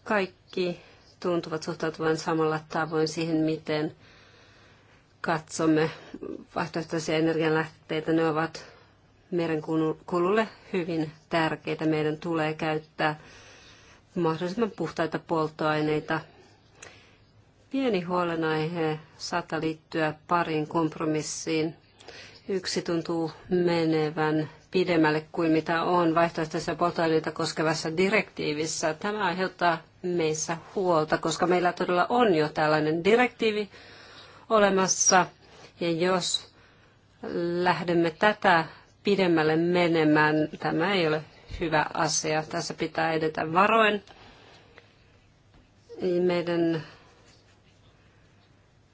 Kaikki tuntuvat suhtautuvan samalla tavoin siihen, miten katsomme vaihtoehtoisia energianlähteitä. Ne ovat merenkululle hyvin tärkeitä. Meidän tulee käyttää mahdollisimman puhtaita polttoaineita Pieni huolenaihe saattaa liittyä pariin kompromissiin. Yksi tuntuu menevän pidemmälle kuin mitä on vaihtoehtoisia polttoaineita koskevassa direktiivissä. Tämä aiheuttaa meissä huolta, koska meillä todella on jo tällainen direktiivi olemassa. Ja jos lähdemme tätä pidemmälle menemään, tämä ei ole hyvä asia. Tässä pitää edetä varoen. Meidän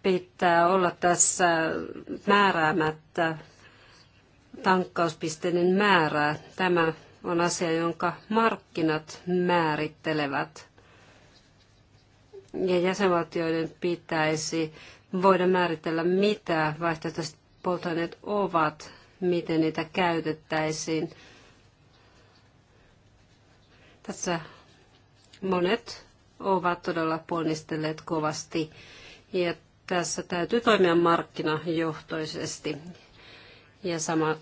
pitää olla tässä määräämättä tankkauspisteiden määrää. Tämä on asia, jonka markkinat määrittelevät. Ja jäsenvaltioiden pitäisi voida määritellä, mitä vaihtoehtoiset polttoaineet ovat, miten niitä käytettäisiin. Tässä monet ovat todella ponnistelleet kovasti. Ja tässä täytyy toimia markkinajohtoisesti. Ja sama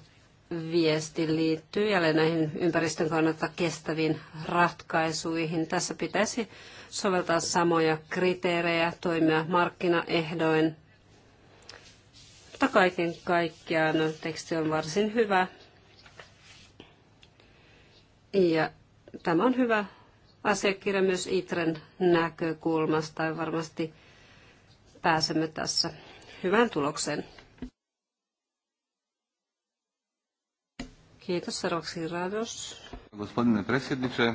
viesti liittyy jälleen näihin ympäristön kannalta kestäviin ratkaisuihin. Tässä pitäisi soveltaa samoja kriteerejä, toimia markkinaehdoin. Mutta kaiken kaikkiaan teksti on varsin hyvä. Ja tämä on hyvä asiakirja myös ITREn näkökulmasta ja varmasti pääsemme tässä hyvään tulokseen. Kiitos, Roksi Rados. Gospodine presjedniče, e,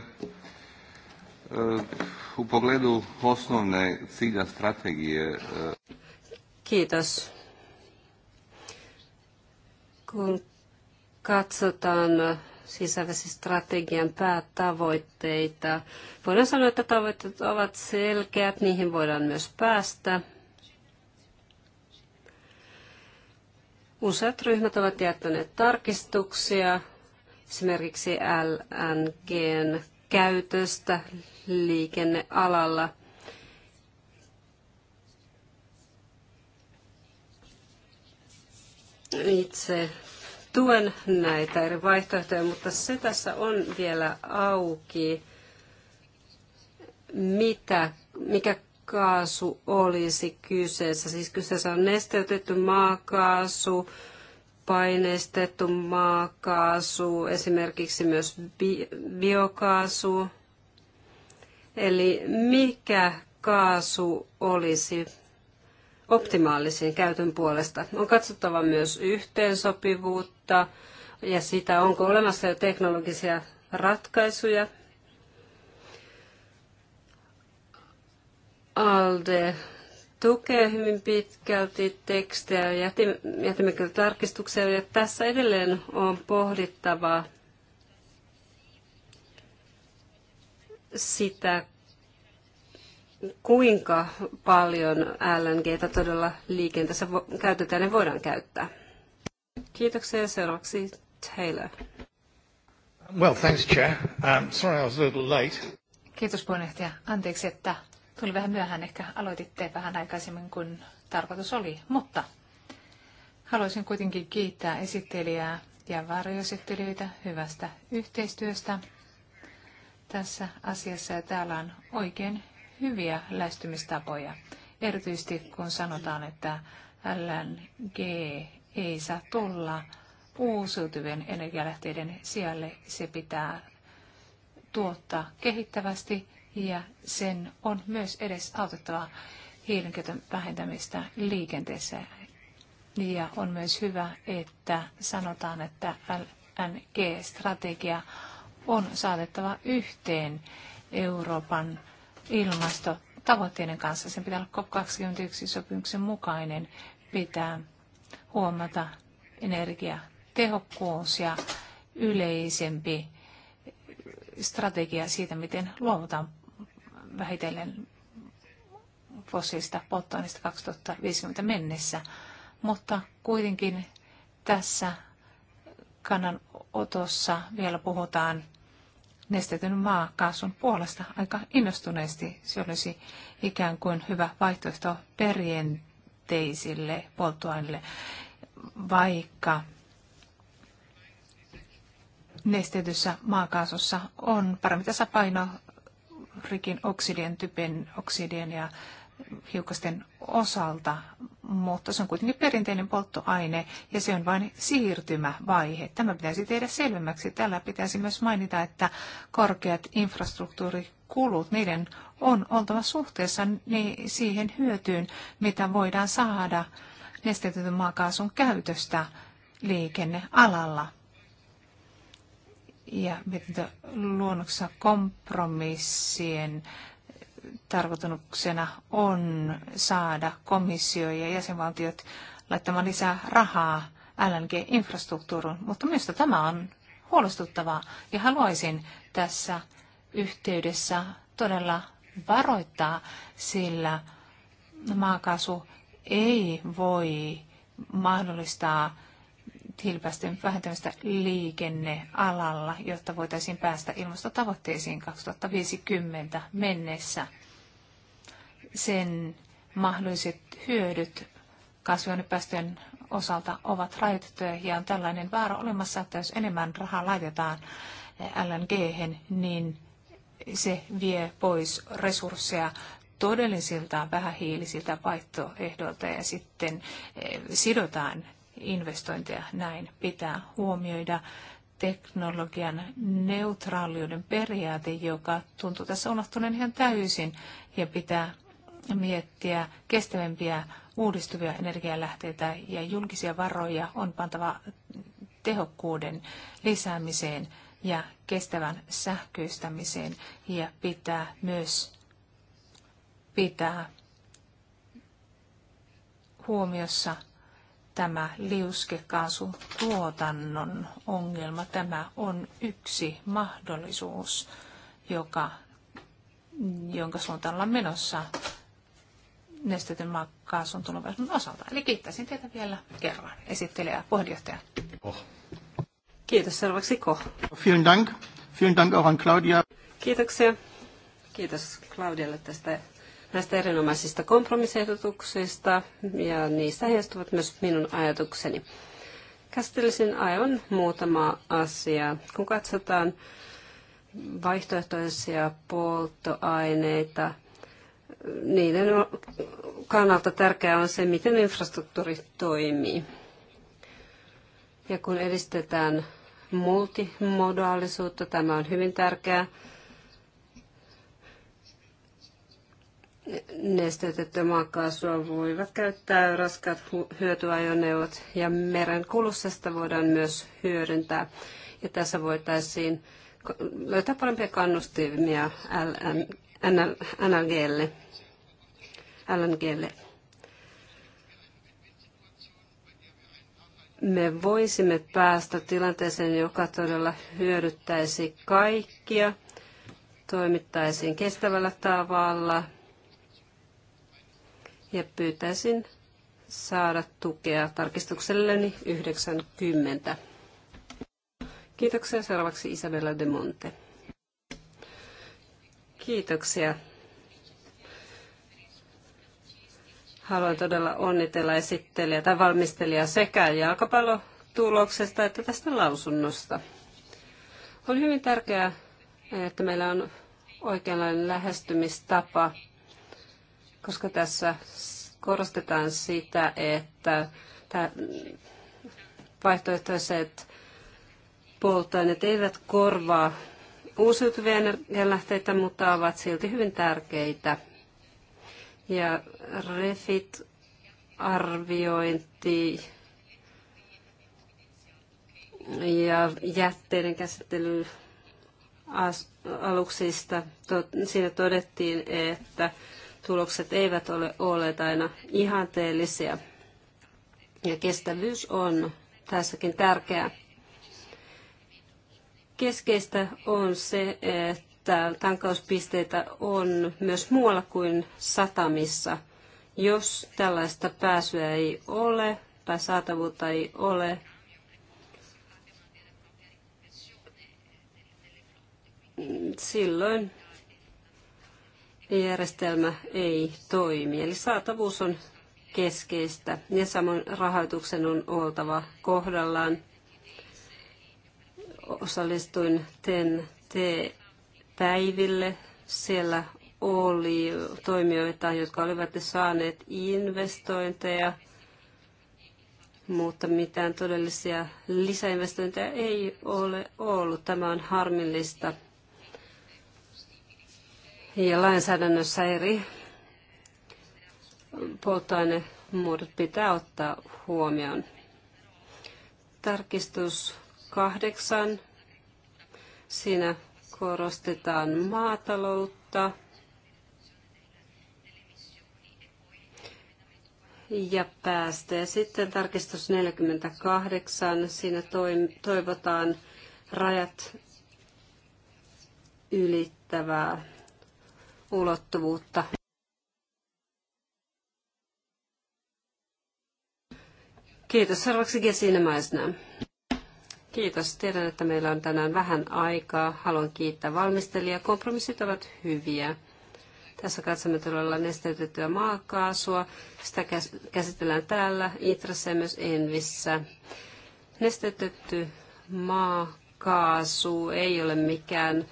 u pogledu osnovne cilja strategije... E, Kiitos. Kun katsotaan sisävesistrategian päätavoitteita, voidaan sanoa, että tavoitteet ovat selkeät, niihin voidaan myös päästä – Useat ryhmät ovat jättäneet tarkistuksia esimerkiksi LNGn käytöstä liikennealalla. Itse tuen näitä eri vaihtoehtoja, mutta se tässä on vielä auki, mitä, mikä kaasu olisi kyseessä. Siis kyseessä on nesteytetty maakaasu, paineistettu maakaasu, esimerkiksi myös bi- biokaasu. Eli mikä kaasu olisi optimaalisin käytön puolesta? On katsottava myös yhteensopivuutta ja sitä, onko olemassa jo teknologisia ratkaisuja ALDE tukee hyvin pitkälti tekstejä ja jätimme kyllä tarkistuksia. Ja tässä edelleen on pohdittava sitä, kuinka paljon LNGtä todella liikenteessä käytetään ja voidaan käyttää. Kiitoksia. Seuraavaksi Taylor. Well, thanks, Chair. Um, sorry I was a little late. Kiitos puheenjohtaja. Anteeksi, että Tuli vähän myöhään, ehkä aloititte vähän aikaisemmin kuin tarkoitus oli, mutta haluaisin kuitenkin kiittää esittelijää ja varjoesittelijöitä hyvästä yhteistyöstä tässä asiassa ja täällä on oikein hyviä lähestymistapoja. Erityisesti kun sanotaan, että LNG ei saa tulla uusiutuvien energialähteiden sijalle, se pitää tuottaa kehittävästi ja sen on myös edes autettava hiilenkäytön vähentämistä liikenteessä. Ja on myös hyvä, että sanotaan, että LNG-strategia on saatettava yhteen Euroopan ilmastotavoitteiden kanssa. Sen pitää olla COP21-sopimuksen mukainen. Pitää huomata energiatehokkuus ja yleisempi strategia siitä, miten luovutaan vähitellen fossiilista polttoaineista 2050 mennessä. Mutta kuitenkin tässä kannanotossa vielä puhutaan nestetyn maakaasun puolesta aika innostuneesti. Se olisi ikään kuin hyvä vaihtoehto perinteisille polttoaineille, vaikka nestetyssä maakaasussa on paremmin tasapaino rikin oksidien, typen oksidien ja hiukkasten osalta, mutta se on kuitenkin perinteinen polttoaine ja se on vain siirtymävaihe. Tämä pitäisi tehdä selvemmäksi. Tällä pitäisi myös mainita, että korkeat infrastruktuurikulut, niiden on oltava suhteessa niin siihen hyötyyn, mitä voidaan saada nesteytetyn maakaasun käytöstä liikennealalla ja mietintöluonnoksessa kompromissien tarkoituksena on saada komissio ja jäsenvaltiot laittamaan lisää rahaa LNG-infrastruktuuriin, mutta minusta tämä on huolestuttavaa ja haluaisin tässä yhteydessä todella varoittaa, sillä maakaasu ei voi mahdollistaa hiilipäästöjen vähentämistä liikennealalla, jotta voitaisiin päästä ilmastotavoitteisiin 2050 mennessä. Sen mahdolliset hyödyt kasvihuonepäästöjen osalta ovat rajoitettuja ja on tällainen vaara olemassa, että jos enemmän rahaa laitetaan lng niin se vie pois resursseja todellisilta vähähiilisiltä vaihtoehdoilta ja sitten eh, sidotaan investointeja. Näin pitää huomioida teknologian neutraaliuden periaate, joka tuntuu tässä unohtuneen ihan täysin, ja pitää miettiä kestävämpiä uudistuvia energialähteitä ja julkisia varoja on pantava tehokkuuden lisäämiseen ja kestävän sähköistämiseen ja pitää myös pitää huomiossa tämä liuskekaasun tuotannon ongelma, tämä on yksi mahdollisuus, joka, jonka suuntaan ollaan menossa nestetyn maakaasun tulevaisuuden osalta. Eli kiittäisin teitä vielä kerran, esittelijä ja pohdijohtaja. Oh. Kiitos seuraavaksi Koh. Vielen Dank. Vielen Dank auch an Claudia. Kiitoksia. Kiitos Claudialle tästä näistä erinomaisista kompromissehdotuksista ja niistä heijastuvat myös minun ajatukseni. Käsittelisin aivan muutama asia. Kun katsotaan vaihtoehtoisia polttoaineita, niiden kannalta tärkeää on se, miten infrastruktuuri toimii. Ja kun edistetään multimodaalisuutta, tämä on hyvin tärkeää nesteytettyä maakaasua voivat käyttää raskaat hyötyajoneuvot ja meren kulusesta voidaan myös hyödyntää. Ja tässä voitaisiin löytää parempia kannustimia LNGlle. LNGlle. Me voisimme päästä tilanteeseen, joka todella hyödyttäisi kaikkia, toimittaisiin kestävällä tavalla – ja pyytäisin saada tukea tarkistukselleni 90. Kiitoksia. Seuraavaksi Isabella de Monte. Kiitoksia. Haluan todella onnitella esittelijä tai valmistelija sekä jalkapallotuloksesta että tästä lausunnosta. On hyvin tärkeää, että meillä on oikeanlainen lähestymistapa – koska tässä korostetaan sitä, että vaihtoehtoiset polttoaineet eivät korvaa uusiutuvia energialähteitä, mutta ovat silti hyvin tärkeitä. Ja refit-arviointi ja jätteiden käsittely aluksista. Siinä todettiin, että tulokset eivät ole olleet aina ihanteellisia. Ja kestävyys on tässäkin tärkeää. Keskeistä on se, että tankauspisteitä on myös muualla kuin satamissa. Jos tällaista pääsyä ei ole tai saatavuutta ei ole, silloin järjestelmä ei toimi. Eli saatavuus on keskeistä ja samoin rahoituksen on oltava kohdallaan. Osallistuin TEN-T-päiville. Siellä oli toimijoita, jotka olivat saaneet investointeja, mutta mitään todellisia lisäinvestointeja ei ole ollut. Tämä on harmillista ja lainsäädännössä eri polttoainemuodot pitää ottaa huomioon. Tarkistus kahdeksan. Siinä korostetaan maataloutta ja päästöjä. Sitten tarkistus 48. Siinä toivotaan rajat ylittävää ulottuvuutta. Kiitos. Seuraavaksi Gesine Maisnä. Kiitos. Tiedän, että meillä on tänään vähän aikaa. Haluan kiittää valmistelijaa. Kompromissit ovat hyviä. Tässä katsomme todella nesteytettyä maakaasua. Sitä käsitellään täällä Itrassa ja myös Envissä. Nesteytetty maakaasu ei ole mikään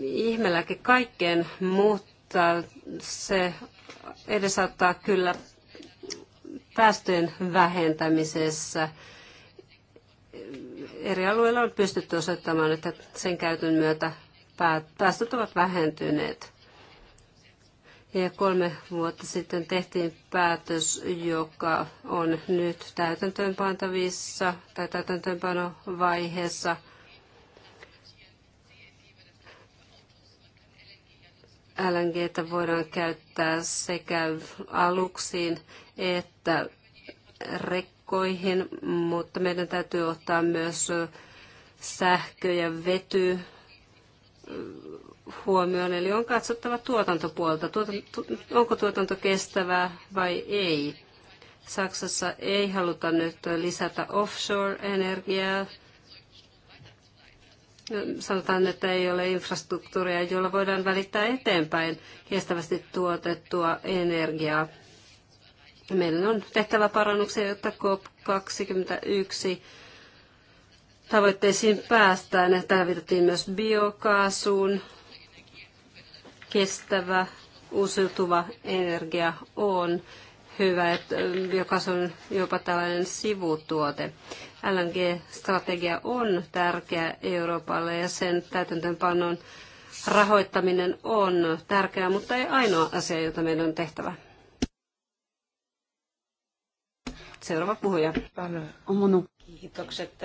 ihmelääke kaikkeen, mutta se edesauttaa kyllä päästöjen vähentämisessä. Eri alueilla on pystytty osoittamaan, että sen käytön myötä päästöt ovat vähentyneet. Ja kolme vuotta sitten tehtiin päätös, joka on nyt täytäntöönpantavissa tai täytäntöönpanovaiheessa – LNGtä voidaan käyttää sekä aluksiin että rekkoihin, mutta meidän täytyy ottaa myös sähkö ja vety huomioon, eli on katsottava tuotantopuolta, onko tuotanto kestävää vai ei. Saksassa ei haluta nyt lisätä offshore-energiaa, sanotaan, että ei ole infrastruktuuria, jolla voidaan välittää eteenpäin kestävästi tuotettua energiaa. Meillä on tehtävä parannuksia, jotta COP21 tavoitteisiin päästään. Täällä viitattiin myös biokaasuun. Kestävä uusiutuva energia on hyvä, että biokaasu on jopa tällainen sivutuote. LNG-strategia on tärkeä Euroopalle ja sen täytäntöönpanon rahoittaminen on tärkeää, mutta ei ainoa asia, jota meidän on tehtävä. Seuraava puhuja. Kiitokset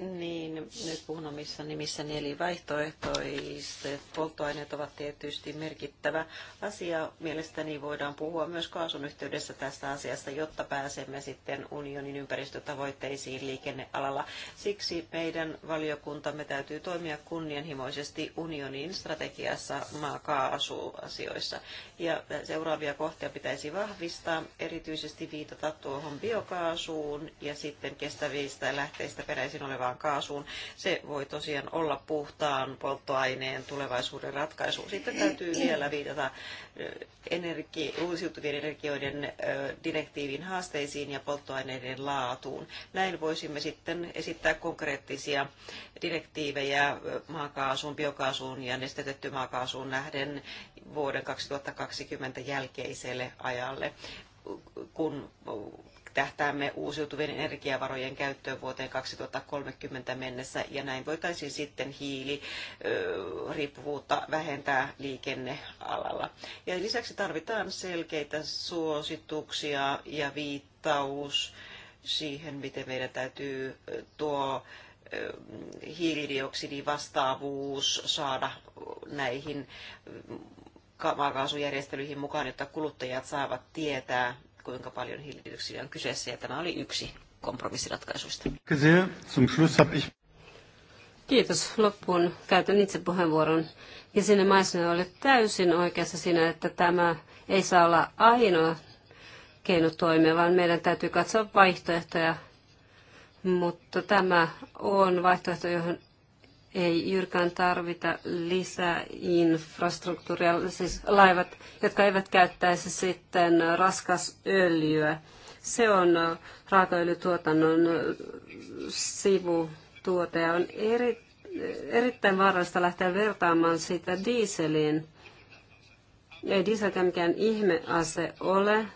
niin, nyt puhun omissa nimissäni, eli vaihtoehtoiset polttoaineet ovat tietysti merkittävä asia. Mielestäni voidaan puhua myös kaasun yhteydessä tästä asiasta, jotta pääsemme sitten unionin ympäristötavoitteisiin liikennealalla. Siksi meidän valiokuntamme täytyy toimia kunnianhimoisesti unionin strategiassa maakaasuasioissa. Ja seuraavia kohtia pitäisi vahvistaa, erityisesti viitata tuohon biokaasuun ja sitten kestävistä lähteistä peräisin olevaan puhtaan kaasuun. Se voi tosiaan olla puhtaan polttoaineen tulevaisuuden ratkaisu. Sitten täytyy vielä viitata energi- uusiutuvien energioiden direktiivin haasteisiin ja polttoaineiden laatuun. Näin voisimme sitten esittää konkreettisia direktiivejä maakaasuun, biokaasuun ja nestetetty maakaasuun nähden vuoden 2020 jälkeiselle ajalle kun tähtäämme uusiutuvien energiavarojen käyttöön vuoteen 2030 mennessä ja näin voitaisiin sitten hiiliriippuvuutta vähentää liikennealalla. Ja lisäksi tarvitaan selkeitä suosituksia ja viittaus siihen, miten meidän täytyy tuo hiilidioksidivastaavuus saada näihin maakaasujärjestelyihin mukaan, jotta kuluttajat saavat tietää, kuinka paljon hiilidioksidia on kyseessä, ja tämä oli yksi kompromissiratkaisuista. Kiitos. Loppuun käytän itse puheenvuoron. Ja sinne Maisner oli täysin oikeassa siinä, että tämä ei saa olla ainoa keino toimia, vaan meidän täytyy katsoa vaihtoehtoja. Mutta tämä on vaihtoehto, johon ei juurikaan tarvita lisää infrastruktuuria, siis laivat, jotka eivät käyttäisi sitten raskasöljyä. Se on raakaöljytuotannon sivutuote ja on eri, erittäin vaarallista lähteä vertaamaan sitä dieseliin. Ei dieselkään mikään ihmease ole,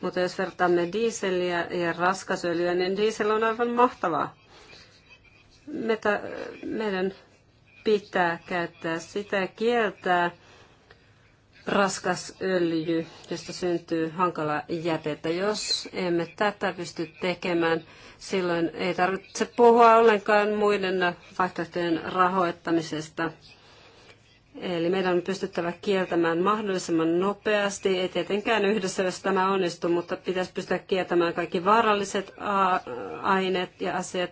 mutta jos vertaamme dieseliä ja raskasöljyä, niin diesel on aivan mahtavaa me ta, meidän pitää käyttää sitä kieltää raskas öljy, josta syntyy hankala jätettä. Jos emme tätä pysty tekemään, silloin ei tarvitse puhua ollenkaan muiden vaihtoehtojen rahoittamisesta. Eli meidän on pystyttävä kieltämään mahdollisimman nopeasti, ei tietenkään yhdessä, jos tämä onnistuu, mutta pitäisi pystyä kieltämään kaikki vaaralliset aineet ja asiat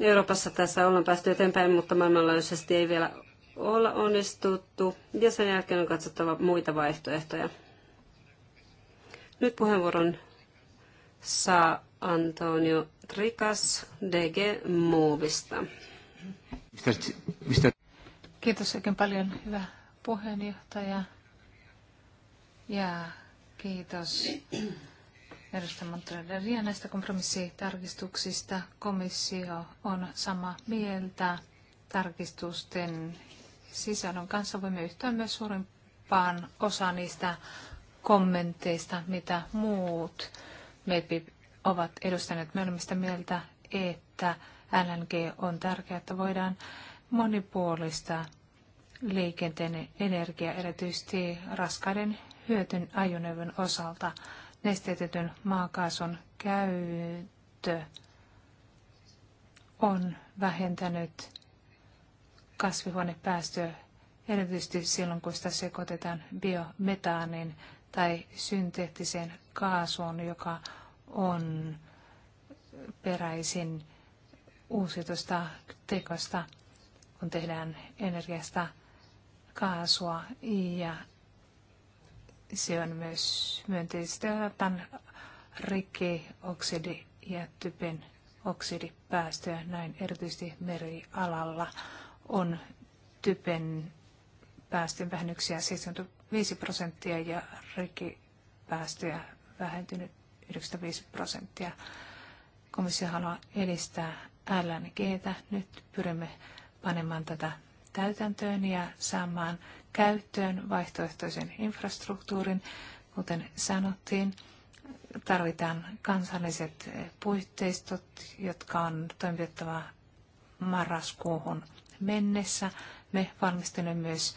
Euroopassa tässä ollaan päästy eteenpäin, mutta maailmanlaajuisesti ei vielä olla onnistuttu. Ja sen jälkeen on katsottava muita vaihtoehtoja. Nyt puheenvuoron saa Antonio Trikas DG Movista. Kiitos oikein paljon, hyvä puheenjohtaja. Ja kiitos edustaja Montrealia näistä kompromissitarkistuksista. Komissio on sama mieltä tarkistusten sisällön kanssa. Voimme yhtyä myös suurimpaan osaan niistä kommenteista, mitä muut meipi ovat edustaneet. Me olemme sitä mieltä, että LNG on tärkeää, että voidaan monipuolista liikenteen energiaa, erityisesti raskaiden hyötyn ajoneuvon osalta nesteytetyn maakaasun käyttö on vähentänyt kasvihuonepäästöä erityisesti silloin, kun sitä sekoitetaan biometaanin tai synteettiseen kaasuun, joka on peräisin uusitusta tekosta, kun tehdään energiasta kaasua ja se on myös myönteistä tämän rikkioksidi ja typen oksidipäästöjä näin erityisesti merialalla on typen päästön vähennyksiä 75 prosenttia ja rikkipäästöjä vähentynyt 95 prosenttia. Komissio haluaa edistää LNGtä. Nyt pyrimme panemaan tätä täytäntöön ja saamaan käyttöön vaihtoehtoisen infrastruktuurin. Kuten sanottiin, tarvitaan kansalliset puitteistot, jotka on toimitettava marraskuuhun mennessä. Me valmistelemme myös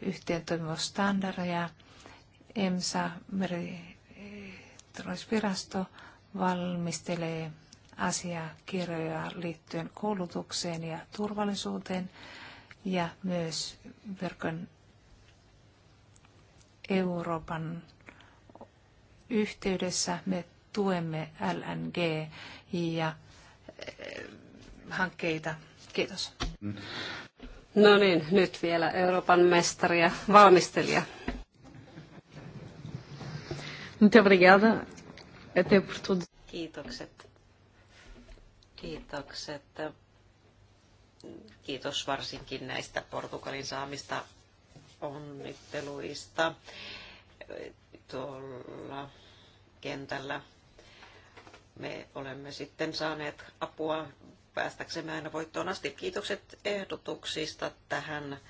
yhteentoimivuusstandardeja. EMSA, meriturvallisuusvirasto, valmistelee asiakirjoja liittyen koulutukseen ja turvallisuuteen ja myös verkon Euroopan yhteydessä me tuemme LNG ja eh, hankkeita. Kiitos. No niin, nyt vielä Euroopan mestari ja valmistelija. Muito obrigada. Até por tudo. Kiitokset. Kiitokset. Kiitos varsinkin näistä Portugalin saamista onnitteluista tuolla kentällä. Me olemme sitten saaneet apua päästäksemme aina voittoon asti. Kiitokset ehdotuksista tähän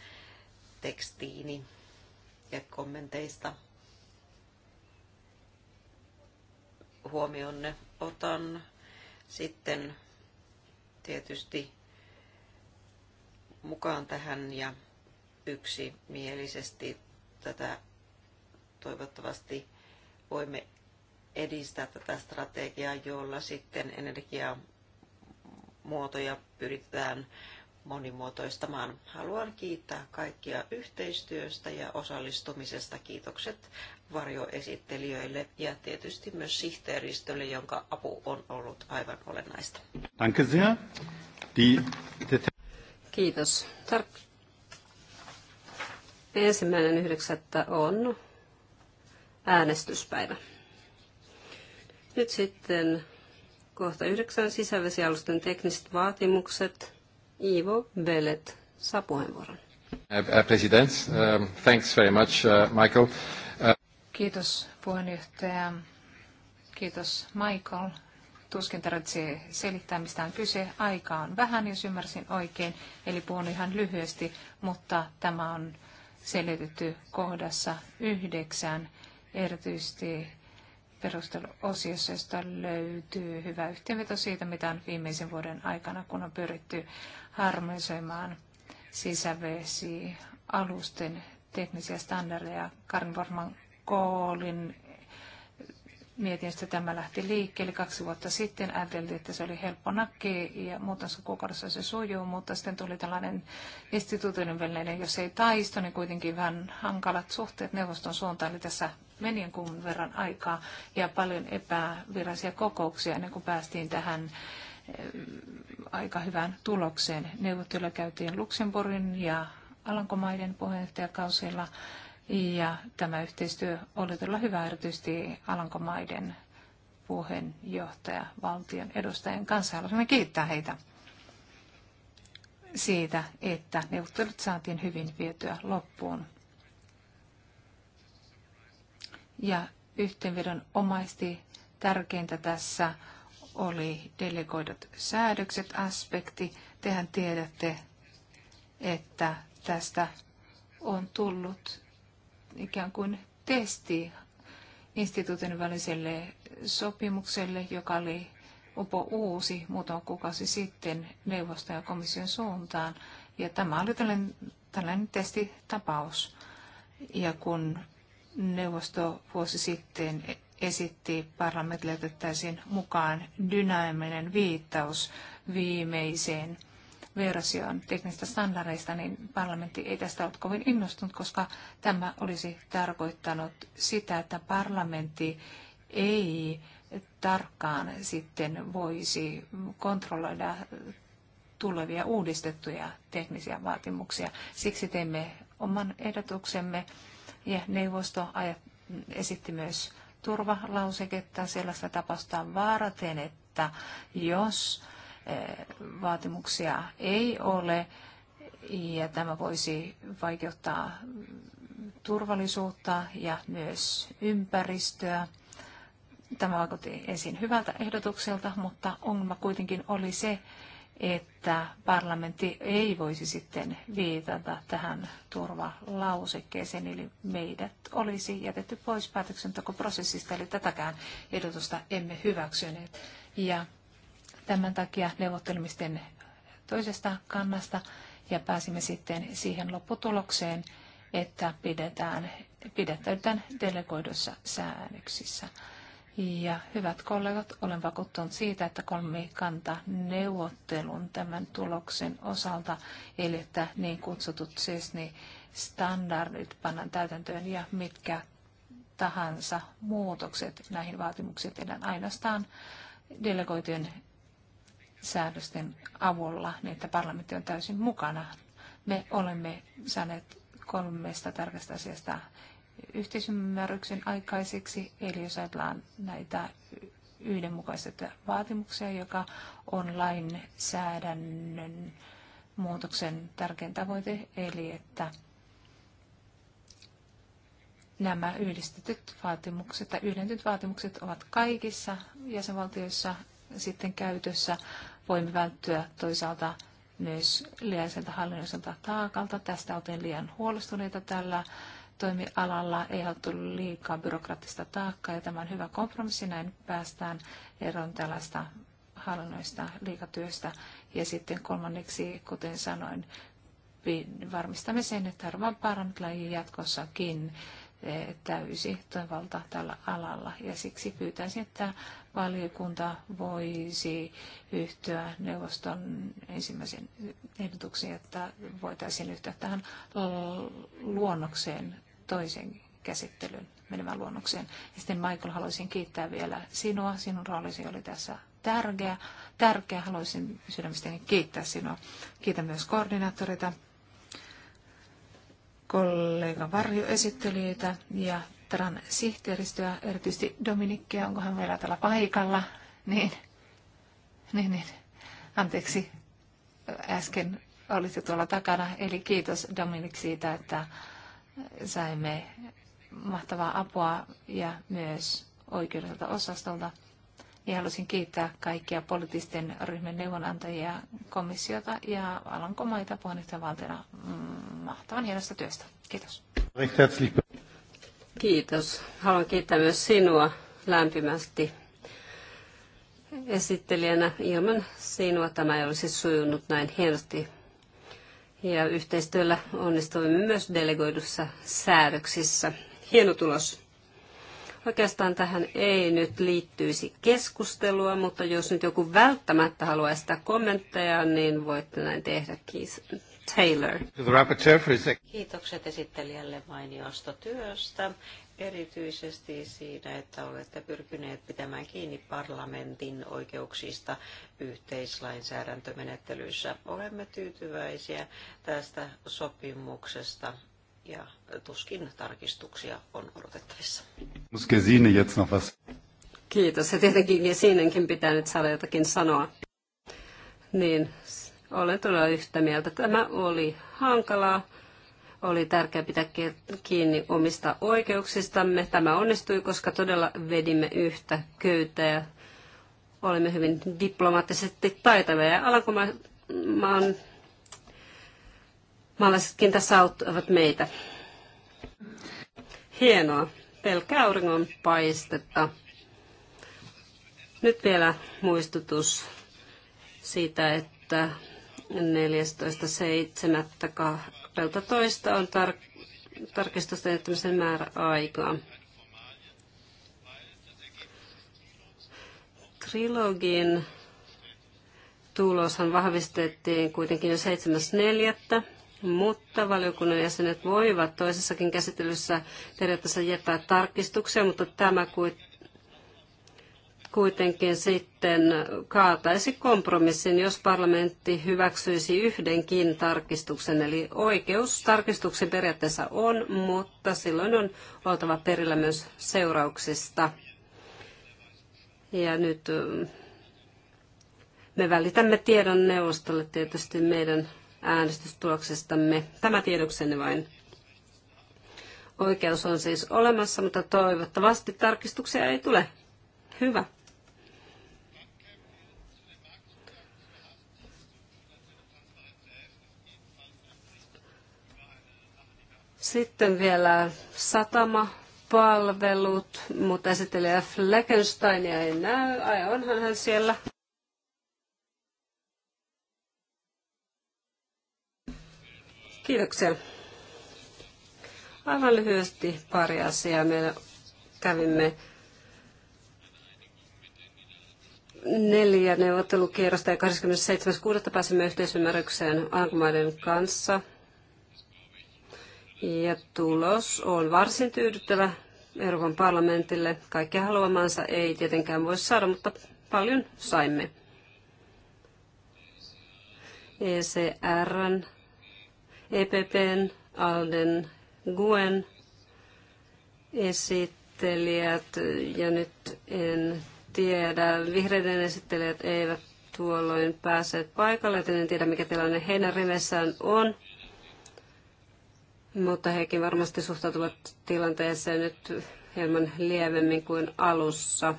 tekstiini ja kommenteista. Huomionne otan sitten tietysti mukaan tähän ja yksimielisesti tätä toivottavasti voimme edistää tätä strategiaa, jolla sitten energiamuotoja pyritään monimuotoistamaan. Haluan kiittää kaikkia yhteistyöstä ja osallistumisesta. Kiitokset varjoesittelijöille ja tietysti myös sihteeristölle, jonka apu on ollut aivan olennaista. Kiitos. Ensimmäinen yhdeksättä on äänestyspäivä. Nyt sitten kohta yhdeksän sisävesialusten tekniset vaatimukset. Ivo Belet saa puheenvuoron. President, ähm, thanks very much, äh, Michael. Äh, Kiitos puheenjohtaja. Kiitos Michael. Tuskin tarvitsee selittää, mistä on kyse. Aika on vähän, jos ymmärsin oikein, eli puhun ihan lyhyesti, mutta tämä on selitetty kohdassa yhdeksän, erityisesti perusteluosiossa, josta löytyy hyvä yhteenveto siitä, mitä on viimeisen vuoden aikana, kun on pyritty harmonisoimaan sisävesialusten teknisiä standardeja. Karin Vorman Koolin mietinnöstä tämä lähti liikkeelle kaksi vuotta sitten. Ajateltiin, että se oli helppo nakki ja muutamassa kuukaudessa se sujuu, mutta sitten tuli tällainen instituutioiden välinen, jos ei taisto, niin kuitenkin vähän hankalat suhteet neuvoston suuntaan. Eli tässä meni jonkun verran aikaa ja paljon epävirallisia kokouksia ennen kuin päästiin tähän eh, aika hyvään tulokseen. Neuvotteluja käytiin Luxemburgin ja Alankomaiden puheenjohtajakausilla. Ja tämä yhteistyö oli todella hyvä erityisesti Alankomaiden puheenjohtaja valtion edustajien kanssa. Haluaisimme kiittää heitä siitä, että neuvottelut saatiin hyvin vietyä loppuun. Ja yhteenvedon omaisti tärkeintä tässä oli delegoidut säädökset aspekti. Tehän tiedätte, että tästä on tullut ikään kuin testi instituutin väliselle sopimukselle, joka oli upo uusi muutama kuukausi sitten neuvoston ja komission suuntaan. Ja tämä oli tällainen, tällainen testitapaus. Ja kun neuvosto vuosi sitten esitti parlamentille otettaisiin mukaan dynaaminen viittaus viimeiseen version teknisistä standardeista, niin parlamentti ei tästä ollut kovin innostunut, koska tämä olisi tarkoittanut sitä, että parlamentti ei tarkkaan sitten voisi kontrolloida tulevia uudistettuja teknisiä vaatimuksia. Siksi teimme oman ehdotuksemme ja neuvosto esitti myös turvalauseketta sellaista tapausta varten, että jos vaatimuksia ei ole ja tämä voisi vaikeuttaa turvallisuutta ja myös ympäristöä. Tämä vaikutti ensin hyvältä ehdotukselta, mutta ongelma kuitenkin oli se, että parlamentti ei voisi sitten viitata tähän turvalausekkeeseen, eli meidät olisi jätetty pois päätöksentekoprosessista, eli tätäkään ehdotusta emme hyväksyneet. Ja Tämän takia neuvottelemisten toisesta kannasta ja pääsimme sitten siihen lopputulokseen, että pidetään, pidättäytään delegoidussa säännöksissä. Ja hyvät kollegat, olen vakuuttunut siitä, että kolmikanta neuvottelun tämän tuloksen osalta, eli että niin kutsutut siis niin standardit pannaan täytäntöön ja mitkä tahansa muutokset näihin vaatimuksiin tehdään ainoastaan delegoitujen säädösten avulla, niin että parlamentti on täysin mukana. Me olemme saaneet kolmesta tärkeästä asiasta yhteisymmärryksen aikaiseksi, eli jos ajatellaan näitä yhdenmukaiset vaatimuksia, joka on lainsäädännön muutoksen tärkein tavoite, eli että nämä yhdistetyt vaatimukset tai yhdentyt vaatimukset ovat kaikissa jäsenvaltioissa sitten käytössä voimme välttyä toisaalta myös liialliselta hallinnolliselta taakalta. Tästä oltiin liian huolestuneita tällä toimialalla, ei haluttu liikaa byrokraattista taakkaa ja tämä on hyvä kompromissi, näin päästään eroon tällaista hallinnoista liikatyöstä. Ja sitten kolmanneksi, kuten sanoin, varmistamme sen, että harvaan parannut laji jatkossakin eh, täysi toimivalta tällä alalla. Ja siksi pyytäisin, että valiokunta voisi yhtyä neuvoston ensimmäisen ehdotuksen, että voitaisiin yhtyä tähän luonnokseen toisen käsittelyn menemään luonnokseen. Ja sitten Michael, haluaisin kiittää vielä sinua. Sinun roolisi oli tässä tärkeä. tärkeä. Haluaisin sydämestäni kiittää sinua. Kiitän myös koordinaattorita, kollega esittelijöitä ja Itran sihteeristöä, erityisesti Dominikkiä, onko hän vielä täällä paikalla, niin, niin, niin. anteeksi, äsken olitte tuolla takana, eli kiitos Dominik siitä, että saimme mahtavaa apua ja myös oikeudelta osastolta. Ja haluaisin kiittää kaikkia poliittisten ryhmän neuvonantajia, komissiota ja Alankomaita puheenjohtajavaltiona mm, mahtavan hienosta työstä. Kiitos. Kiitos. Haluan kiittää myös sinua lämpimästi esittelijänä. Ilman sinua tämä ei olisi sujunut näin hienosti. Ja yhteistyöllä onnistuimme myös delegoidussa säädöksissä. Hieno tulos. Oikeastaan tähän ei nyt liittyisi keskustelua, mutta jos nyt joku välttämättä haluaa sitä kommentteja, niin voitte näin tehdä. Taylor. Kiitokset esittelijälle mainiosta työstä, erityisesti siinä, että olette pyrkineet pitämään kiinni parlamentin oikeuksista yhteislainsäädäntömenettelyissä. Olemme tyytyväisiä tästä sopimuksesta ja tuskin tarkistuksia on odotettavissa. Kiitos. Ja tietenkin Gesinenkin pitää nyt saada jotakin sanoa. Niin, olen todella yhtä mieltä. Tämä oli hankalaa. Oli tärkeää pitää kiinni omista oikeuksistamme. Tämä onnistui, koska todella vedimme yhtä köyttä ja olimme hyvin diplomaattisesti taitavia. Ja alankomaan maalaisetkin tässä auttavat meitä. Hienoa. Pelkkää auringon paistetta. Nyt vielä muistutus siitä, että 14.7.12 on tar- tarkistusten jättämisen määräaikaa. Trilogin tuloshan vahvistettiin kuitenkin jo 7.4., mutta valiokunnan jäsenet voivat toisessakin käsittelyssä periaatteessa jättää tarkistuksia, mutta tämä kuitenkin kuitenkin sitten kaataisi kompromissin, jos parlamentti hyväksyisi yhdenkin tarkistuksen. Eli oikeus tarkistuksen periaatteessa on, mutta silloin on oltava perillä myös seurauksista. Ja nyt eh, me välitämme tiedon neuvostolle tietysti meidän äänestystuloksestamme. Tämä tiedoksenne vain. Oikeus on siis olemassa, mutta toivottavasti tarkistuksia ei tule. Hyvä. Sitten vielä satama, palvelut, mutta esittelijä Fleckensteinia ei näy. Ai onhan hän siellä. Kiitoksia. Aivan lyhyesti pari asiaa. Me kävimme neljä neuvottelukierrosta ja 27.6. pääsimme yhteisymmärrykseen Alkumaiden kanssa – ja tulos on varsin tyydyttävä Euroopan parlamentille. Kaikkea haluamansa ei tietenkään voi saada, mutta paljon saimme. ECRn, EPPn, ALDEn, GUEN esittelijät ja nyt en tiedä, vihreiden esittelijät eivät tuolloin pääse paikalle, joten en tiedä mikä tilanne heidän riveissään on mutta hekin varmasti suhtautuvat tilanteeseen nyt hieman lievemmin kuin alussa.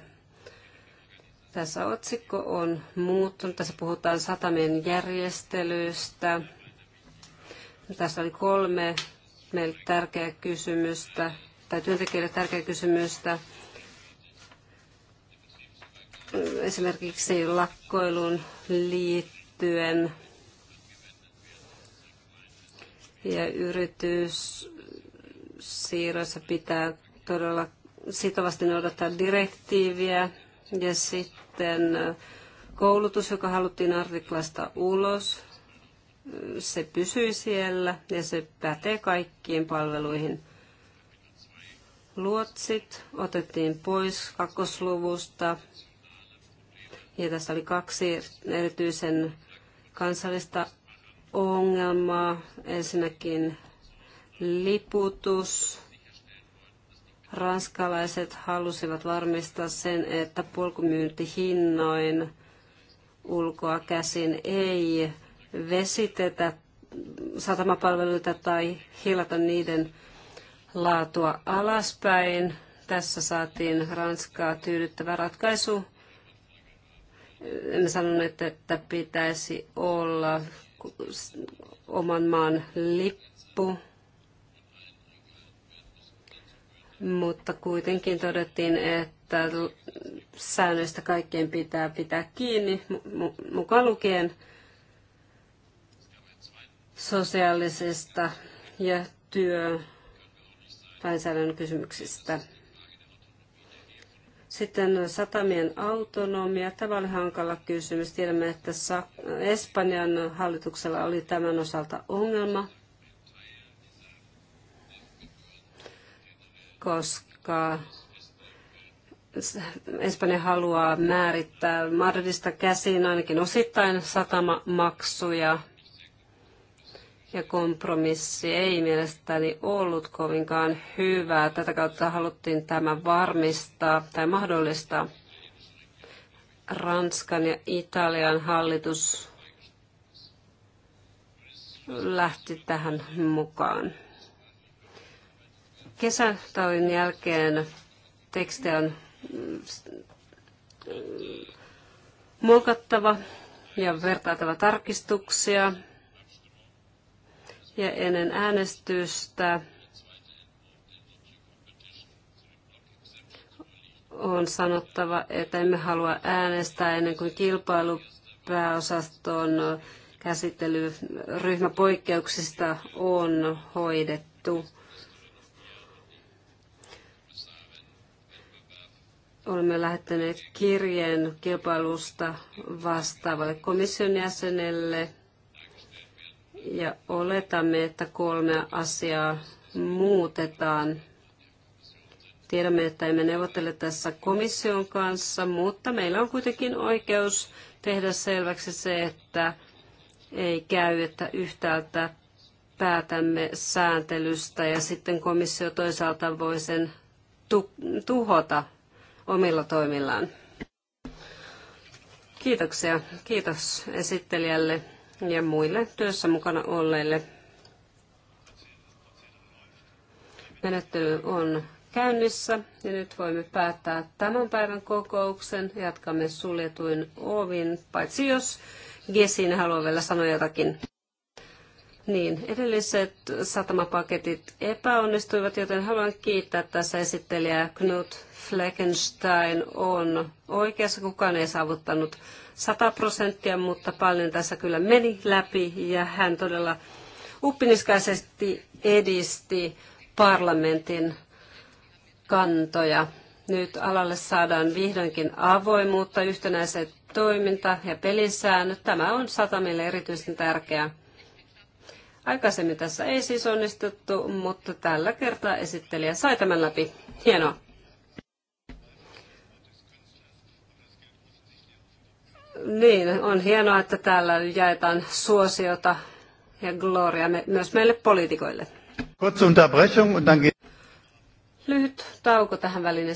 Tässä otsikko on muuttunut. Tässä puhutaan satamien järjestelyistä. Tässä oli kolme meille tärkeää kysymystä, tai työntekijöille tärkeää kysymystä. Esimerkiksi lakkoiluun liittyen ja yritys siirroissa pitää todella sitovasti noudattaa direktiiviä. Ja sitten äh, koulutus, joka haluttiin artiklasta ulos, äh, se pysyi siellä ja se pätee kaikkiin palveluihin. Luotsit otettiin pois kakkosluvusta ja tässä oli kaksi erityisen kansallista ongelma Ensinnäkin liputus. Ranskalaiset halusivat varmistaa sen, että polkumyyntihinnoin ulkoa käsin ei vesitetä satamapalveluita tai hilata niiden laatua alaspäin. Tässä saatiin Ranskaa tyydyttävä ratkaisu. En sanonut, että pitäisi olla oman maan lippu. Mutta kuitenkin todettiin, että säännöistä kaikkien pitää pitää kiinni, mukaan lukien sosiaalisesta ja työ lainsäädännön kysymyksistä. Sitten satamien autonomia. Tämä oli hankala kysymys. Tiedämme, että Espanjan hallituksella oli tämän osalta ongelma, koska Espanja haluaa määrittää Madridista käsin ainakin osittain satamamaksuja ja kompromissi ei mielestäni ollut kovinkaan hyvä. Tätä kautta haluttiin tämä varmistaa tai mahdollistaa. Ranskan ja Italian hallitus lähti tähän mukaan. Kesätauon jälkeen teksti on mm, muokattava ja vertailtava tarkistuksia. Ja ennen äänestystä on sanottava, että emme halua äänestää ennen kuin kilpailupääosaston käsittely ryhmäpoikkeuksista on hoidettu. Olemme lähettäneet kirjeen kilpailusta vastaavalle komission jäsenelle ja oletamme, että kolme asiaa muutetaan. Tiedämme, että emme neuvottele tässä komission kanssa, mutta meillä on kuitenkin oikeus tehdä selväksi se, että ei käy, että yhtäältä päätämme sääntelystä ja sitten komissio toisaalta voi sen tuhota omilla toimillaan. Kiitoksia. Kiitos esittelijälle ja muille työssä mukana olleille. Menettely on käynnissä ja nyt voimme päättää tämän päivän kokouksen. Jatkamme suljetuin ovin, paitsi jos Gesin haluaa vielä sanoa jotakin. Niin, edelliset satamapaketit epäonnistuivat, joten haluan kiittää tässä esittelijää Knut Fleckenstein on oikeassa. Kukaan ei saavuttanut 100 prosenttia, mutta paljon tässä kyllä meni läpi ja hän todella uppiniskaisesti edisti parlamentin kantoja. Nyt alalle saadaan vihdoinkin avoimuutta, yhtenäiset toiminta- ja pelisäännöt. Tämä on satamille erityisen tärkeää. Aikaisemmin tässä ei siis onnistuttu, mutta tällä kertaa esittelijä sai tämän läpi. Hienoa. Niin, on hienoa, että täällä jaetaan suosiota ja gloria myös meille poliitikoille. Lyhyt tauko tähän väliin